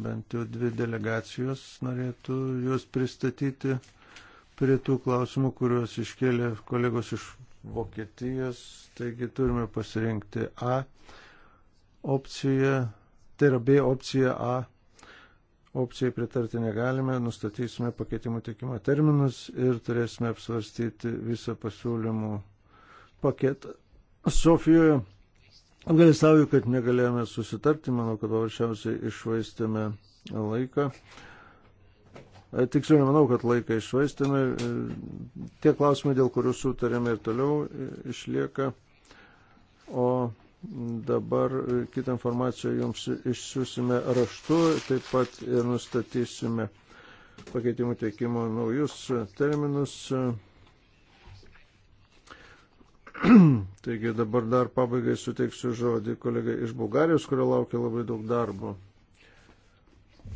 Bent jau dvi delegacijos norėtų juos pristatyti prie tų klausimų, kuriuos iškėlė kolegos iš Vokietijos. Taigi turime pasirinkti A opcija, tai yra B opcija A. Opcijai pritarti negalime, nustatysime pakeitimų teikimo terminus ir turėsime apsvarstyti visą pasiūlymų paketą. Sofijoje apgalėsauju, kad negalėjome susitarti, manau, kad paprasčiausiai išvaistėme laiką. E, tiksliau nemanau, kad laiką išvaistėme. E, tie klausimai, dėl kurių sutarėme ir toliau e, išlieka. O Dabar e, kitą informaciją jums išsiusime raštu, taip pat ir nustatysime pakeitimų teikimo naujus terminus. Taigi dabar dar pabaigai suteiksiu žodį kolegai iš Bulgarijos, kurio laukia labai daug darbo.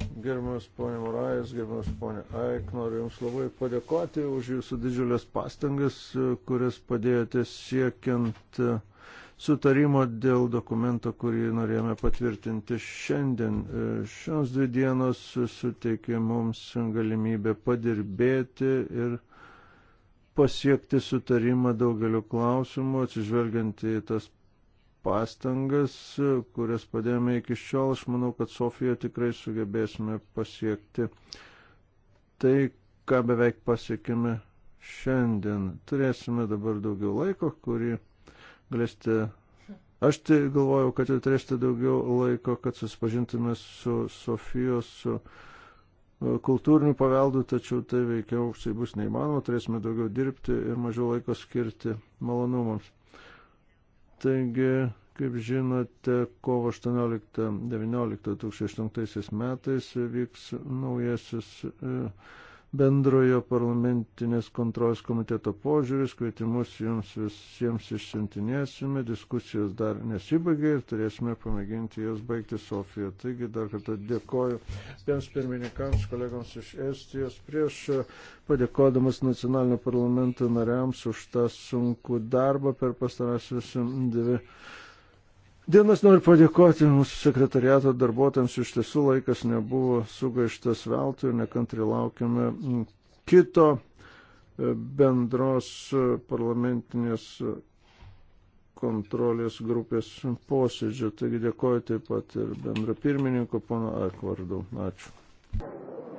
Gerbiamas ponė Morais, gerbiamas ponė Aik, noriu Jums labai padėkoti už Jūsų didžiulės pastangas, e, kurias padėjote siekiant uh, sutarimo dėl dokumento, kurį norėjome patvirtinti šiandien. E, šios dvi dienos suteikė mums galimybę padirbėti ir pasiekti sutarimą daugeliu klausimų, atsižvelgiant į tas pastangas, kurias padėjome iki šiol. Aš manau, kad Sofiją tikrai sugebėsime pasiekti tai, ką beveik pasiekime šiandien. Turėsime dabar daugiau laiko, kurį galėsite. Aš tai galvojau, kad jau turėsite daugiau laiko, kad susipažintume su Sofijos, su e, kultūriniu paveldu, tačiau tai veikiau tai bus neįmanoma, turėsime daugiau dirbti ir mažiau laiko skirti malonumams. Taigi, kaip žinote, kovo 18-19-2008 metais vyks naujasis. E, bendrojo parlamentinės kontrolės komiteto požiūris, kvietimus jums visiems išsintinėsime, diskusijos dar nesibaigė ir turėsime pamėginti jas baigti Sofijoje. Taigi dar kartą dėkoju tiems pirmininkams, kolegams iš Estijos, prieš padėkodamas nacionalinio parlamento nariams už tą sunkų darbą per pastarąsias dvi dienas noriu padėkoti mūsų sekretariato darbuotojams. Iš tiesų laikas nebuvo sugaištas veltui ir nekantri laukiame kito e, bendros e, parlamentinės kontrolės grupės posėdžio. Taigi dėkoju taip pat ir bendra pirmininko pono Ekvardu. Ačiū.